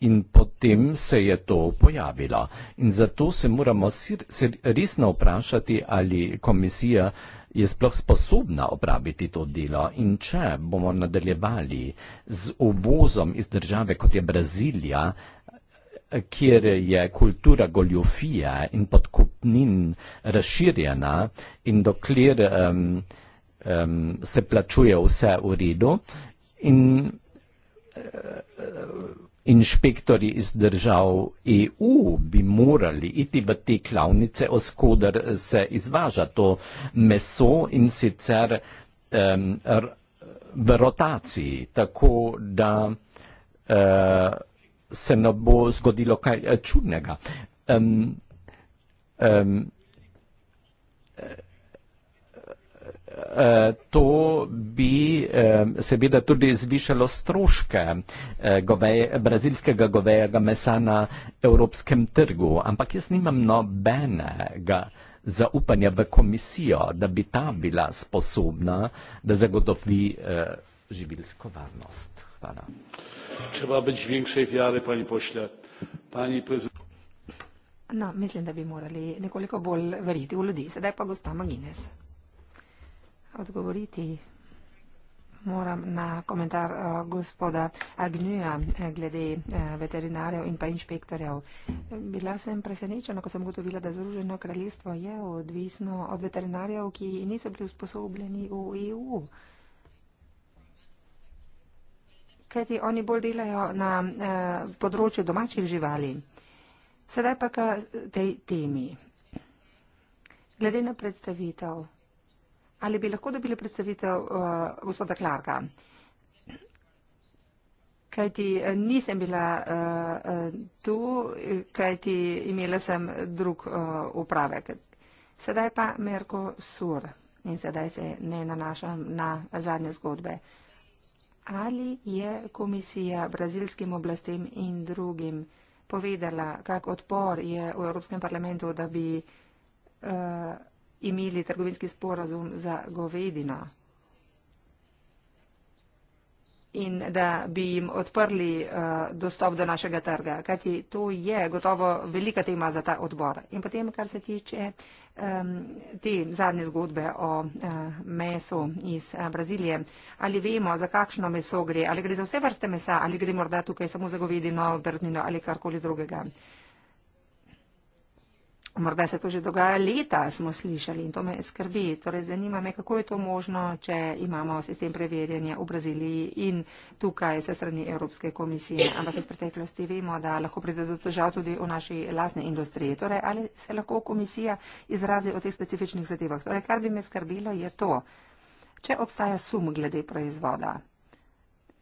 In potem se je to pojavilo. In zato se moramo sir, sir, resno vprašati, ali komisija uh, je sploh sposobna opraviti to delo in če bomo nadaljevali z uvozom iz države, kot je Brazilija, kjer je kultura goljofije in podkupnin razširjena in dokler um, um, se plačuje vse v redu in uh, inšpektorji iz držav EU bi morali iti v te klavnice, oskudar se izvaža to meso in sicer um, v rotaciji, tako da uh, se ne bo zgodilo kaj eh, čudnega. Um, um, to bi seveda tudi zvišalo stroške eh, goveje, brazilskega govejega mesa na evropskem trgu. Ampak jaz nimam nobenega zaupanja v komisijo, da bi ta bila sposobna, da zagotovi eh, živilsko varnost. Hvala.
Treba biti večje vjare, pani pošlje. Pani
no, mislim, da bi morali nekoliko bolj veriti v ljudi. Sedaj pa gospa Magines odgovoriti. Moram na komentar uh, gospoda Agnuja eh, glede uh, veterinarjev in pa inšpektorjev. Bila sem presenečena, ko sem gotovila, da Združeno kraljestvo je odvisno od veterinarjev, ki niso bili usposobljeni v EU. Kajti oni bolj delajo na uh, področju domačih živali. Sedaj pa k tej temi. Glede na predstavitev. Ali bi lahko dobili predstavitev uh, gospoda Klarka? Kajti eh, nisem bila uh, tu, kajti imela sem drug uh, upravek. Sedaj pa Merko Sur in sedaj se ne nanašam na zadnje zgodbe. Ali je komisija brazilskim oblastem in drugim povedala, kak odpor je v Evropskem parlamentu, da bi. Uh, imeli trgovinski sporazum za govedino in da bi jim odprli uh, dostop do našega trga. Kajti to je gotovo velika tema za ta odbor. In potem, kar se tiče um, te zadnje zgodbe o uh, mesu iz uh, Brazilije, ali vemo, za kakšno meso gre, ali gre za vse vrste mesa, ali gre morda tukaj samo za govedino, brdnino ali karkoli drugega. Uh, Morda se to že dogaja leta, smo slišali in to me skrbi. Torej, zanima me, kako je to možno, če imamo sistem preverjanja v Braziliji in tukaj se strani Evropske komisije. Ampak iz preteklosti vemo, da lahko pride do težav tudi v naši lasni industriji. Torej, ali se lahko komisija izrazi o teh specifičnih zadevah? Torej, kar bi me skrbilo, je to, če obstaja sum glede proizvoda.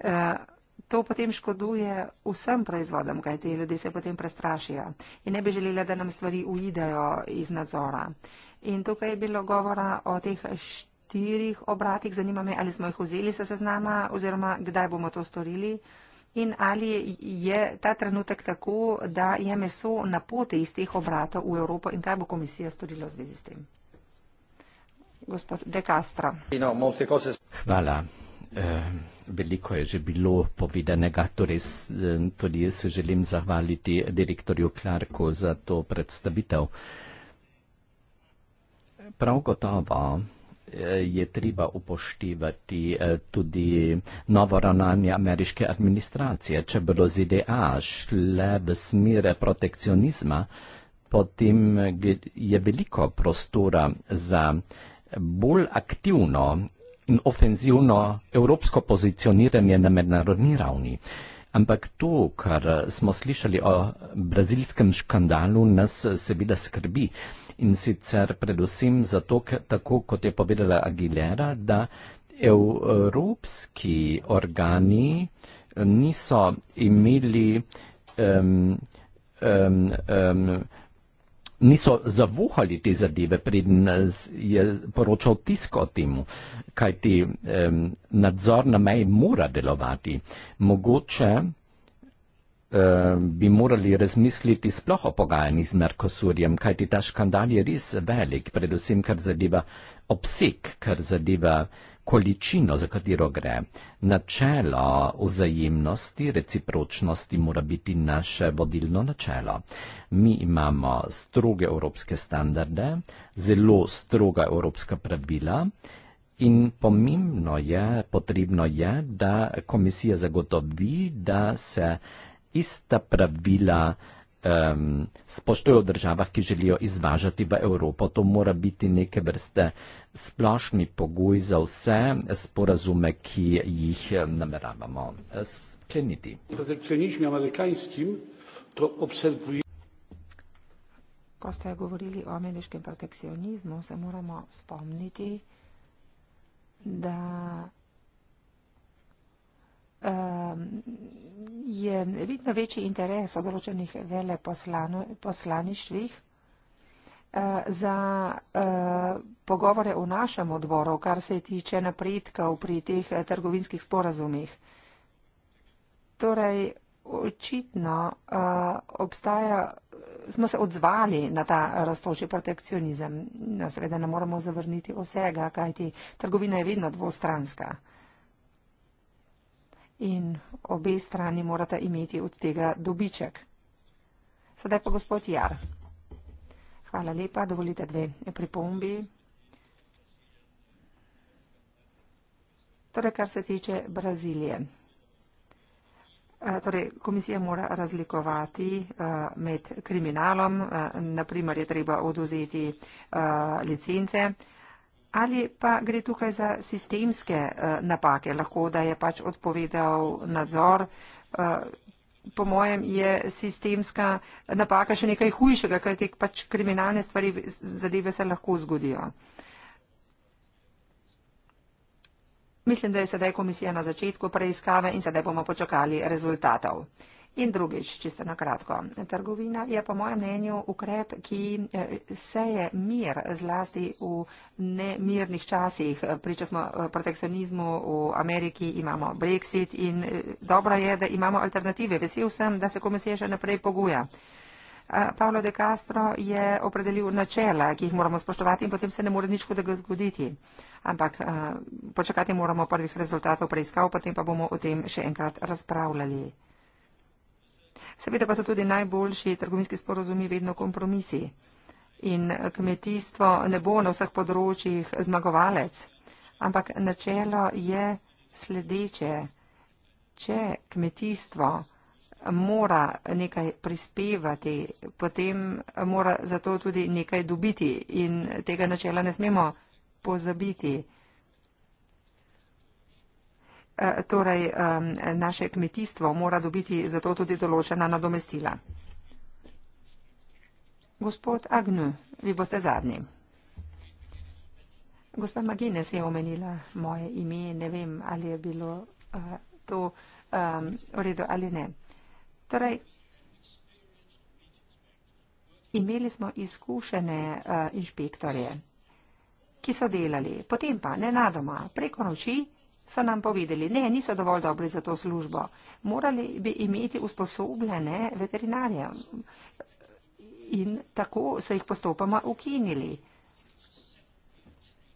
Uh, to potem škoduje vsem proizvodom, kaj ti ljudje se potem prestrašijo in ne bi želeli, da nam stvari uidejo iz nadzora. In tukaj je bilo govora o teh štirih obratih, zanima me, ali smo jih vzeli se seznama oziroma kdaj bomo to storili. In ali je ta trenutek tako, da je meso na poti iz teh obratov v Evropo in kaj bo komisija storila v zvezi s tem? Gospod De Castro.
No, Hvala. Uh veliko je že bilo povedanega, torej eh, tudi jaz se želim zahvaliti direktorju Klarku za to predstavitev. Prav gotovo eh, je treba upoštevati eh, tudi novo ravnanje ameriške administracije. Če bodo ZDA šle v smere protekcionizma, potem je veliko prostora za bolj aktivno in ofenzivno evropsko pozicioniranje na mednarodni ravni. Ampak to, kar smo slišali o brazilskem škandalu, nas seveda skrbi. In sicer predvsem zato, tako kot je povedala Aguilera, da evropski organi niso imeli um, um, um, niso zavuhali te zadeve, preden je poročal tisk o tem, kaj ti um, nadzor na meji mora delovati. Mogoče um, bi morali razmisliti sploh o pogajanjih z Merkosurjem, kaj ti ta škandal je res velik, predvsem kar zadeva obseg, kar zadeva količino, za katero gre. Načelo vzajemnosti, recipročnosti mora biti naše vodilno načelo. Mi imamo stroge evropske standarde, zelo stroga evropska pravila. In pomembno je, potrebno je, da komisija zagotovi, da se ista pravila uh, um, spoštujejo v državah, ki želijo izvažati v Evropo. To mora biti neke vrste splošni pogoj za vse sporazume, ki jih nameravamo eh, skleniti.
Ko ste govorili o ameriškem protekcionizmu, se moramo spomniti, da Ehm, je vidno večji interes v določenih veleposlaništvih eh, za eh, pogovore v našem odboru, kar se tiče napredkov pri teh eh, trgovinskih sporazumih. Torej, očitno obstaja, smo se odzvali na ta raztoči protekcionizem. No, seveda ne moremo zavrniti vsega, kajti trgovina je vedno dvostranska in obe strani morata imeti od tega dobiček. Sedaj pa gospod Jar. Hvala lepa, dovolite dve pripombi. Torej, kar se tiče Brazilije. Eh, torej, komisija mora razlikovati eh, med kriminalom, eh, naprimer je treba oduzeti licence, ali pa gre tukaj za sistemske eh, napake, lahko da je pač odpovedal nadzor. Eh, po mojem je sistemska napaka še nekaj hujšega, ker te pač kriminalne stvari, zadeve se lahko zgodijo. Mislim, da je sedaj komisija na začetku preiskave in sedaj bomo počakali rezultatov. In drugič, čisto na kratko, trgovina je po mojem mnenju ukrep, ki eh, seje mir zlasti v nemirnih časih. Priča smo eh, protekcionizmu v Ameriki, imamo Brexit in eh, dobro je, da imamo alternative. Vesel sem, da se komisija še naprej poguja. Pavlo de Castro je opredelil načela, ki jih moramo spoštovati in potem se ne more nič hudega zgoditi. Ampak počakati moramo prvih rezultatov preiskav, potem pa bomo o tem še enkrat razpravljali. Seveda pa so tudi najboljši trgovinski sporozumi vedno kompromisi. In kmetijstvo ne bo na vseh področjih zmagovalec, ampak načelo je sledeče. Če kmetijstvo mora nekaj prispevati, potem mora za to tudi nekaj dobiti in tega načela ne smemo pozabiti. Eh, torej eh, naše kmetijstvo mora dobiti za to tudi določena nadomestila. Gospod Agnu, vi boste zadnji. Gospa Magine se je omenila moje ime, ne vem, ali je bilo uh, to um, v redu ali ne. Torej, imeli smo izkušene uh, inšpektorje, ki so delali, potem pa ne na doma, preko noči, so nam povedali, ne, niso dovolj dobri za to službo. Morali bi imeti usposobljene veterinarje. In tako so jih postopoma ukinili.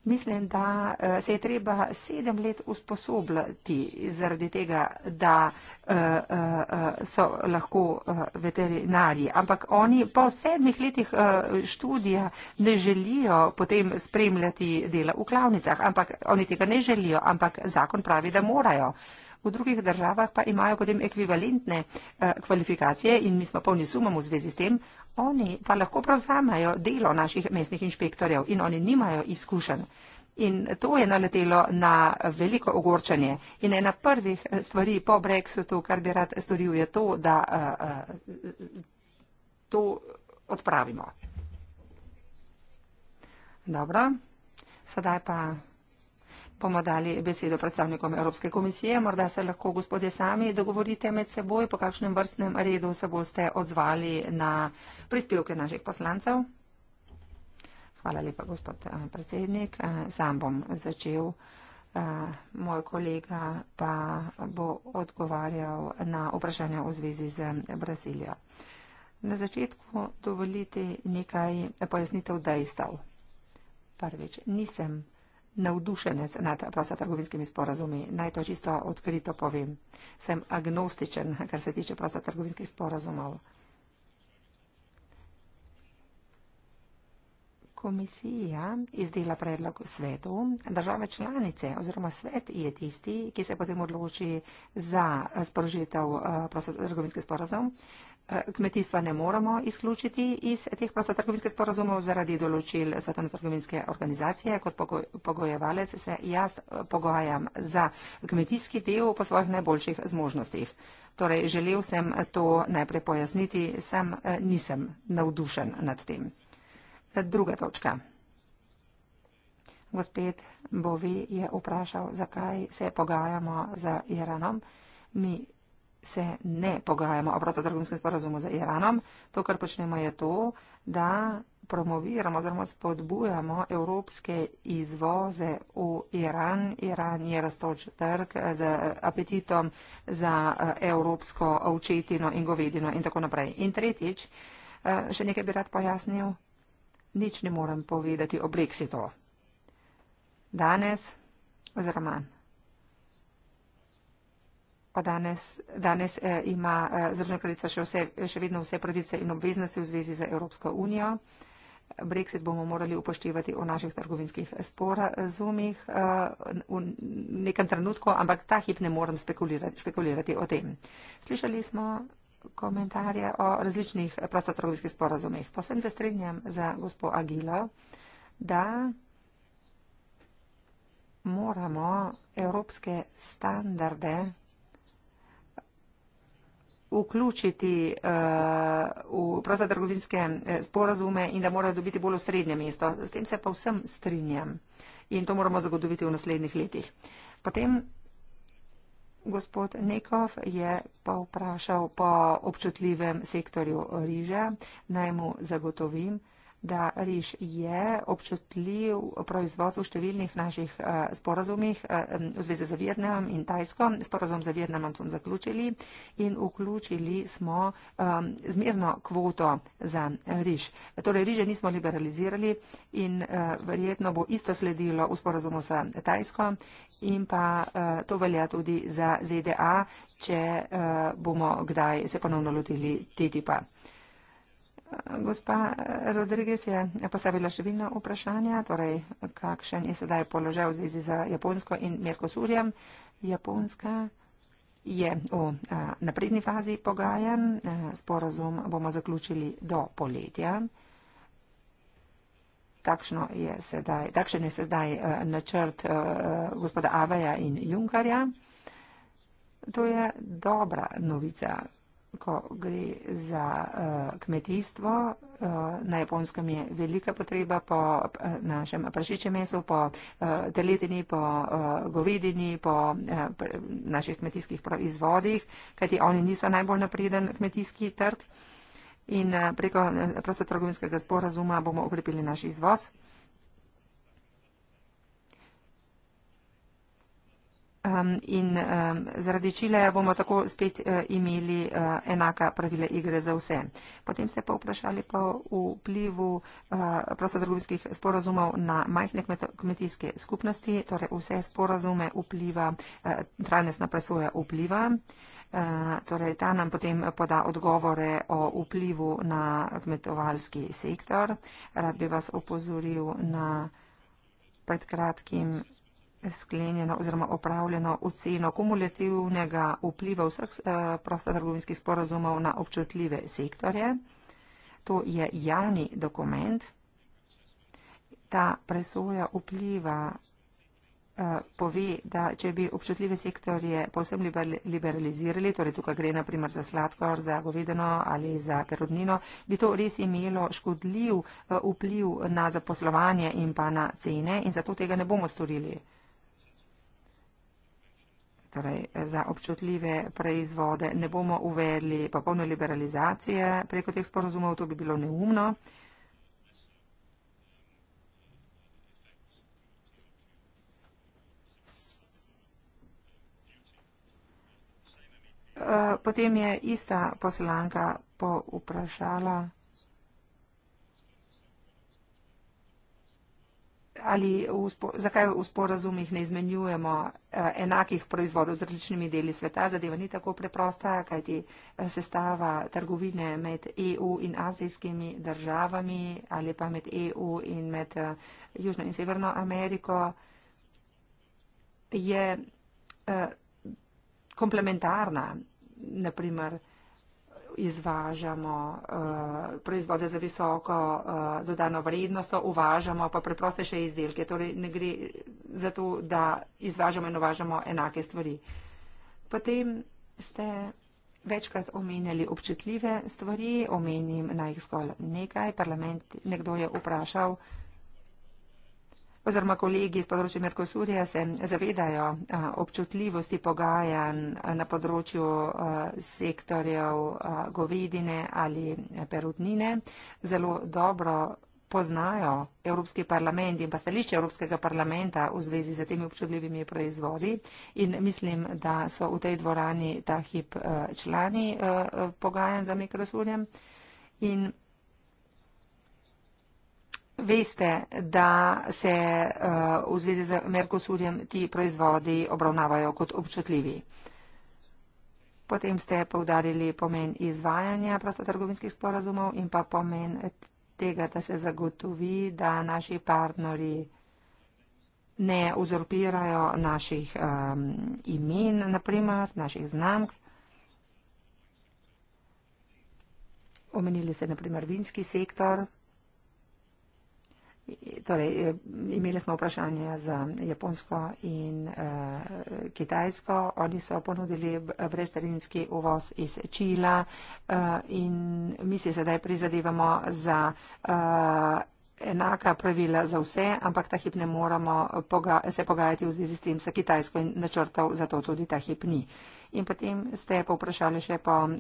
Mislim, da eh, se je treba sedem let usposobljati zaradi tega, da eh, eh, so lahko veterinarji. Ampak oni po sedmih letih študija ne želijo potem spremljati dela v klavnicah. Ampak oni tega ne želijo, ampak zakon pravi, da morajo v drugih državah pa imajo potem ekvivalentne eh, kvalifikacije in mi smo polni sumom v zvezi s tem, oni pa lahko prevzamajo delo naših mestnih inšpektorjev in oni nimajo izkušenj. In to je naletelo na veliko ogorčanje. In ena prvih eh, stvari po Brexitu, kar bi rad storil, je to, da uh, to odpravimo. Dobro, sedaj pa bomo dali besedo predstavnikom Evropske komisije. Morda se lahko gospodje sami dogovorite med seboj, po kakšnem vrstnem redu se boste odzvali na prispevke naših poslancev. Hvala lepa, gospod eh, predsednik. Eh, sam bom začel. Eh, moj kolega pa bo odgovarjal na vprašanja v zvezi z Brazilijo. Na začetku dovolite nekaj pojasnitev dejstev. Prvič, nisem navdušenec nad prostotrgovinskimi sporazumi. Naj to čisto odkrito povem. Sem agnostičen, kar se tiče prostotrgovinskih sporazumov. Komisija izdela predlog svetu, države članice oziroma svet je tisti, ki se potem odloči za sporožitev eh, prostotrgovinski sporazum kmetijstva ne moremo izključiti iz teh prostotrgovinskih sporozumov zaradi določil Svetovne trgovinske organizacije. Kot pogojevalec se jaz eh, pogojam za kmetijski del po svojih najboljših zmožnostih. Torej, želel sem to najprej pojasniti, sem eh, nisem navdušen nad tem. Eh, druga točka. Gospod Bovi je vprašal, zakaj se pogajamo za Iranom. Mi se ne pogajamo o prostotrgovinskem sporazumu z Iranom. To, kar počnemo, je to, da promoviramo oziroma spodbujamo evropske izvoze v Iran. Iran je raztoč trg z apetitom za eh, evropsko očetino in govedino in tako naprej. In tretjič, eh, še nekaj bi rad pojasnil, nič ne morem povedati o Brexitu. Danes oziroma pa danes, danes eh, ima eh, zdržna kraljica še, še vedno vse pravice in obveznosti v zvezi z Evropsko unijo. Brexit bomo morali upoštevati v naših trgovinskih sporazumih eh, v nekem trenutku, ampak ta hip ne morem spekulirati, špekulirati o tem. Slišali smo komentarje o različnih prostotrgovinskih sporazumih. Posem se strinjam za gospod Agilo, da moramo evropske standarde vključiti uh, v prostotrgovinske eh, sporazume in da morajo dobiti bolj osrednje mesto. S tem se pa vsem strinjam in to moramo zagotoviti v naslednjih letih. Potem gospod Nekov je pa vprašal po občutljivem sektorju riža, naj mu zagotovim, uh, da riž je občutljiv proizvod v številnih naših eh, sporazumih eh, v zvezi z Vietnamom in Tajsko. Sporazum z Vietnamom smo zaključili in vključili smo eh, zmerno kvoto za riž. Torej, riže nismo liberalizirali in verjetno bo isto sledilo v sporazumu s Tajsko in pa to velja tudi za ZDA, če bomo kdaj se ponovno lotili TTIP-a. Gospa Rodriguez je postavila številna vprašanja, torej kakšen je sedaj položaj v zvezi z Japonsko in Merkosurjem. Japonska je v napredni fazi pogajan, sporazum bomo zaključili do poletja. Takšno je sedaj, takšen je sedaj načrt gospoda Aveja in Junkarja. To je dobra novica ko gre za uh, kmetijstvo. Uh, na japonskem je velika potreba po uh, našem prašičem mesu, po uh, teletini, po uh, govedini, po uh, naših kmetijskih proizvodih, kajti oni niso najbolj napreden kmetijski trg. In uh, preko uh, prostotrgovinskega sporazuma bomo okrepili naš izvoz, Um, in um, zaradi Čileja bomo tako spet uh, imeli uh, enaka pravila igre za vse. Potem ste pa vprašali po vplivu uh, prostodrgovinskih sporazumov na majhne kmetijske skupnosti. Torej vse sporazume vpliva, trajnostna presoja vpliva. Torej ta nam potem poda odgovore o vplivu na kmetovalski sektor. Rad bi vas opozoril na pred kratkim sklenjeno oziroma opravljeno oceno kumulativnega vpliva vseh eh, prostotrgovinskih sporozumov na občutljive sektorje. To je javni dokument. Ta presoja vpliva eh, pove, da če bi občutljive sektorje posebno liberalizirali, torej tukaj gre naprimer za sladkor, za govedeno ali za perodnino, bi to res imelo škodljiv eh, vpliv na zaposlovanje in pa na cene in zato tega ne bomo storili torej za občutljive proizvode ne bomo uvedli popolne liberalizacije preko teh sporozumov, to bi bilo neumno. Eh, potem je ista poslanka povprašala. ali v spo, zakaj v sporazumih ne izmenjujemo eh, enakih proizvodov z različnimi deli sveta. Zadeva ni tako preprosta, kajti eh, sestava trgovine med EU in azijskimi državami ali pa med EU in med eh, Južno in Severno Ameriko je komplementarna. Naprimer, izvažamo uh, proizvode za visoko uh, dodano vrednost, uvažamo pa preprostejše izdelke. Torej ne gre za to, da izvažamo in uvažamo enake stvari. Potem ste večkrat omenjali občutljive stvari, omenim na jih zgolj nekaj. Parlament, nekdo je vprašal, uh, Oziroma kolegi iz področja Merkosurja se zavedajo občutljivosti pogajanj na področju sektorjev govedine ali perutnine. Zelo dobro poznajo Evropski parlament in pa stališče Evropskega parlamenta v zvezi z temi občutljivimi proizvodi in mislim, da so v tej dvorani ta hip člani pogajanj za Merkosurjem. In Veste, da se uh, v zvezi z Merkosurjem ti proizvodi obravnavajo kot občutljivi. Potem ste povdarili pomen izvajanja prostotrgovinskih sporazumov in pa pomen tega, da se zagotovi, da naši partnerji ne uzurpirajo naših um, imen, naprimer, naših znamk. Omenili ste naprimer vinski sektor. Torej, eh, imeli smo vprašanje za Japonsko in uh, Kitajsko. Oni so ponudili brezterinski uvoz iz Čila uh, in mi se sedaj prizadevamo za. Uh, Enaka pravila za vse, ampak ta hip ne moramo poga se pogajati v zvezi s tem, sa Kitajsko in načrtov, zato tudi ta hip ni. In potem ste povprašali še po uh,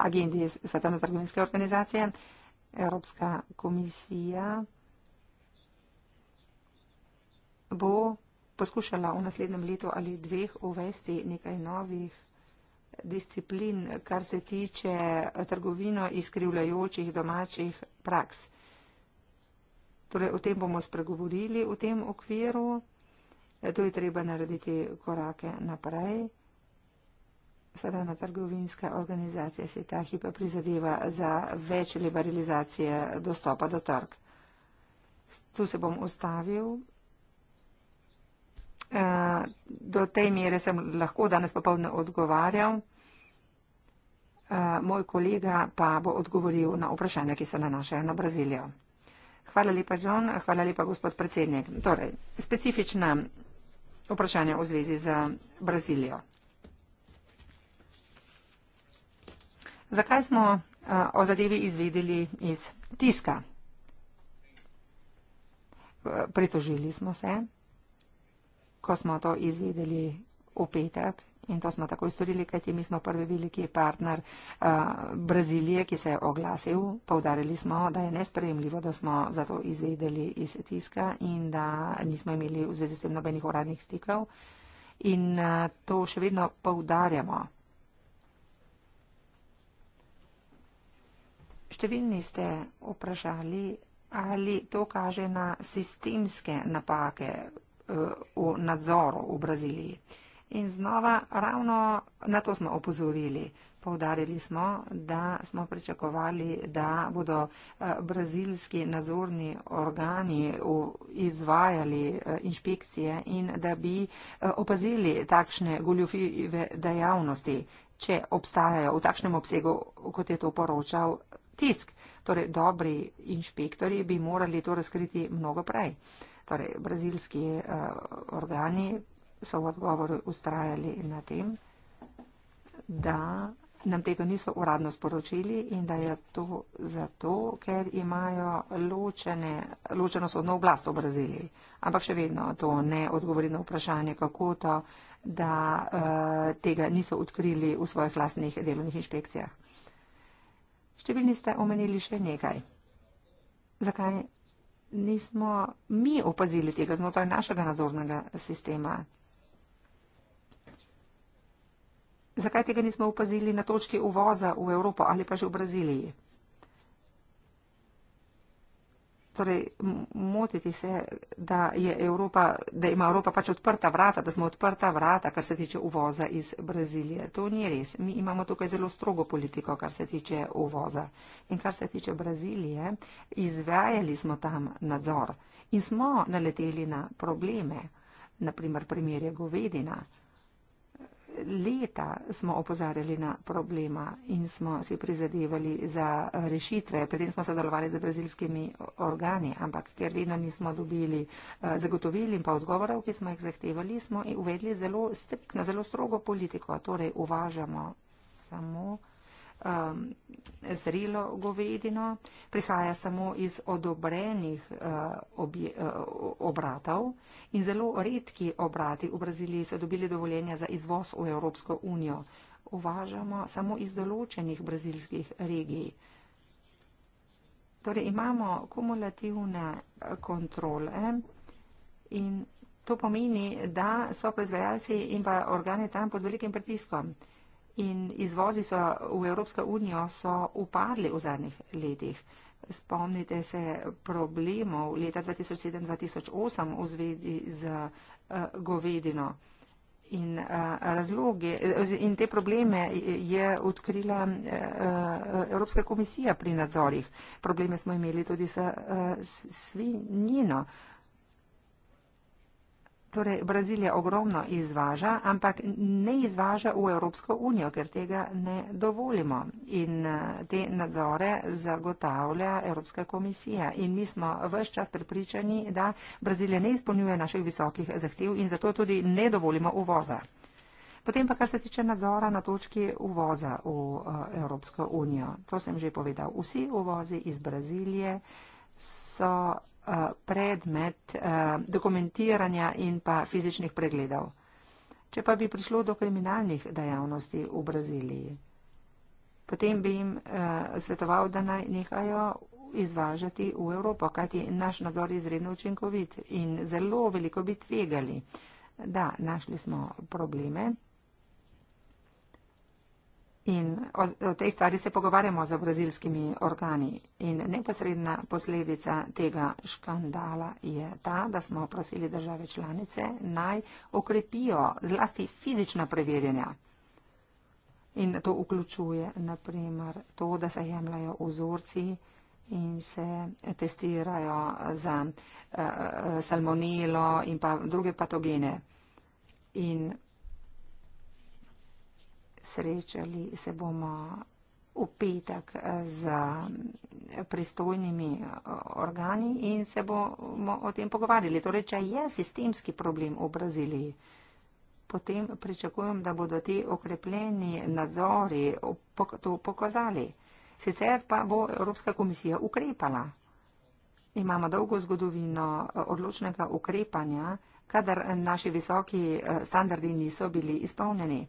agendi Svetovne trgovinske organizacije. Evropska komisija bo poskušala v naslednjem letu ali dveh uvesti nekaj novih disciplin, kar se tiče trgovino izkrivljajočih domačih praks. Torej, o tem bomo spregovorili v tem okviru. To je treba narediti korake naprej. Svetovna trgovinska organizacija se ta hipa prizadeva za več liberalizacije dostopa do trg. Tu se bom ustavil. Eh, do te mere sem lahko danes popolno odgovarjal. Eh, moj kolega pa bo odgovoril na vprašanja, ki se nanašajo na Brazilijo. Hvala lepa, John, hvala lepa, gospod predsednik. Torej, specifična vprašanja v zvezi z Brazilijo. Zakaj smo eh, o zadevi izvedeli iz tiska? Pritožili smo se ko smo to izvedeli v petek. In to smo takoj storili, kajti mi smo prvi veliki partner uh, Brazilije, ki se je oglasil. Povdarili smo, da je nespremljivo, da smo za to izvedeli iz tiska in da nismo imeli v zvezi s tem nobenih uradnih stikov. In uh, to še vedno povdarjamo. Številni ste vprašali, ali to kaže na sistemske napake v nadzoru v Braziliji. In znova ravno na to smo opozorili. Povdarili smo, da smo pričakovali, da bodo eh, brazilski nadzorni organi izvajali eh, inšpekcije in da bi eh, opazili takšne goljofive dejavnosti, če obstajajo v takšnem obsegu, kot je to poročal tisk. Torej, dobri inšpektori bi morali to razkriti mnogo prej. Torej, brazilski uh, organi so v odgovoru ustrajali na tem, da nam tega niso uradno sporočili in da je to zato, ker imajo ločene, ločeno sodno oblast v Braziliji. Ampak še vedno to ne odgovori na vprašanje, kako to, da uh, tega niso odkrili v svojih vlastnih delovnih inšpekcijah. Številni ste omenili še nekaj. Zakaj nismo mi opazili tega znotraj našega nadzornega sistema. Zakaj tega nismo opazili na točki uvoza v Evropo ali pa že v Braziliji? Torej, motiti se, da, Evropa, da ima Evropa pač odprta vrata, da smo odprta vrata, kar se tiče uvoza iz Brazilije. To ni res. Mi imamo tukaj zelo strogo politiko, kar se tiče uvoza. In kar se tiče Brazilije, izvajali smo tam nadzor in smo naleteli na probleme, naprimer primerje govedina leta smo opozarjali na problema in smo si prizadevali za rešitve. Predtem smo sodelovali z brazilskimi organi, ampak ker vedno nismo dobili eh, zagotovili in pa odgovorov, ki smo jih zahtevali, smo uvedli zelo strikno, zelo strogo politiko. Torej uvažamo samo um, zrelo govedino, prihaja samo iz odobrenih uh, obje, uh, obratov in zelo redki obrati v Braziliji so dobili dovoljenja za izvoz v Evropsko unijo. Uvažamo samo iz določenih brazilskih regij. Torej imamo kumulativne kontrole in to pomeni, da so proizvajalci in pa organi tam pod velikim pritiskom in izvozi so v Evropsko unijo so upadli v zadnjih letih. Spomnite se problemov leta 2007-2008 v zvedi z uh, govedino. In, uh, razloge, in te probleme je odkrila uh, Evropska komisija pri nadzorih. Probleme smo imeli tudi s uh, svinjino. Uh, Torej, Brazilija ogromno izvaža, ampak ne izvaža v Evropsko unijo, ker tega ne dovolimo. In eh, te nadzore zagotavlja Evropska komisija. In mi smo vse čas pripričani, da Brazilija ne izpolnjuje naših visokih zahtev in zato tudi ne dovolimo uvoza. Potem pa, kar se tiče nadzora na točki uvoza v eh, Evropsko unijo. To sem že povedal. Vsi uvozi iz Brazilije so Eh, predmet eh, dokumentiranja in pa fizičnih pregledov. Če pa bi prišlo do kriminalnih dejavnosti v Braziliji, potem bi jim eh, svetoval, da naj nehajo izvažati v Evropo, kajti naš nadzor je izredno učinkovit in zelo veliko bi tvegali. Da, našli smo probleme. In o, o tej stvari se pogovarjamo z brazilskimi organi. In neposredna posledica tega škandala je ta, da smo prosili države članice naj okrepijo zlasti fizična preverjanja. In to vključuje naprimer to, da se jemljajo vzorci in se testirajo za uh, eh, eh, salmonilo in pa druge patogene. In srečali, se bomo v petek eh, z pristojnimi eh, organi in se bomo o tem pogovarjali. Torej, če je sistemski problem v Braziliji, potem pričakujem, da bodo ti okrepljeni nazori to pokazali. Sicer pa bo Evropska komisija ukrepala. Imamo dolgo zgodovino eh, odločnega ukrepanja, kadar naši visoki standardi niso bili izpolnjeni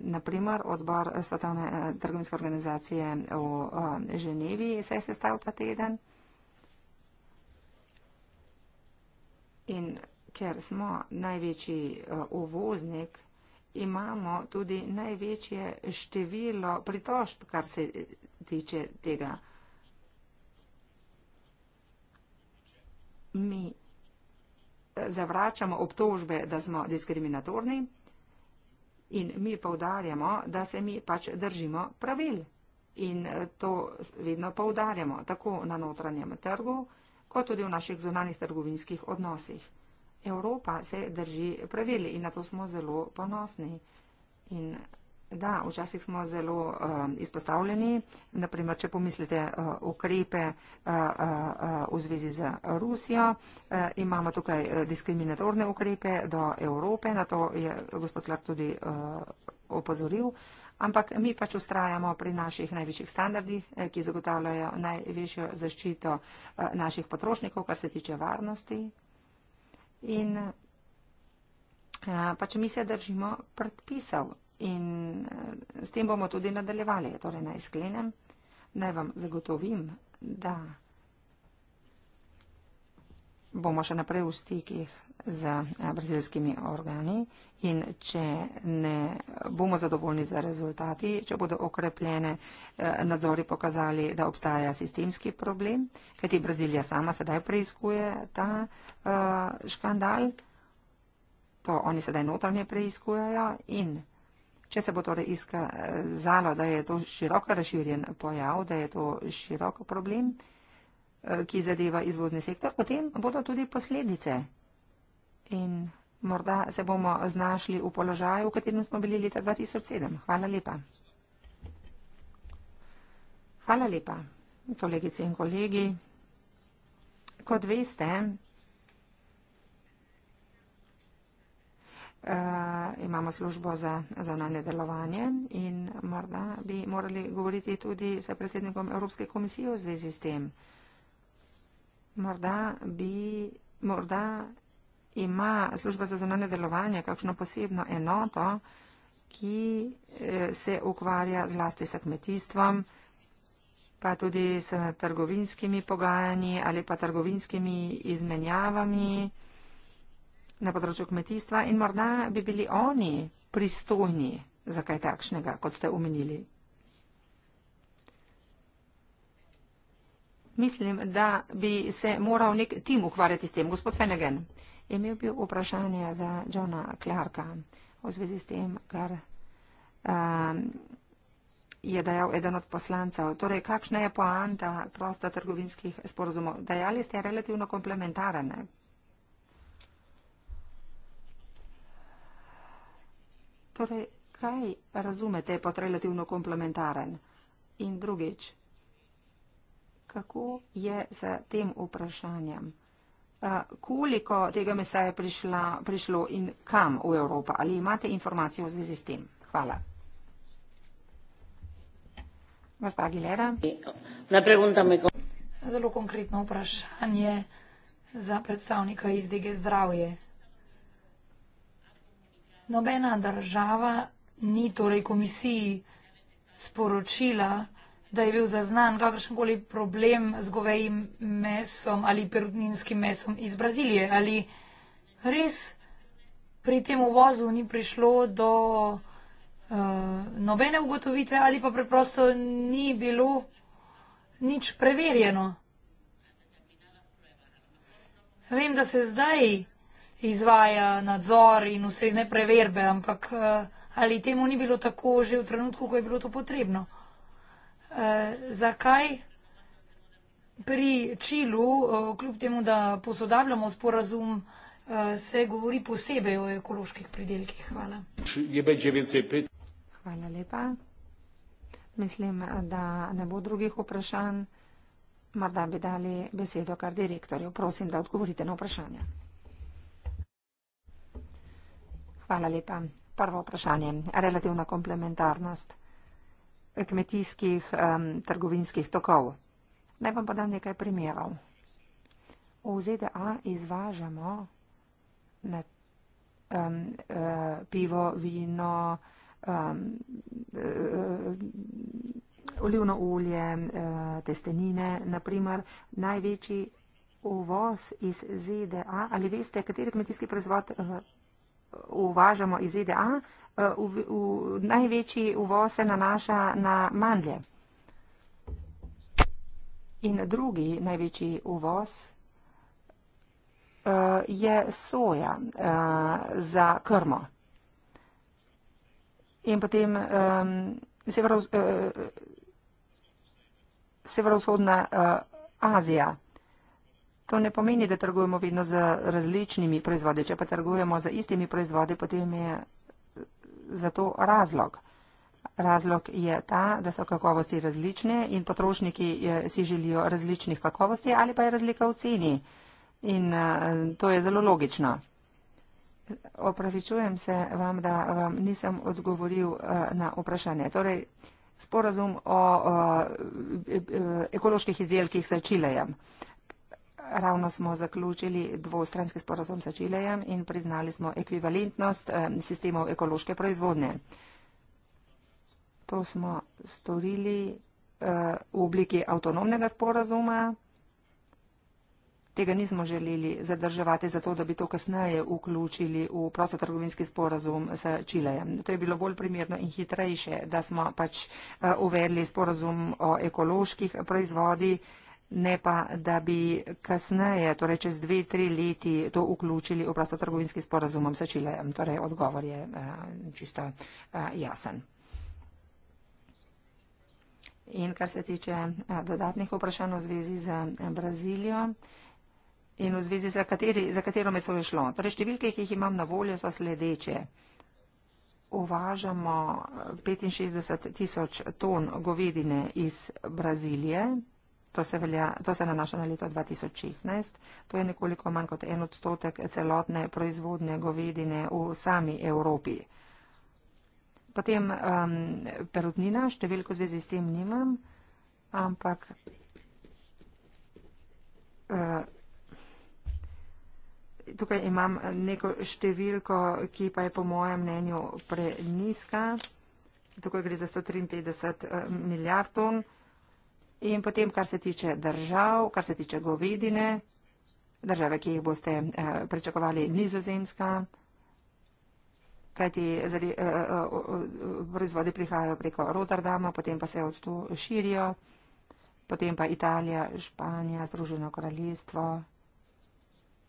na primer, odbor Svetovne eh, trgovinske organizacije v eh, Ženevi se je sestavil ta teden. In ker smo največji eh, uvoznik, imamo tudi največje število pritožb, kar se tiče tega. Mi zavračamo obtožbe, da smo diskriminatorni. In mi povdarjamo, da se mi pač držimo pravil. In eh, to vedno povdarjamo, tako na notranjem trgu, kot tudi v naših zunanih trgovinskih odnosih. Evropa se drži pravil in na to smo zelo ponosni. In Da, včasih smo zelo uh, izpostavljeni. Naprimer, če pomislite uh, ukrepe uh, uh, v zvezi z Rusijo, uh, imamo tukaj diskriminatorne ukrepe do Evrope, na to je gospod Klark tudi uh, opozoril. Ampak mi pač ustrajamo pri naših najvišjih standardih, ki zagotavljajo najvišjo zaščito naših potrošnikov, kar se tiče varnosti. In pač mi se držimo predpisov. In eh, s tem bomo tudi nadaljevali. Torej naj sklenem, naj vam zagotovim, da bomo še naprej v stikih z eh, brazilskimi organi in če ne bomo zadovoljni z rezultati, če bodo okrepljene eh, nadzori pokazali, da obstaja sistemski problem, kajti Brazilija sama sedaj preiskuje ta škandal, to oni sedaj notranje preiskujejo in preiskujejo. Če se bo torej izkazalo, da je to široko razširjen pojav, da je to široko problem, eh, ki zadeva izvozni sektor, potem bodo tudi posledice. In morda se bomo znašli v položaju, v katerem smo bili leta 2007. Hvala lepa. Hvala lepa, kolegice in kolegi. Kot veste, uh, imamo službo za zonalne delovanje in morda bi morali govoriti tudi s predsednikom Evropske komisije v zvezi s tem. Morda, bi, morda ima služba za zonalne delovanje kakšno posebno enoto, ki eh, se ukvarja zlasti s kmetijstvom, pa tudi s trgovinskimi pogajanji ali pa trgovinskimi izmenjavami. Mhm na področju kmetijstva in morda bi bili oni pristojni za kaj takšnega, kot ste omenili. Mislim, da bi se moral nek tim ukvarjati s tem. Gospod Fenegen, imel bi vprašanje za Johna Clarka v zvezi s tem, kar um, je dejal eden od poslancev. Torej, kakšna je poanta prosta trgovinskih sporozumov? Dejali ste relativno komplementarne. Torej, kaj razumete pod relativno komplementaren? In drugič, kako je z tem vprašanjem? Koliko tega mesa je prišla, prišlo in kam v Evropo? Ali imate informacijo v zvezi s tem? Hvala. Gospa Aguilera.
Zelo konkretno vprašanje za predstavnika iz DG zdravje. Nobena država ni torej komisiji sporočila, da je bil zaznan kakršenkoli problem z govejim mesom ali perutninskim mesom iz Brazilije. Ali res pri tem uvozu ni prišlo do uh, nobene ugotovitve ali pa preprosto ni bilo nič preverjeno. Vem, da se zdaj izvaja nadzor in ustrezne preverbe, ampak eh, ali temu ni bilo tako že v trenutku, ko je bilo to potrebno? Eh, zakaj pri Čilu, eh, kljub temu, da posodabljamo sporazum,
se govori posebej o ekoloških pridelkih? Hvala. Hvala lepa. Mislim, da ne bo drugih vprašanj. Morda bi dali besedo kar direktorju. Prosim, da odgovorite na vprašanje. Hvala lepa. Prvo vprašanje. Relativna komplementarnost kmetijskih um, trgovinskih tokov. Naj vam podam nekaj primerov. V ZDA izvažamo na, um, uh, pivo, vino, um, uh, olivno olje, uh, testenine. Naprimer, največji uvoz iz ZDA. Ali veste, kateri kmetijski proizvod? Uh, uvažamo iz ZDA, eh, v, v, največji uvoz se nanaša na mandlje. In drugi največji uvoz eh, je soja eh, za krmo. In potem ehm, severovzhodna Azija. To ne pomeni, da trgujemo vedno z različnimi proizvodi. Če pa trgujemo z istimi proizvodi, potem je eh, za to razlog. Razlog je ta, da so kakovosti različne in potrošniki eh, si želijo različnih kakovosti ali pa je razlika v ceni. In eh, to je zelo logično. Opravičujem se vam, da vam nisem odgovoril na vprašanje. Torej, sporazum o ekoloških izdelkih s Čilejem ravno smo zaključili dvostranski sporozum sa Čilejem in priznali smo ekvivalentnost eh, sistemov ekološke proizvodnje. To smo storili eh, v obliki avtonomnega sporozuma. Tega nismo želeli zadrževati zato, da bi to kasneje vključili v prostotrgovinski sporozum s Čilejem. To je bilo bolj primerno in hitrejše, da smo pač eh, uvedli sporozum o ekoloških proizvodih ne pa, da bi kasneje, torej čez dve, tri leti, to vključili v prostotrgovinski sporazum s Čilejem. Torej, odgovor je uh, čisto uh, jasen. In kar se tiče uh, dodatnih vprašanj v zvezi z Brazilijo in v zvezi za, kateri, za katero meso je šlo. Torej, številke, ki jih imam na voljo, so sledeče. Uvažamo 65 tisoč ton govedine iz Brazilije. To se, velja, to se nanaša na leto 2016, to je nekoliko manj kot en odstotek celotne proizvodne govedine v sami Evropi. Potem um, perutnina, številko zvezi s tem nimam, ampak uh, tukaj imam neko številko, ki pa je po mojem mnenju preniska. Tukaj gre za 153 uh, eh, milijard ton. In potem, kar se tiče držav, kar se tiče govedine, države, ki jih boste eh, pričakovali, nizozemska, kajti eh, eh, eh proizvodi prihajajo preko Rotterdama, potem pa se od tu širijo, potem pa Italija, Španija, Združeno kraljestvo,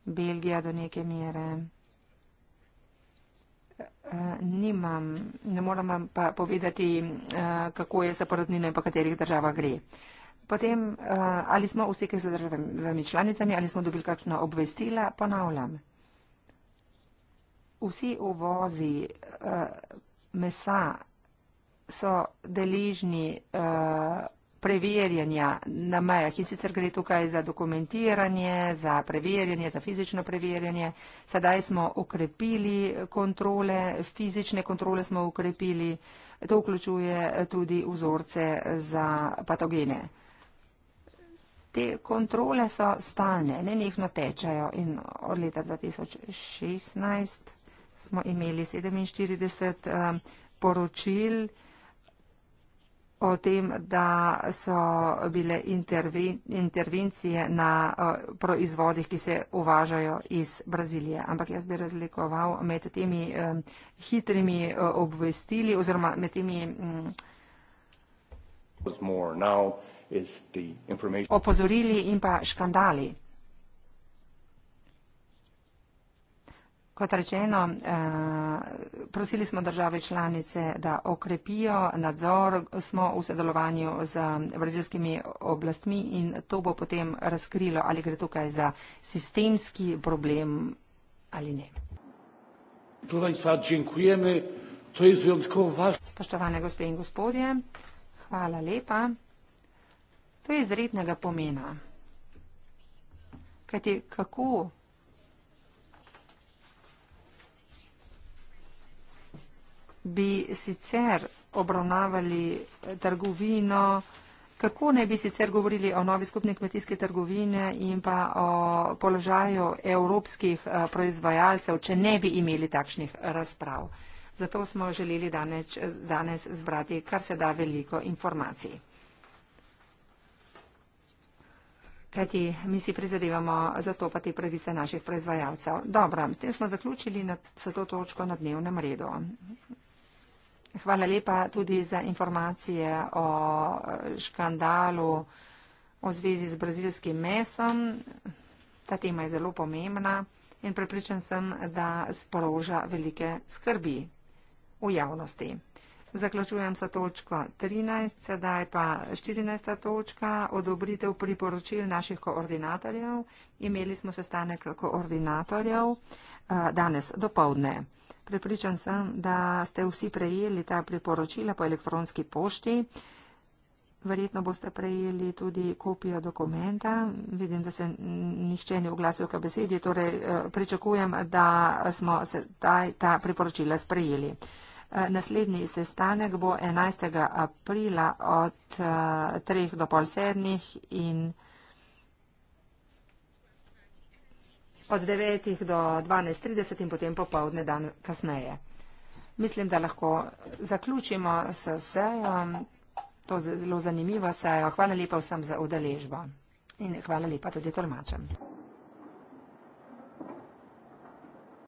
Belgija do neke mere. Eh, nimam, ne moram vam pa povedati, eh, kako je za porodnine in po katerih državah gre. Potem, uh, ali smo vsi, ki se državami članicami, ali smo dobili kakšno obvestila, ponavljam. Vsi uvozi uh, mesa so deližni uh, eh, preverjanja na mejah in sicer gre tukaj za dokumentiranje, za preverjanje, za fizično preverjanje. Sedaj smo ukrepili kontrole, fizične kontrole smo ukrepili, to vključuje tudi vzorce za patogene. Uh, te kontrole so stalne, ne nekno tečajo in od leta 2016 smo imeli 47 um, eh, poročil o tem, da so bile interven, intervencije na uh, proizvodih, ki se uvažajo iz Brazilije. Ampak jaz bi razlikoval med temi um, hitrimi uh, obvestili oziroma med temi. Um,
opozorili
in pa škandali. Kot rečeno, eh, prosili smo države članice, da okrepijo nadzor, smo v sodelovanju z brazilskimi oblastmi in to bo potem razkrilo, ali gre tukaj za sistemski problem ali ne. Spoštovane gospe in gospodje, hvala lepa. To je izrednega pomena. Kajti kako bi sicer obravnavali trgovino, kako ne bi sicer govorili o novi skupni kmetijski trgovini in pa o položaju evropskih eh, proizvajalcev, če ne bi imeli takšnih razprav. Zato smo želeli danes, danes zbrati kar se da veliko informacij. kajti mi si prizadevamo zastopati pravice naših proizvajalcev. Dobro, s tem smo zaključili s to točko na dnevnem redu. Hvala lepa tudi za informacije o eh, škandalu v zvezi z brazilskim mesom. Ta tema je zelo pomembna in prepričan sem, da sproža velike skrbi v javnosti. Zaključujem sa točko 13, sedaj pa 14. točka, odobritev priporočil naših koordinatorjev. Imeli smo sestanek koordinatorjev eh, danes do povdne. Prepričan sem, da ste vsi prejeli ta priporočila po elektronski pošti. Verjetno boste prejeli tudi kopijo dokumenta. Vidim, da se nihče ni oglasil k besedi, torej eh, pričakujem, da smo se taj, ta priporočila sprejeli. Eh, naslednji sestanek bo 11. aprila od 3. Eh, do pol 7. in od 9. do 12.30 in potem popovdne dan kasneje. Mislim, da lahko zaključimo s sejom. To je zelo zanimivo sejo. Hvala lepa vsem za udeležbo in hvala lepa tudi tolmačem.